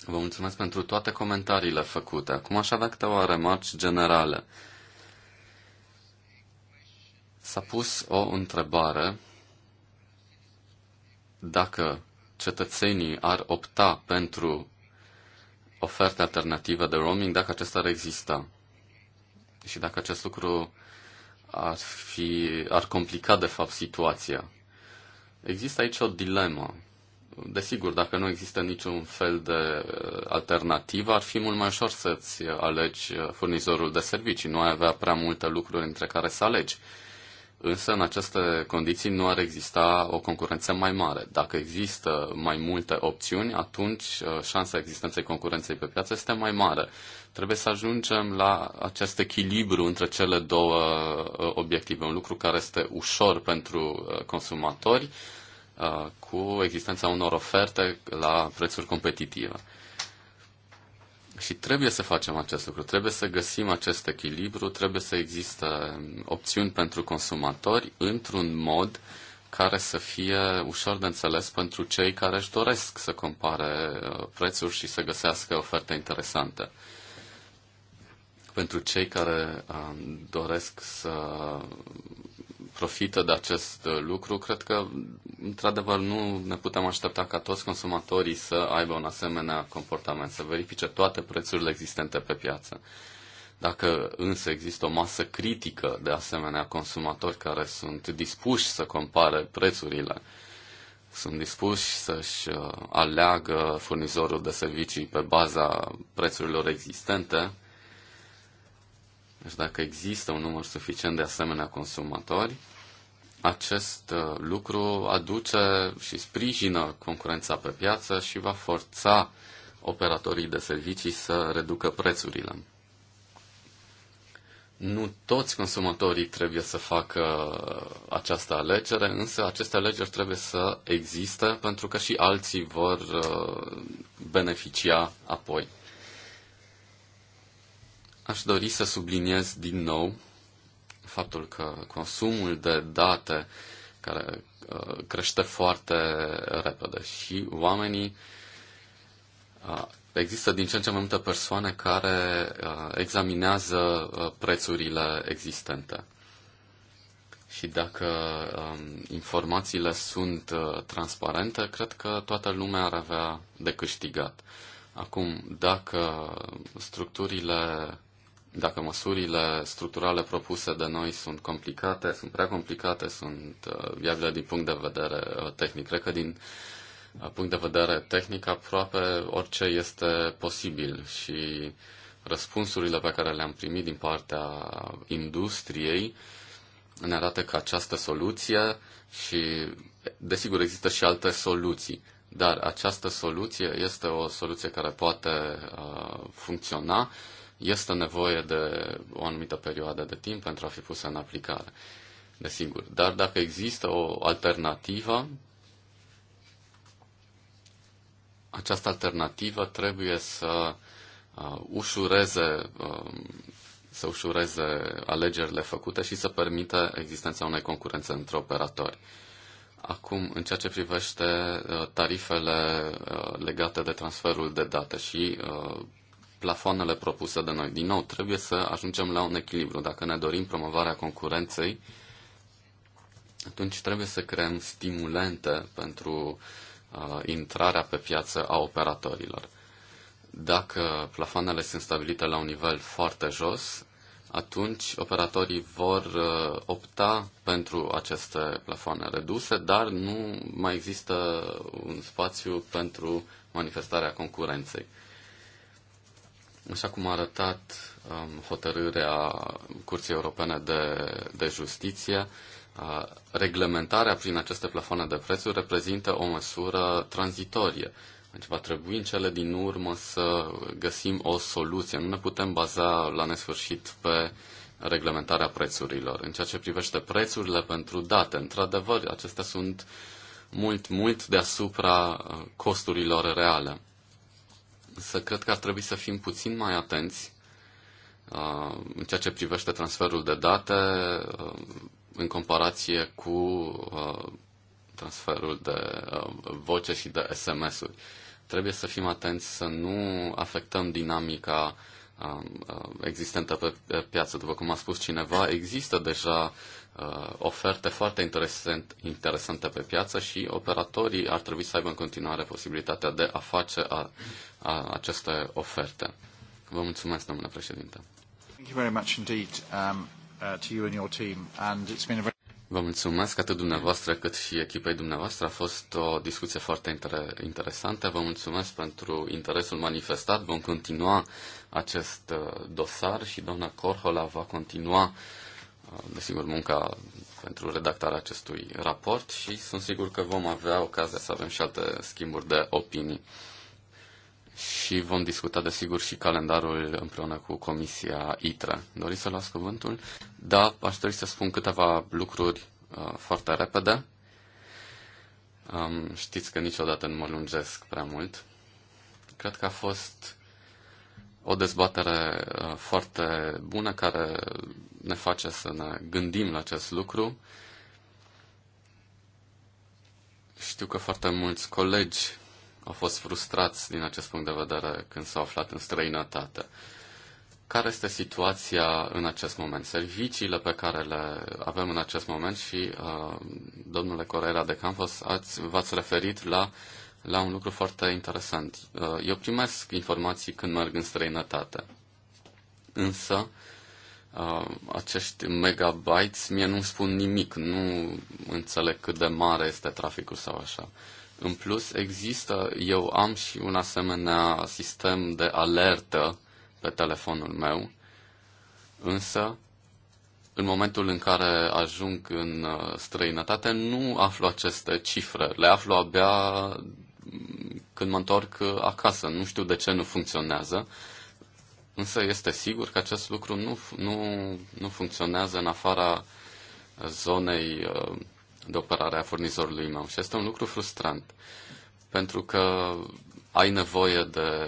A: Vă mulțumesc pentru toate comentariile făcute. Acum aș avea câteva remarci generale. S-a pus o întrebare dacă cetățenii ar opta pentru oferte alternative de roaming, dacă acesta ar exista și dacă acest lucru ar, fi, ar complica de fapt situația. Există aici o dilemă. Desigur, dacă nu există niciun fel de uh, alternativă, ar fi mult mai ușor să-ți alegi uh, furnizorul de servicii. Nu ai avea prea multe lucruri între care să alegi. Însă, în aceste condiții, nu ar exista o concurență mai mare. Dacă există mai multe opțiuni, atunci uh, șansa existenței concurenței pe piață este mai mare. Trebuie să ajungem la acest echilibru între cele două uh, obiective, un lucru care este ușor pentru uh, consumatori, uh, cu existența unor oferte la prețuri competitive. Și trebuie să facem acest lucru, trebuie să găsim acest echilibru, trebuie să există opțiuni pentru consumatori într-un mod care să fie ușor de înțeles pentru cei care își doresc să compare prețuri și să găsească oferte interesante pentru cei care um, doresc să profită de acest uh, lucru, cred că, într-adevăr, nu ne putem aștepta ca toți consumatorii să aibă un asemenea comportament, să verifice toate prețurile existente pe piață. Dacă însă există o masă critică de asemenea consumatori care sunt dispuși să compare prețurile, sunt dispuși să-și uh, aleagă furnizorul de servicii pe baza prețurilor existente, deci dacă există un număr suficient de asemenea consumatori, acest uh, lucru aduce și sprijină concurența pe piață și va forța operatorii de servicii să reducă prețurile. Nu toți consumatorii trebuie să facă această alegere, însă aceste alegeri trebuie să existe pentru că și alții vor uh, beneficia apoi. Aș dori să subliniez din nou faptul că consumul de date care uh, crește foarte repede și oamenii uh, există din ce în ce mai multe persoane care uh, examinează prețurile existente. Și dacă um, informațiile sunt transparente, cred că toată lumea ar avea de câștigat. Acum, dacă structurile dacă măsurile structurale propuse de noi sunt complicate, sunt prea complicate, sunt uh, viabile din punct de vedere uh, tehnic. Cred că din uh, punct de vedere tehnic aproape orice este posibil și răspunsurile pe care le-am primit din partea industriei ne arată că această soluție și, desigur, există și alte soluții, dar această soluție este o soluție care poate uh, funcționa este nevoie de o anumită perioadă de timp pentru a fi pusă în aplicare, desigur. Dar dacă există o alternativă, această alternativă trebuie să uh, ușureze, um, să ușureze alegerile făcute și să permită existența unei concurențe între operatori. Acum, în ceea ce privește uh, tarifele uh, legate de transferul de date și plafoanele propuse de noi. Din nou, trebuie să ajungem la un echilibru. Dacă ne dorim promovarea concurenței, atunci trebuie să creăm stimulente pentru uh, intrarea pe piață a operatorilor. Dacă plafoanele sunt stabilite la un nivel foarte jos, atunci operatorii vor uh, opta pentru aceste plafoane reduse, dar nu mai există un spațiu pentru manifestarea concurenței. Așa cum a arătat um, hotărârea Curții Europene de, de Justiție, uh, reglementarea prin aceste plafoane de prețuri reprezintă o măsură tranzitorie. Deci va trebui în cele din urmă să găsim o soluție. Nu ne putem baza la nesfârșit pe reglementarea prețurilor. În ceea ce privește prețurile pentru date, într-adevăr, acestea sunt mult, mult deasupra uh, costurilor reale. Să cred că ar trebui să fim puțin mai atenți uh, în ceea ce privește transferul de date uh, în comparație cu uh, transferul de uh, voce și de SMS-uri. Trebuie să fim atenți să nu afectăm dinamica uh, Um, uh, existentă pe piață. După cum a spus cineva, există deja uh, oferte foarte interesant, interesante pe piață și operatorii ar trebui să aibă în continuare posibilitatea de a face a, a aceste oferte. Vă mulțumesc, domnule președinte. Thank you very much indeed um, uh, to you and your team, and it's been a very Vă mulțumesc atât dumneavoastră cât și echipei dumneavoastră. A fost o discuție foarte inter- interesantă. Vă mulțumesc pentru interesul manifestat. Vom continua acest uh, dosar și doamna Corhola va continua, uh, desigur, munca pentru redactarea acestui raport și sunt sigur că vom avea ocazia să avem și alte schimburi de opinii și vom discuta, desigur, și calendarul împreună cu Comisia ITRE. Doriți să luați cuvântul? Da, aș dori să spun câteva lucruri uh, foarte repede. Um, știți că niciodată nu mă lungesc prea mult. Cred că a fost o dezbatere uh, foarte bună care ne face să ne gândim la acest lucru. Știu că foarte mulți colegi au fost frustrați din acest punct de vedere când s-au aflat în străinătate. Care este situația în acest moment? Serviciile pe care le avem în acest moment și, uh, domnule Correa de Campos, ați, v-ați referit la, la un lucru foarte interesant. Uh, eu primesc informații când merg în străinătate, însă uh, acești megabytes mie nu spun nimic, nu înțeleg cât de mare este traficul sau așa. Uh, în plus, există, eu am și un asemenea sistem de alertă pe telefonul meu, însă în momentul în care ajung în uh, străinătate nu aflu aceste cifre, le aflu abia când mă întorc uh, acasă. Nu știu de ce nu funcționează, însă este sigur că acest lucru nu, nu, nu funcționează în afara zonei uh, de operare a furnizorului meu. Și este un lucru frustrant, pentru că ai nevoie de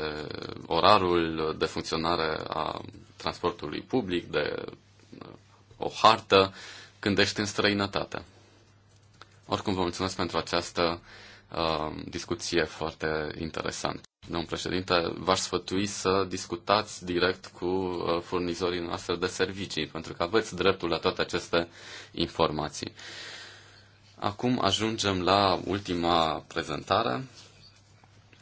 A: orarul de funcționare a transportului public, de uh, o hartă, când ești în străinătate. Oricum, vă mulțumesc pentru această uh, discuție foarte interesantă. Domnul președinte, v-aș sfătui să discutați direct cu uh, furnizorii noastre de servicii, pentru că aveți dreptul la toate aceste informații. Acum ajungem la ultima prezentare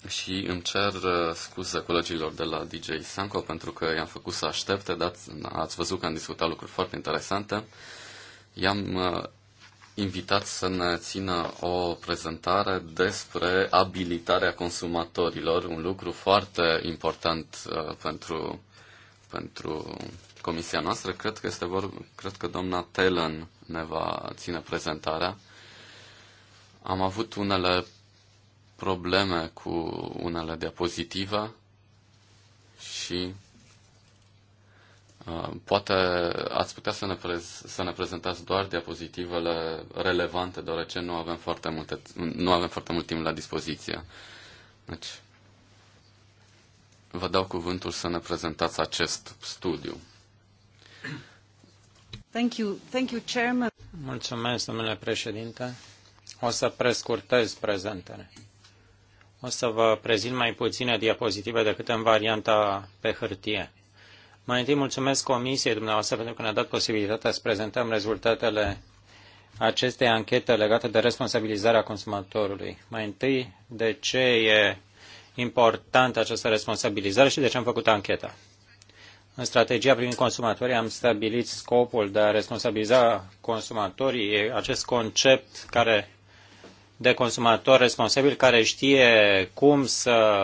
A: și îmi cer uh, scuze colegilor de la DJ Sanco pentru că i-am făcut să aștepte, dar ați văzut că am discutat lucruri foarte interesante. I-am uh, invitat să ne țină o prezentare despre abilitarea consumatorilor, un lucru foarte important uh, pentru, pentru comisia noastră. Cred că, este vorba, Cred că doamna Telen ne va ține prezentarea. Am avut unele probleme cu unele diapozitive și uh, poate ați putea să ne, prez- să ne prezentați doar diapozitivele relevante, deoarece nu avem foarte, multe, nu avem foarte mult timp la dispoziție. Deci, vă dau cuvântul să ne prezentați acest studiu.
B: Thank you. Thank you, Chairman. Mulțumesc, domnule președinte. O să prescurtez prezentele. O să vă prezint mai puține diapozitive decât în varianta pe hârtie. Mai întâi mulțumesc Comisiei dumneavoastră pentru că ne-a dat posibilitatea să prezentăm rezultatele acestei anchete legate de responsabilizarea consumatorului. Mai întâi, de ce e importantă această responsabilizare și de ce am făcut ancheta. În strategia privind consumatorii am stabilit scopul de a responsabiliza consumatorii, acest concept care de consumator responsabil care știe cum să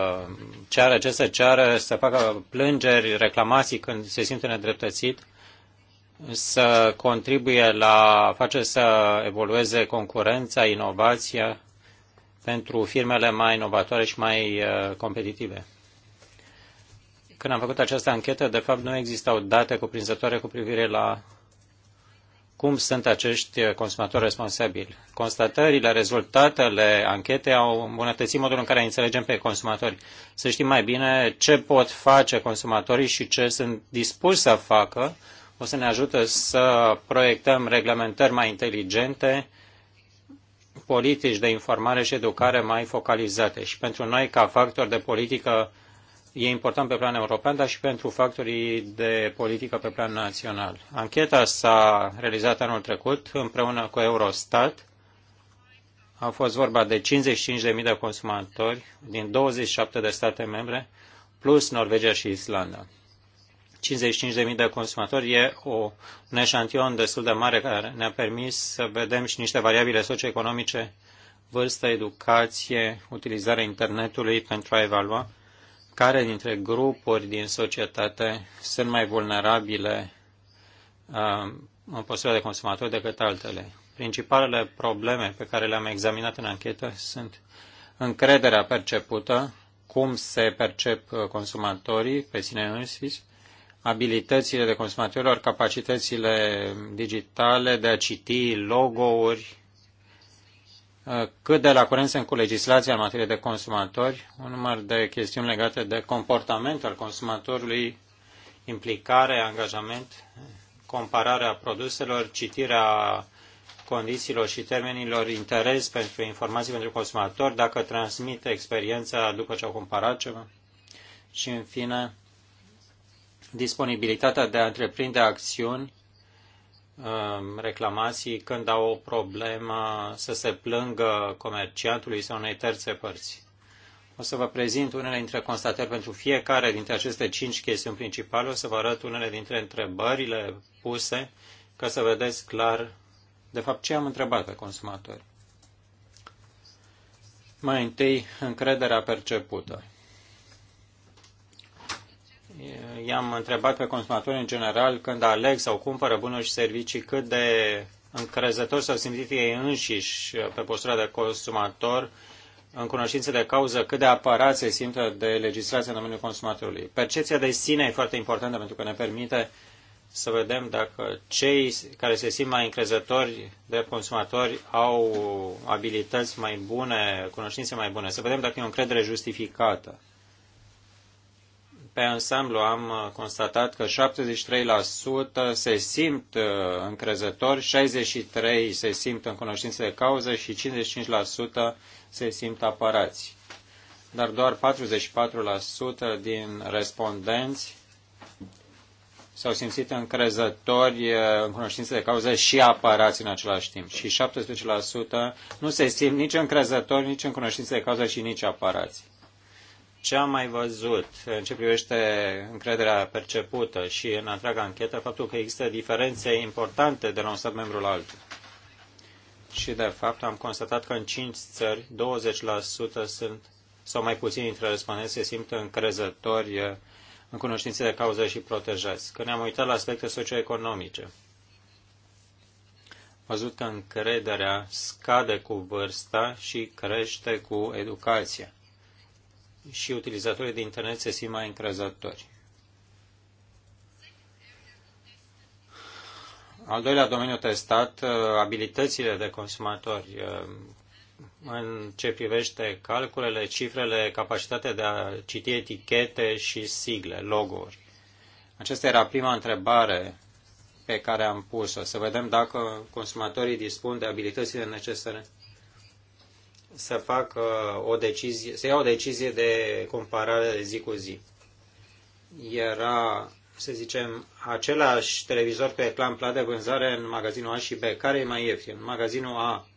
B: ceară, ce să ceară, să facă plângeri, reclamații când se simte nedreptățit, să contribuie la face să evolueze concurența, inovația pentru firmele mai inovatoare și mai uh, competitive. Când am făcut această anchetă, de fapt nu existau date cuprinzătoare cu privire la cum sunt acești consumatori responsabili. Constatările, rezultatele anchetei au îmbunătățit modul în care înțelegem pe consumatori. Să știm mai bine ce pot face consumatorii și ce sunt dispuși să facă, o să ne ajută să proiectăm reglementări mai inteligente, politici de informare și educare mai focalizate. Și pentru noi, ca factor de politică, e important pe plan european, dar și pentru factorii de politică pe plan național. Ancheta s-a realizat anul trecut împreună cu Eurostat. A fost vorba de 55.000 de consumatori din 27 de state membre, plus Norvegia și Islanda. 55.000 de consumatori e o, un eșantion destul de mare care ne-a permis să vedem și niște variabile socioeconomice, vârstă, educație, utilizarea internetului pentru a evalua care dintre grupuri din societate sunt mai vulnerabile um, în postura de consumator decât altele. Principalele probleme pe care le-am examinat în anchetă sunt încrederea percepută, cum se percep uh, consumatorii pe sine înșiși, abilitățile de consumatorilor, capacitățile digitale de a citi logo-uri, cât de la curent sunt cu legislația în materie de consumatori, un număr de chestiuni legate de comportament al consumatorului, implicare, angajament, compararea produselor, citirea condițiilor și termenilor, interes pentru informații pentru consumator, dacă transmite experiența după ce au cumpărat ceva și, în fine, disponibilitatea de a întreprinde acțiuni Um, reclamații când au o problemă să se plângă comerciantului sau unei terțe părți. O să vă prezint unele dintre constatări pentru fiecare dintre aceste cinci chestiuni principale. O să vă arăt unele dintre întrebările puse ca să vedeți clar, de fapt, ce am întrebat pe consumatori. Mai întâi, încrederea percepută i-am întrebat pe consumatori în general când aleg sau cumpără bunuri și servicii cât de încrezători s-au simțit ei înșiși pe postura de consumator în cunoștință de cauză cât de apărați se simtă de legislația în domeniul consumatorului. Percepția de sine e foarte importantă pentru că ne permite să vedem dacă cei care se simt mai încrezători de consumatori au abilități mai bune, cunoștințe mai bune, să vedem dacă e o încredere justificată pe ansamblu am uh, constatat că 73% se simt uh, încrezători, 63% se simt în cunoștință de cauză și 55% se simt apărați. Dar doar 44% din respondenți s-au simțit încrezători uh, în cunoștință de cauză și apărați în același timp. Și 17% nu se simt nici încrezători, nici în cunoștință de cauză și nici apărați ce am mai văzut în ce privește încrederea percepută și în întreaga anchetă, faptul că există diferențe importante de la un stat membru la altul. Și, de fapt, am constatat că în 5 țări, 20% sunt, sau mai puțin dintre respondenți, se simt încrezători eh, în cunoștințe de cauză și protejați. Când ne-am uitat la aspecte socioeconomice, am văzut că încrederea scade cu vârsta și crește cu educația și utilizatorii de internet se simt mai încrezători. Al doilea domeniu testat, uh, abilitățile de consumatori uh, în ce privește calculele, cifrele, capacitatea de a citi etichete și sigle, loguri. Aceasta era prima întrebare pe care am pus-o, să vedem dacă consumatorii dispun de abilitățile necesare să facă o decizie, să ia o decizie de comparare de zi cu zi. Era, să zicem, același televizor pe ecran plat de vânzare în magazinul A și B. Care e mai ieftin? În magazinul A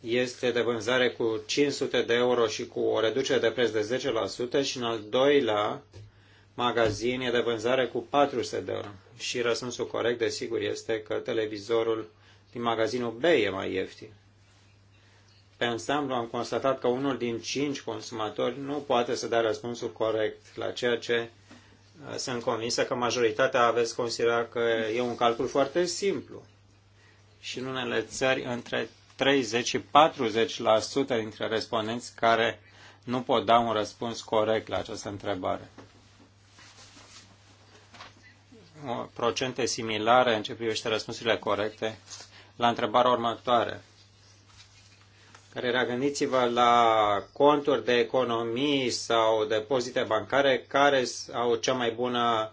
B: este de vânzare cu 500 de euro și cu o reducere de preț de 10% și în al doilea magazin e de vânzare cu 400 de euro. Și răspunsul corect, desigur, este că televizorul din magazinul B e mai ieftin. Pe ansamblu am constatat că unul din cinci consumatori nu poate să dea răspunsul corect la ceea ce uh, sunt convinsă că majoritatea aveți considera că e un calcul foarte simplu. Și în unele țări, între 30 și 40% dintre respondenți care nu pot da un răspuns corect la această întrebare. O procente similare în ce privește răspunsurile corecte la întrebarea următoare care era gândiți-vă la conturi de economii sau depozite bancare care au cea mai bună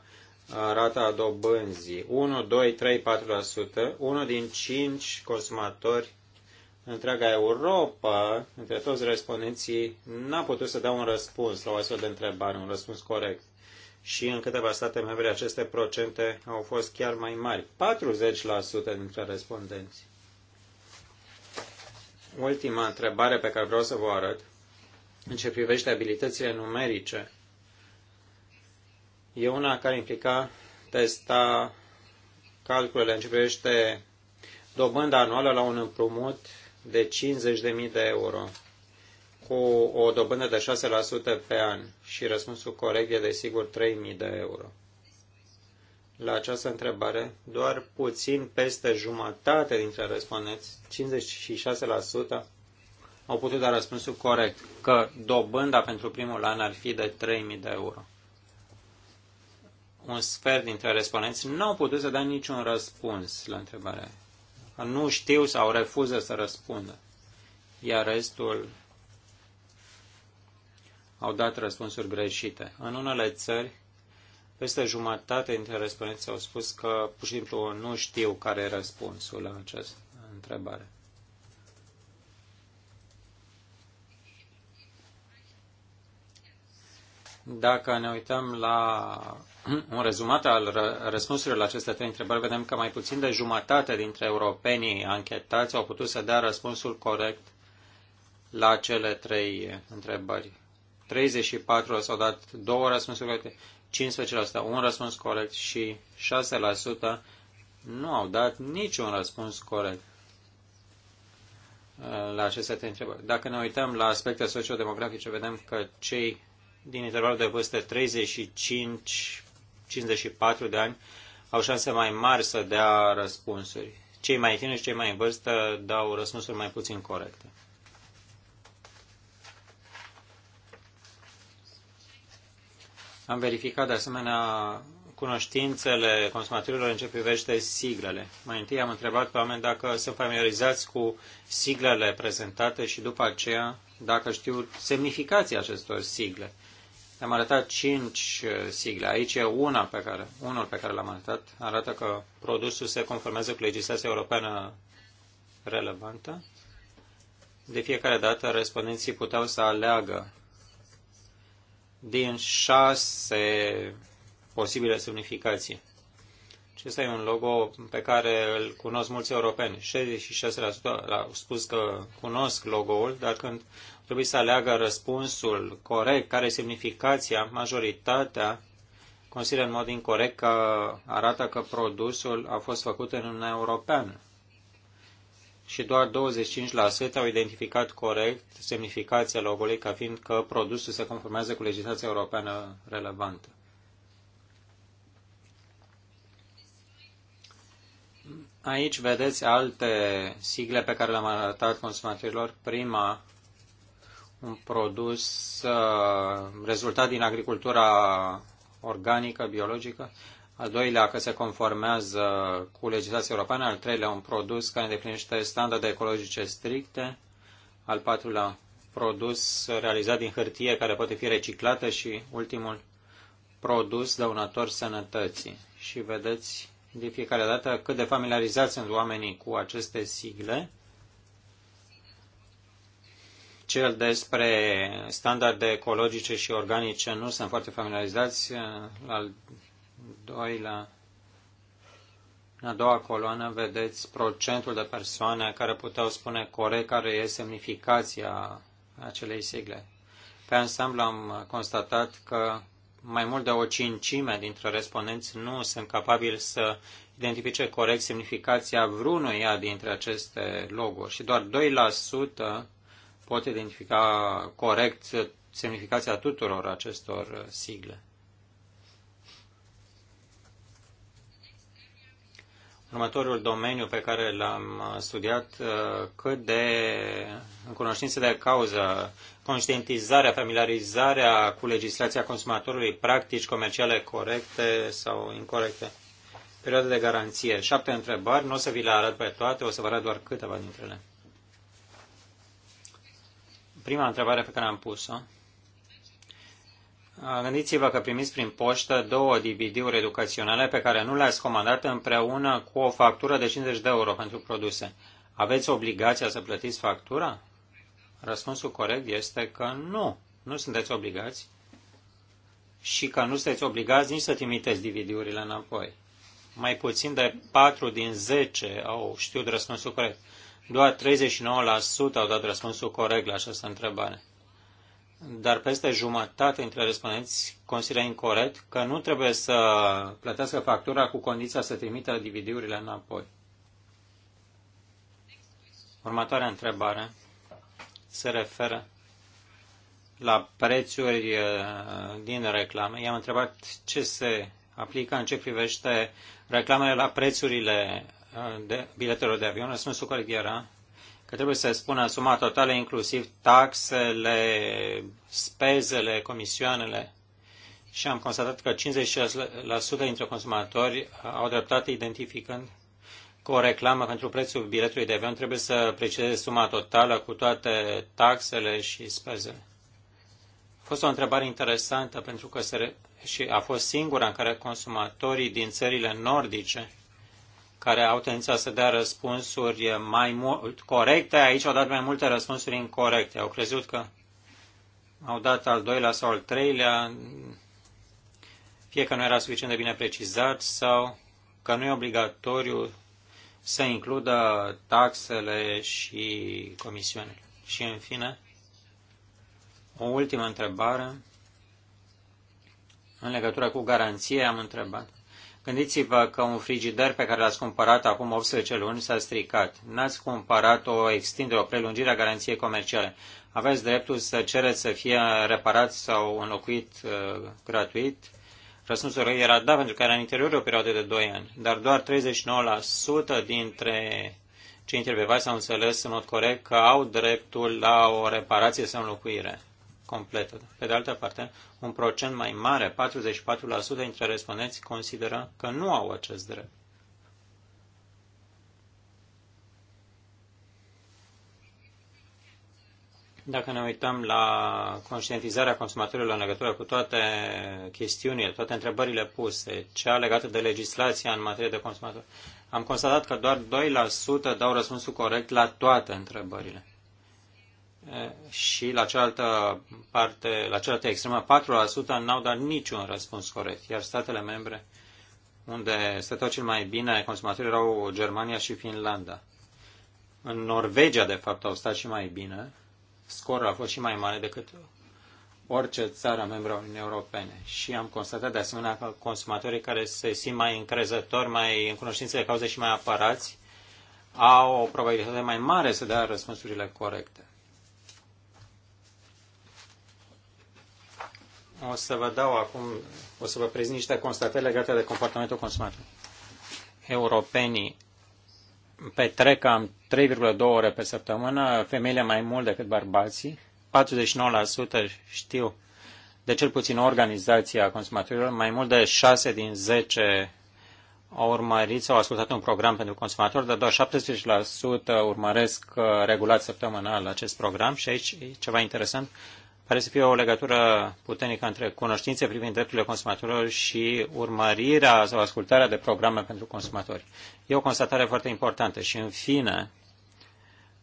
B: uh, rata a dobânzii. 1, 2, 3, 4%, Unul din 5 consumatori în întreaga Europa, între toți respondenții, n-a putut să dea un răspuns la o astfel de întrebare, un răspuns corect. Și în câteva state membre aceste procente au fost chiar mai mari, 40% dintre respondenții. Ultima întrebare pe care vreau să vă arăt, în ce privește abilitățile numerice, e una care implica testa calculele în ce privește dobânda anuală la un împrumut de 50.000 de euro cu o dobândă de 6% pe an și răspunsul corect e desigur 3.000 de euro la această întrebare, doar puțin peste jumătate dintre respondenți, 56%, au putut da răspunsul corect, că dobânda pentru primul an ar fi de 3.000 de euro. Un sfert dintre respondenți nu au putut să dea niciun răspuns la întrebare. Nu știu sau refuză să răspundă. Iar restul au dat răspunsuri greșite. În unele țări, peste jumătate dintre respondenți au spus că pur și simplu nu știu care e răspunsul la această întrebare. Dacă ne uităm la un rezumat al răspunsurilor la aceste trei întrebări, vedem că mai puțin de jumătate dintre europenii anchetați au putut să dea răspunsul corect la cele trei întrebări. 34 s-au dat două răspunsuri corecte 15%, un răspuns corect și 6% nu au dat niciun răspuns corect uh, la aceste întrebări. Dacă ne uităm la aspecte sociodemografice, vedem că cei din intervalul de vârstă 35-54 de ani au șanse mai mari să dea răspunsuri. Cei mai tineri și cei mai în vârstă dau răspunsuri mai puțin corecte. Am verificat de asemenea cunoștințele consumatorilor în ce privește siglele. Mai întâi am întrebat pe oameni dacă sunt familiarizați cu siglele prezentate și după aceea dacă știu semnificația acestor sigle. Am arătat cinci sigle. Aici e una pe care, unul pe care l-am arătat. Arată că produsul se conformează cu legislația europeană relevantă. De fiecare dată, respondenții puteau să aleagă din șase posibile semnificații. Acesta e un logo pe care îl cunosc mulți europeni. 66% au spus că cunosc logo-ul, dar când trebuie să aleagă răspunsul corect, care e semnificația, majoritatea consideră în mod incorrect că arată că produsul a fost făcut în Uniunea Europeană și doar 25% au identificat corect semnificația logo-ului ca fiind că produsul se conformează cu legislația europeană relevantă. Aici vedeți alte sigle pe care le-am arătat consumatorilor. Prima, un produs uh, rezultat din agricultura organică, biologică al doilea că se conformează cu legislația europeană, al treilea un produs care îndeplinește standarde ecologice stricte, al patrulea produs realizat din hârtie care poate fi reciclată și ultimul produs dăunător sănătății. Și vedeți de fiecare dată cât de familiarizați sunt oamenii cu aceste sigle. Cel despre standarde ecologice și organice nu sunt foarte familiarizați. Al doilea, la în a doua coloană vedeți procentul de persoane care puteau spune corect care e semnificația acelei sigle. Pe ansamblu am constatat că mai mult de o cincime dintre respondenți nu sunt capabili să identifice corect semnificația vreunuia dintre aceste loguri și doar 2% pot identifica corect semnificația tuturor acestor sigle. Următorul domeniu pe care l-am uh, studiat, uh, cât de în cunoștință de cauză, conștientizarea, familiarizarea cu legislația consumatorului, practici comerciale corecte sau incorrecte, perioada de garanție. Șapte întrebări, nu o să vi le arăt pe toate, o să vă arăt doar câteva dintre ele. Prima întrebare pe care am pus-o Gândiți-vă că primiți prin poștă două DVD-uri educaționale pe care nu le-ați comandat împreună cu o factură de 50 de euro pentru produse. Aveți obligația să plătiți factura? Răspunsul corect este că nu, nu sunteți obligați și că nu sunteți obligați nici să trimiteți DVD-urile înapoi. Mai puțin de 4 din 10 au știut răspunsul corect. Doar 39% au dat răspunsul corect la această întrebare dar peste jumătate dintre respondenți consideră incorrect că nu trebuie să plătească factura cu condiția să trimită DVD-urile înapoi. Următoarea întrebare se referă la prețuri uh, din reclame. I-am întrebat ce se aplică în ce privește reclamele la prețurile uh, de biletelor de avion. Răspunsul corect era că trebuie să spună suma totală, inclusiv taxele, spezele, comisioanele. Și am constatat că 56% dintre consumatori au dreptate identificând cu o reclamă pentru prețul biletului de avion trebuie să precizeze suma totală cu toate taxele și spezele. A fost o întrebare interesantă pentru că se re... și a fost singura în care consumatorii din țările nordice care au tendința să dea răspunsuri mai mult corecte, aici au dat mai multe răspunsuri incorrecte. Au crezut că au dat al doilea sau al treilea, fie că nu era suficient de bine precizat sau că nu e obligatoriu să includă taxele și comisiunile. Și în fine, o ultimă întrebare. În legătură cu garanție am întrebat Gândiți-vă că un frigider pe care l-ați cumpărat acum 18 luni s-a stricat. N-ați cumpărat o extindere, o prelungire a garanției comerciale. Aveți dreptul să cereți să fie reparat sau înlocuit uh, gratuit. Răspunsul era da, pentru că era în interior o perioadă de 2 ani, dar doar 39% dintre cei intervievați au înțeles în mod corect că au dreptul la o reparație sau înlocuire completă. Pe de altă parte, un procent mai mare, 44% dintre respondenți, consideră că nu au acest drept. Dacă ne uităm la conștientizarea consumatorilor în legătură cu toate chestiunile, toate întrebările puse, cea legată de legislația în materie de consumator, am constatat că doar 2% dau răspunsul corect la toate întrebările și la cealaltă parte, la cealaltă extremă, 4% n-au dat niciun răspuns corect, iar statele membre unde stăteau cel mai bine consumatorii erau Germania și Finlanda. În Norvegia, de fapt, au stat și mai bine. Scorul a fost și mai mare decât orice țară membră a Uniunii Europene. Și am constatat de asemenea că consumatorii care se simt mai încrezători, mai în cunoștință de cauze și mai apărați, au o probabilitate mai mare să dea răspunsurile corecte. O să vă dau acum, o să vă prezint niște constatări legate de comportamentul consumatorului. Europenii petrec cam 3,2 ore pe săptămână, femeile mai mult decât bărbații, 49% știu de cel puțin o organizație a consumatorilor, mai mult de 6 din 10 au urmărit sau au ascultat un program pentru consumatori, dar doar 70% urmăresc uh, regulat săptămânal acest program și aici e ceva interesant pare să fie o legătură puternică între cunoștințe privind drepturile consumatorilor și urmărirea sau ascultarea de programe pentru consumatori. E o constatare foarte importantă și, în fine,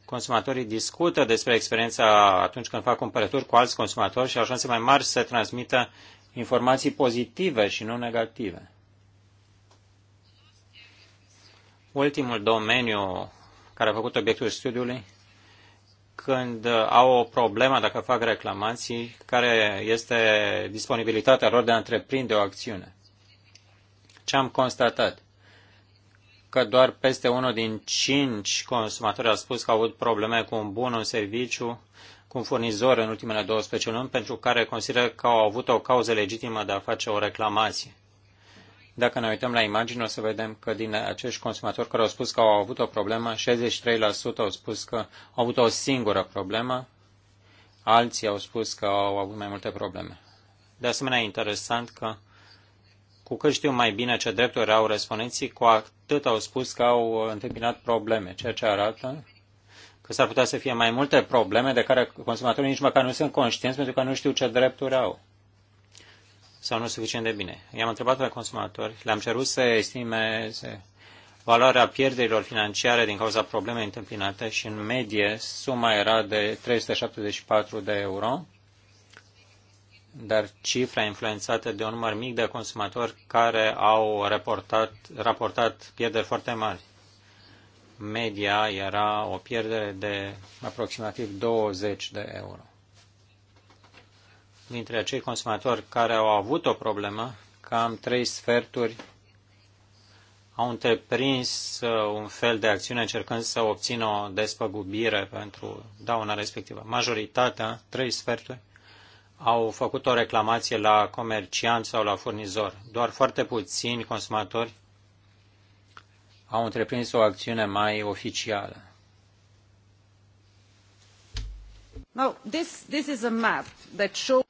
B: consumatorii discută despre experiența atunci când fac cumpărături cu alți consumatori și șanse mai mari să transmită informații pozitive și nu negative. Ultimul domeniu care a făcut obiectul studiului când au o problemă, dacă fac reclamații, care este disponibilitatea lor de a întreprinde o acțiune. Ce am constatat? Că doar peste unul din cinci consumatori a spus că au avut probleme cu un bun, un serviciu, cu un furnizor în ultimele 12 luni, pentru care consideră că au avut o cauză legitimă de a face o reclamație. Dacă ne uităm la imagine, o să vedem că din acești consumatori care au spus că au avut o problemă, 63% au spus că au avut o singură problemă, alții au spus că au avut mai multe probleme. De asemenea, e interesant că cu cât știu mai bine ce drepturi au respondenții, cu atât au spus că au întâmpinat probleme, ceea ce arată că s-ar putea să fie mai multe probleme de care consumatorii nici măcar nu sunt conștienți pentru că nu știu ce drepturi au sau nu suficient de bine. I-am întrebat pe consumatori, le-am cerut să estime valoarea pierderilor financiare din cauza problemei întâmpinate și în medie suma era de 374 de euro, dar cifra influențată de un număr mic de consumatori care au reportat, raportat pierderi foarte mari. Media era o pierdere de aproximativ 20 de euro dintre acei consumatori care au avut o problemă, cam trei sferturi au întreprins uh, un fel de acțiune încercând să obțină o despăgubire pentru dauna respectivă. Majoritatea, trei sferturi, au făcut o reclamație la comerciant sau la furnizor. Doar foarte puțini consumatori au întreprins o acțiune mai oficială.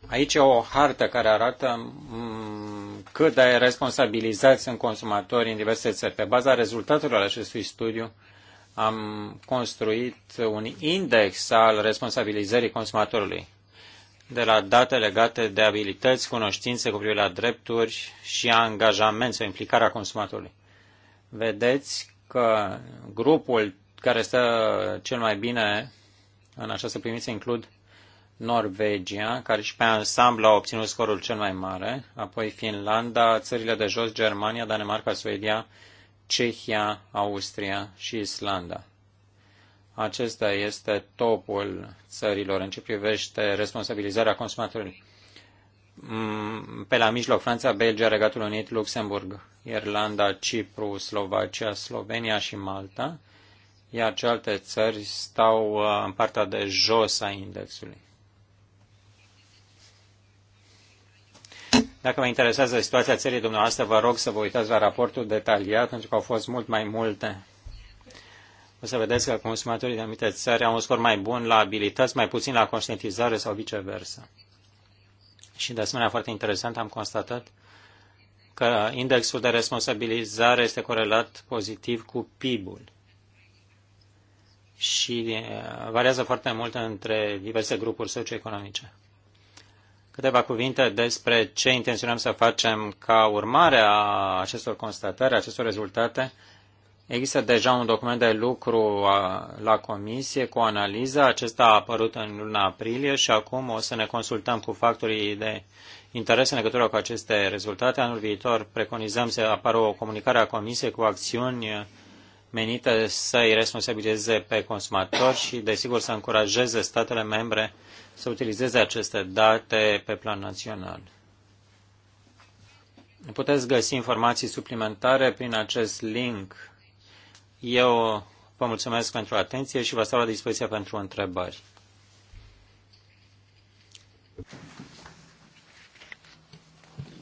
B: Aici e o hartă care arată mm, cât de responsabilizați sunt consumatorii în diverse țări. Pe baza rezultatelor acestui studiu am construit un index al responsabilizării consumatorului de la date legate de abilități, cunoștințe cu privire la drepturi și angajament sau implicarea consumatorului. Vedeți că grupul care stă cel mai bine în această primiță includ Norvegia, care și pe ansamblu a obținut scorul cel mai mare, apoi Finlanda, țările de jos, Germania, Danemarca, Suedia, Cehia, Austria și Islanda. Acesta este topul țărilor în ce privește responsabilizarea consumatorului. Mm, pe la mijloc, Franța, Belgia, Regatul Unit, Luxemburg, Irlanda, Cipru, Slovacia, Slovenia și Malta iar celelalte țări stau uh, în partea de jos a indexului. Dacă vă interesează situația țării dumneavoastră, vă rog să vă uitați la raportul detaliat, pentru că au fost mult mai multe. O să vedeți că consumatorii de anumite țări au un scor mai bun la abilități, mai puțin la conștientizare sau viceversa. Și de asemenea, foarte interesant, am constatat că indexul de responsabilizare este corelat pozitiv cu PIB-ul și eh, variază foarte mult între diverse grupuri socioeconomice. Câteva cuvinte despre ce intenționăm să facem ca urmare a acestor constatări, a acestor rezultate. Există deja un document de lucru la comisie cu o analiză. Acesta a apărut în luna aprilie și acum o să ne consultăm cu factorii de interes în legătură cu aceste rezultate. Anul viitor preconizăm să apară o comunicare a comisiei cu acțiuni menită să îi responsabilizeze pe consumatori și, desigur, să încurajeze statele membre să utilizeze aceste date pe plan național. Puteți găsi informații suplimentare prin acest link. Eu vă mulțumesc pentru atenție și vă stau la dispoziție pentru întrebări.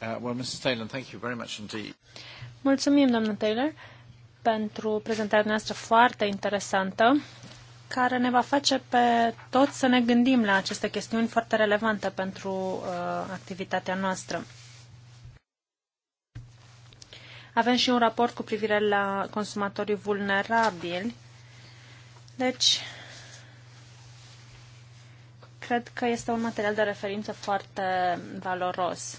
B: Uh, well, Taylor, thank you very much indeed.
C: Mulțumim, doamnă Taylor pentru prezentarea noastră foarte interesantă, care ne va face pe toți să ne gândim la aceste chestiuni foarte relevante pentru uh, activitatea noastră. Avem și un raport cu privire la consumatorii vulnerabili. Deci, cred că este un material de referință foarte valoros.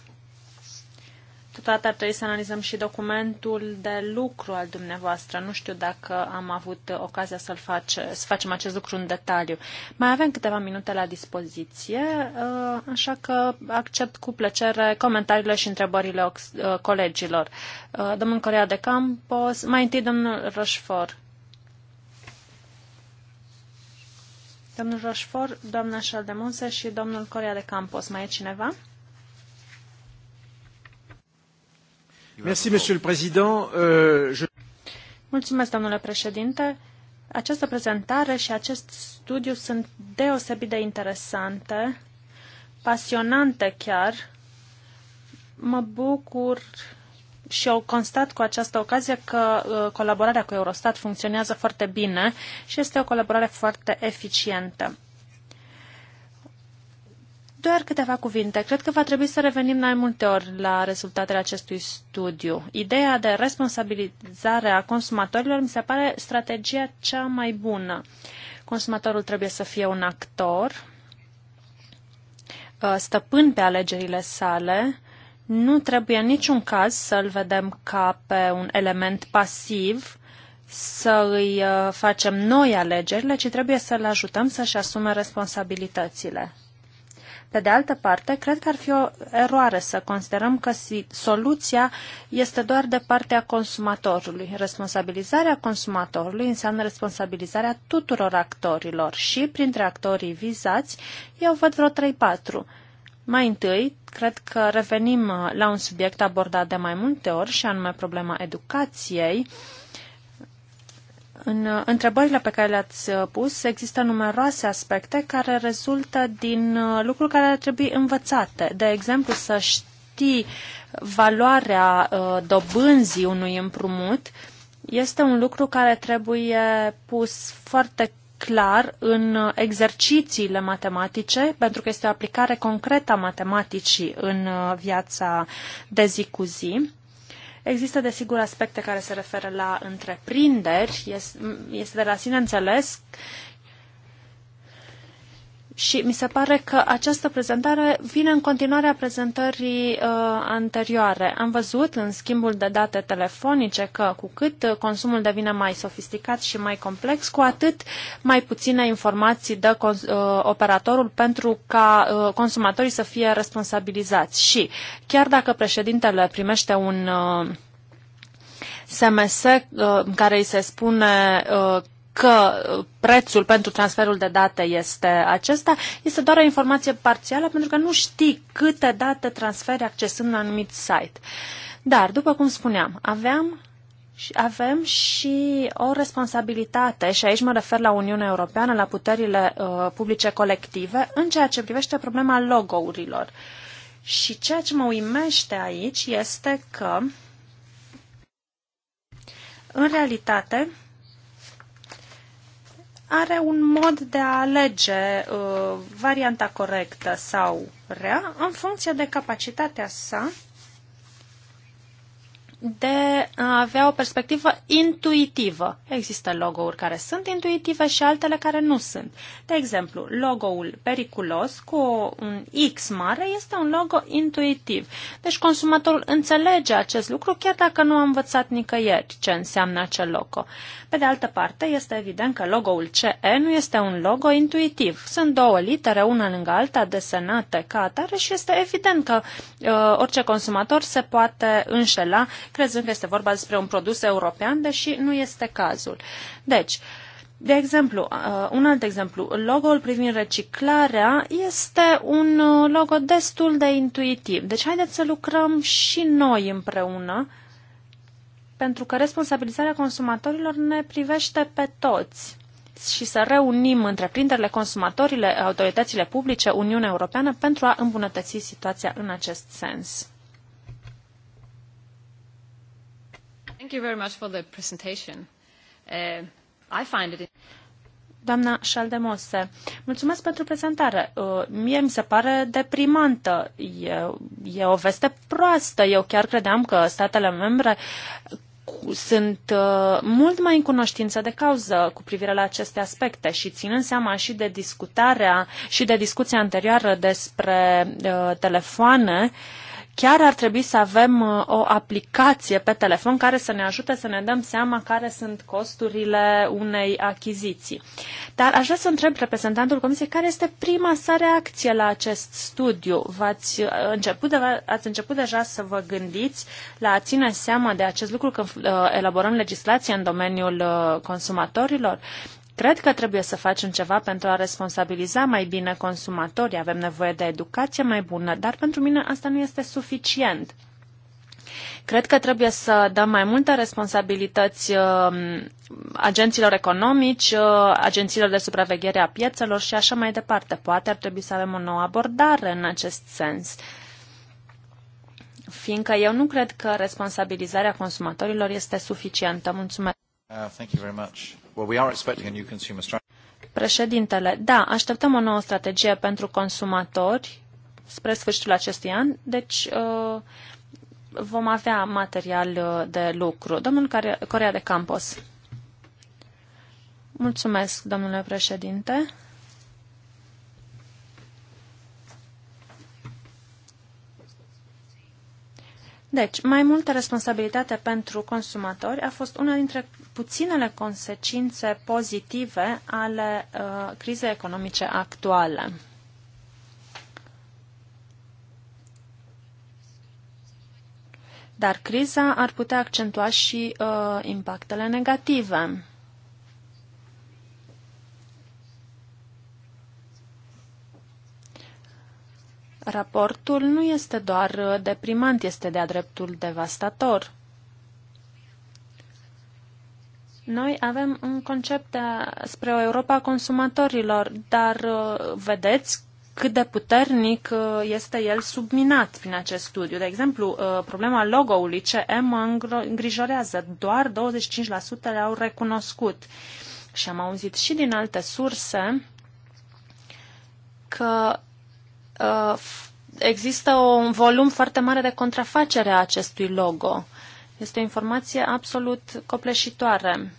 C: Totodată ar trebui să analizăm și documentul de lucru al dumneavoastră. Nu știu dacă am avut ocazia să-l face, să facem acest lucru în detaliu. Mai avem câteva minute la dispoziție, uh, așa că accept cu plăcere comentariile și întrebările uh, colegilor. Uh, domnul Corea de Campos, mai întâi domnul Rășfor. Domnul Rășfor, doamna Șaldemuse și domnul Corea de Campos. Mai e cineva? Euh, Mulțumesc, domnule președinte. Această prezentare și acest studiu sunt deosebit de interesante, pasionante chiar. Mă bucur și eu constat cu această ocazie că uh, colaborarea cu Eurostat funcționează foarte bine și este o colaborare foarte eficientă. Doar câteva cuvinte. Cred că va trebui să revenim mai multe ori la rezultatele acestui studiu. Ideea de responsabilizare a consumatorilor mi se pare strategia cea mai bună. Consumatorul trebuie să fie un actor, ă, stăpân pe alegerile sale, nu trebuie în niciun caz să-l vedem ca pe un element pasiv, să îi ă, facem noi alegerile, ci trebuie să-l ajutăm să-și asume responsabilitățile. Pe de altă parte, cred că ar fi o eroare să considerăm că soluția este doar de partea consumatorului. Responsabilizarea consumatorului înseamnă responsabilizarea tuturor actorilor și, printre actorii vizați, eu văd vreo 3-4. Mai întâi, cred că revenim uh, la un subiect abordat de mai multe ori, și anume problema educației, uh, în uh, întrebările pe care le-ați uh, pus, există numeroase aspecte care rezultă din uh, lucruri care ar trebui învățate. De exemplu, să știi valoarea dobânzii unui împrumut este un lucru care trebuie pus foarte clar în exercițiile matematice, pentru că este o aplicare concretă a matematicii în viața de zi cu zi. Există, desigur, aspecte care se referă la întreprinderi, este de la sine înțeles și mi se pare că această prezentare vine în continuarea prezentării uh, anterioare. Am văzut în schimbul de date telefonice că cu cât uh, consumul devine mai sofisticat și mai complex, cu atât mai puține informații dă cons- uh, operatorul pentru ca uh, consumatorii să fie responsabilizați. Și chiar dacă președintele primește un uh, SMS uh, care îi se spune uh, că uh, prețul pentru transferul de date este acesta, este doar o informație parțială pentru că nu știi câte date transferi accesând un anumit site. Dar, după cum spuneam, aveam și avem și o responsabilitate, și aici mă refer la Uniunea Europeană, la puterile uh, publice colective, în ceea ce privește problema logourilor. Și ceea ce mă uimește aici este că, în realitate, are un mod de a alege uh, varianta corectă sau rea în funcție de capacitatea sa de a avea o perspectivă intuitivă. Există logo-uri care sunt intuitive și altele care nu sunt. De exemplu, logo-ul periculos cu un X mare este un logo intuitiv. Deci consumatorul înțelege acest lucru chiar dacă nu a învățat nicăieri ce înseamnă acel logo. Pe de altă parte, este evident că logo-ul CE nu este un logo intuitiv. Sunt două litere, una lângă alta, desenate ca atare și este evident că uh, orice consumator se poate înșela crezând că este vorba despre un produs european, deși nu este cazul. Deci, de exemplu, uh, un alt exemplu, logo-ul privind reciclarea este un uh, logo destul de intuitiv. Deci haideți să lucrăm și noi împreună, pentru că responsabilizarea consumatorilor ne privește pe toți și să reunim întreprinderile, consumatorile, autoritățile publice, Uniunea Europeană pentru a îmbunătăți situația în acest sens. Thank you very much for the presentation. Uh, I find it doamna Șaldemose. Mulțumesc pentru prezentare. Uh, mie mi se pare deprimantă. E, e o veste proastă. Eu chiar credeam că statele membre sunt uh, mult mai în cunoștință de cauză cu privire la aceste aspecte și ținând seama și de discutarea și de discuția anterioară despre uh, telefoane, uh, chiar ar trebui să avem uh, o aplicație pe telefon care să ne ajute să ne dăm seama care sunt costurile unei achiziții. Dar aș vrea să întreb reprezentantul Comisiei care este prima sa reacție la acest studiu. V-ați uh, început de, ați început deja să vă gândiți la a ține seama de acest lucru când uh, elaborăm legislație în domeniul consumatorilor? Cred că trebuie să facem ceva pentru a responsabiliza mai bine consumatorii. Avem nevoie de educație mai bună, dar pentru mine asta nu este suficient. Cred că trebuie să dăm mai multe responsabilități um, agenților economici, uh, agențiilor de supraveghere a piețelor și așa mai departe. Poate ar trebui să avem o nouă abordare în acest sens fiindcă eu nu cred că responsabilizarea consumatorilor este suficientă. Mulțumesc.
B: Uh, thank you very much well, we are expecting a new consumer strategy.
C: Președintele, da, așteptăm o nouă strategie pentru consumatori spre sfârșitul acestui an, deci uh, vom avea material uh, de lucru. Domnul Corea de Campos. Mulțumesc, domnule președinte. Deci, mai multă responsabilitate pentru consumatori a fost una dintre puținele consecințe pozitive ale uh, crizei economice actuale. Dar criza ar putea accentua și uh, impactele negative. Raportul nu este doar uh, deprimant, este de-a dreptul devastator. Noi avem un concept de, spre o Europa consumatorilor, dar uh, vedeți cât de puternic uh, este el subminat prin acest studiu. De exemplu, problema logo-ului CM mă îngrijorează. Doar 25% le-au recunoscut. Și am auzit și din alte surse că Uh, există un volum foarte mare de contrafacere a acestui logo. Este o informație absolut copleșitoare.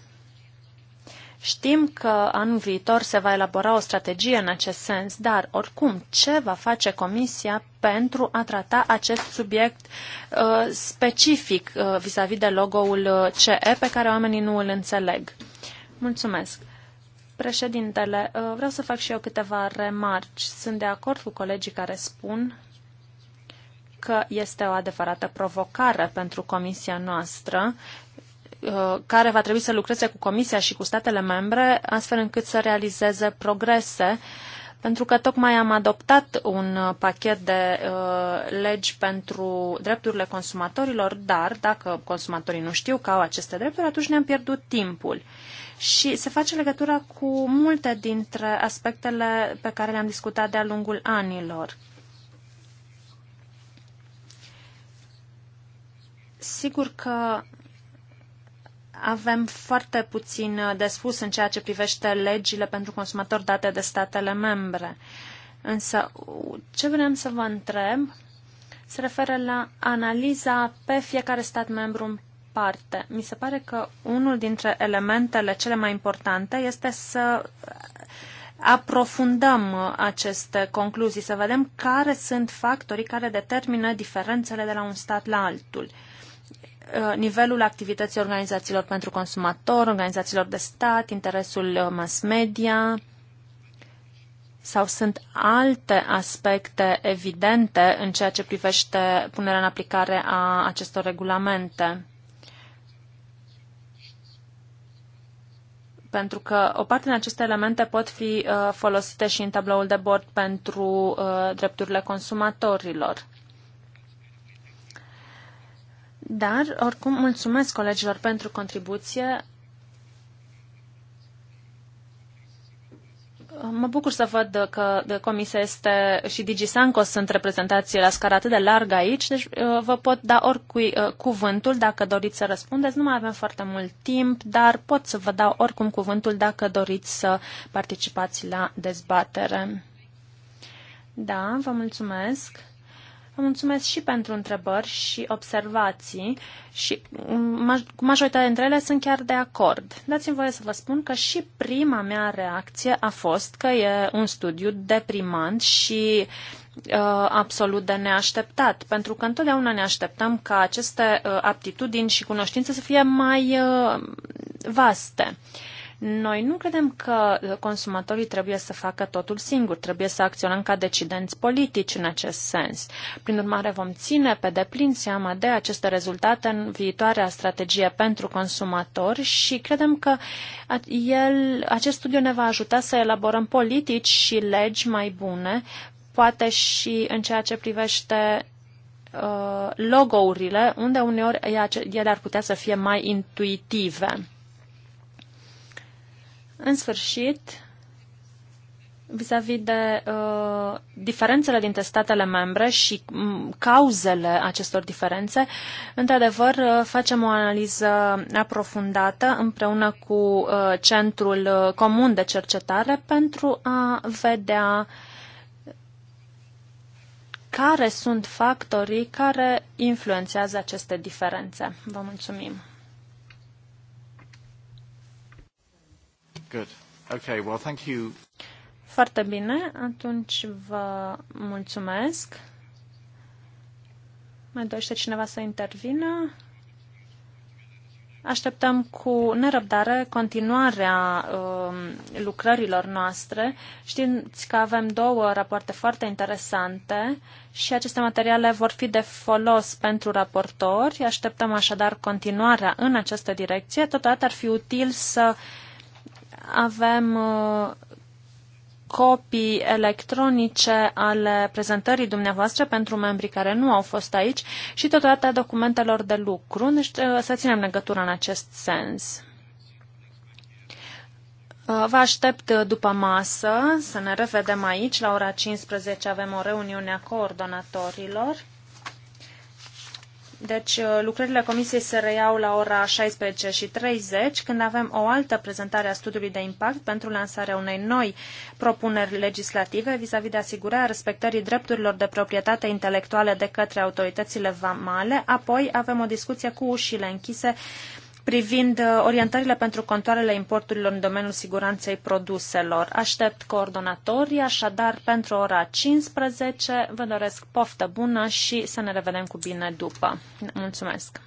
C: Știm că anul viitor se va elabora o strategie în acest sens, dar, oricum, ce va face Comisia pentru a trata acest subiect uh, specific uh, vis-a-vis uh, -vis de logo-ul uh, CE pe care oamenii nu îl înțeleg? Mulțumesc! Președintele, uh, vreau să fac și eu câteva remarci. Sunt de acord cu colegii care spun că este o adevărată provocare pentru comisia noastră uh, care va trebui să lucreze cu Comisia și cu statele membre, astfel încât să realizeze progrese uh, pentru că tocmai am adoptat un uh, pachet de uh, legi pentru drepturile consumatorilor, dar dacă consumatorii nu știu că au aceste drepturi, atunci ne-am pierdut timpul. Și se face legătura cu multe dintre aspectele pe care le-am discutat de-a lungul anilor. Sigur că avem foarte puțin uh, de spus în ceea ce privește legile pentru consumatori date de statele membre. Însă, ce vrem să vă întreb se referă la analiza pe fiecare stat membru în parte. Mi se pare că unul dintre elementele cele mai importante este să uh, aprofundăm uh, aceste concluzii, să vedem care sunt factorii care determină diferențele de la un stat la altul. Uh, nivelul activității organizațiilor pentru consumator, organizațiilor de stat, interesul uh, mass media sau sunt alte aspecte evidente în ceea ce privește punerea în aplicare a acestor regulamente? Pentru că o parte din aceste elemente pot fi uh, folosite și în tabloul de bord pentru drepturile consumatorilor. Dar, oricum, mulțumesc colegilor pentru contribuție. Mă bucur să văd că de comisia este și DigiSanco sunt reprezentații la scară atât de largă aici, deci uh, vă pot da oricui uh, cuvântul dacă doriți să răspundeți. Nu mai avem foarte mult timp, dar pot să vă dau oricum cuvântul dacă doriți să participați la dezbatere. Da, vă mulțumesc. Vă mulțumesc și pentru întrebări și observații și um, cu majoritatea dintre ele sunt chiar de acord. Dați-mi voie să vă spun că și prima mea reacție a fost că e un studiu deprimant și uh, absolut de neașteptat, pentru că întotdeauna ne așteptăm ca aceste uh, aptitudini și cunoștințe să fie mai uh, vaste. Uh, noi nu credem că consumatorii trebuie să facă totul singur, trebuie să acționăm ca decidenți politici în acest sens. Prin urmare, vom ține pe deplin seama de aceste rezultate în viitoarea strategie pentru consumatori și credem că el, acest studiu ne va ajuta să elaborăm politici și legi mai bune, poate și în ceea ce privește uh, logourile, unde uneori ele ar putea să fie mai intuitive. În sfârșit, vis-a-vis -vis de uh, diferențele dintre statele membre și um, cauzele acestor diferențe, într-adevăr, uh, facem o analiză aprofundată împreună cu uh, Centrul uh, Comun de Cercetare pentru a vedea care sunt factorii care influențează aceste diferențe. Vă mulțumim!
B: Good. Okay, well, thank you.
C: Foarte bine, atunci vă mulțumesc. Mai dorește cineva să intervină? Așteptăm cu nerăbdare continuarea um, lucrărilor noastre. Știți că avem două rapoarte foarte interesante și aceste materiale vor fi de folos pentru raportori. Așteptăm așadar continuarea în această direcție. Totodată ar fi util să uh, avem uh, copii electronice ale prezentării dumneavoastră pentru membrii care nu au fost aici și totodată documentelor de lucru. Deci să ținem legătura în acest sens. Uh, vă aștept după masă să ne revedem aici. La ora 15 avem o reuniune a coordonatorilor. Deci uh, lucrările comisiei se reiau la ora 16 și 30, când avem o altă prezentare a studiului de impact pentru lansarea unei noi propuneri legislative vis-a-vis -vis de asigurarea respectării drepturilor de proprietate intelectuală de către autoritățile vamale. Apoi avem o discuție cu ușile închise privind uh, orientările pentru contoarele importurilor în domeniul siguranței produselor. Aștept coordonatorii, așadar, pentru ora 15 vă doresc poftă bună și să ne revedem cu bine după. Mulțumesc!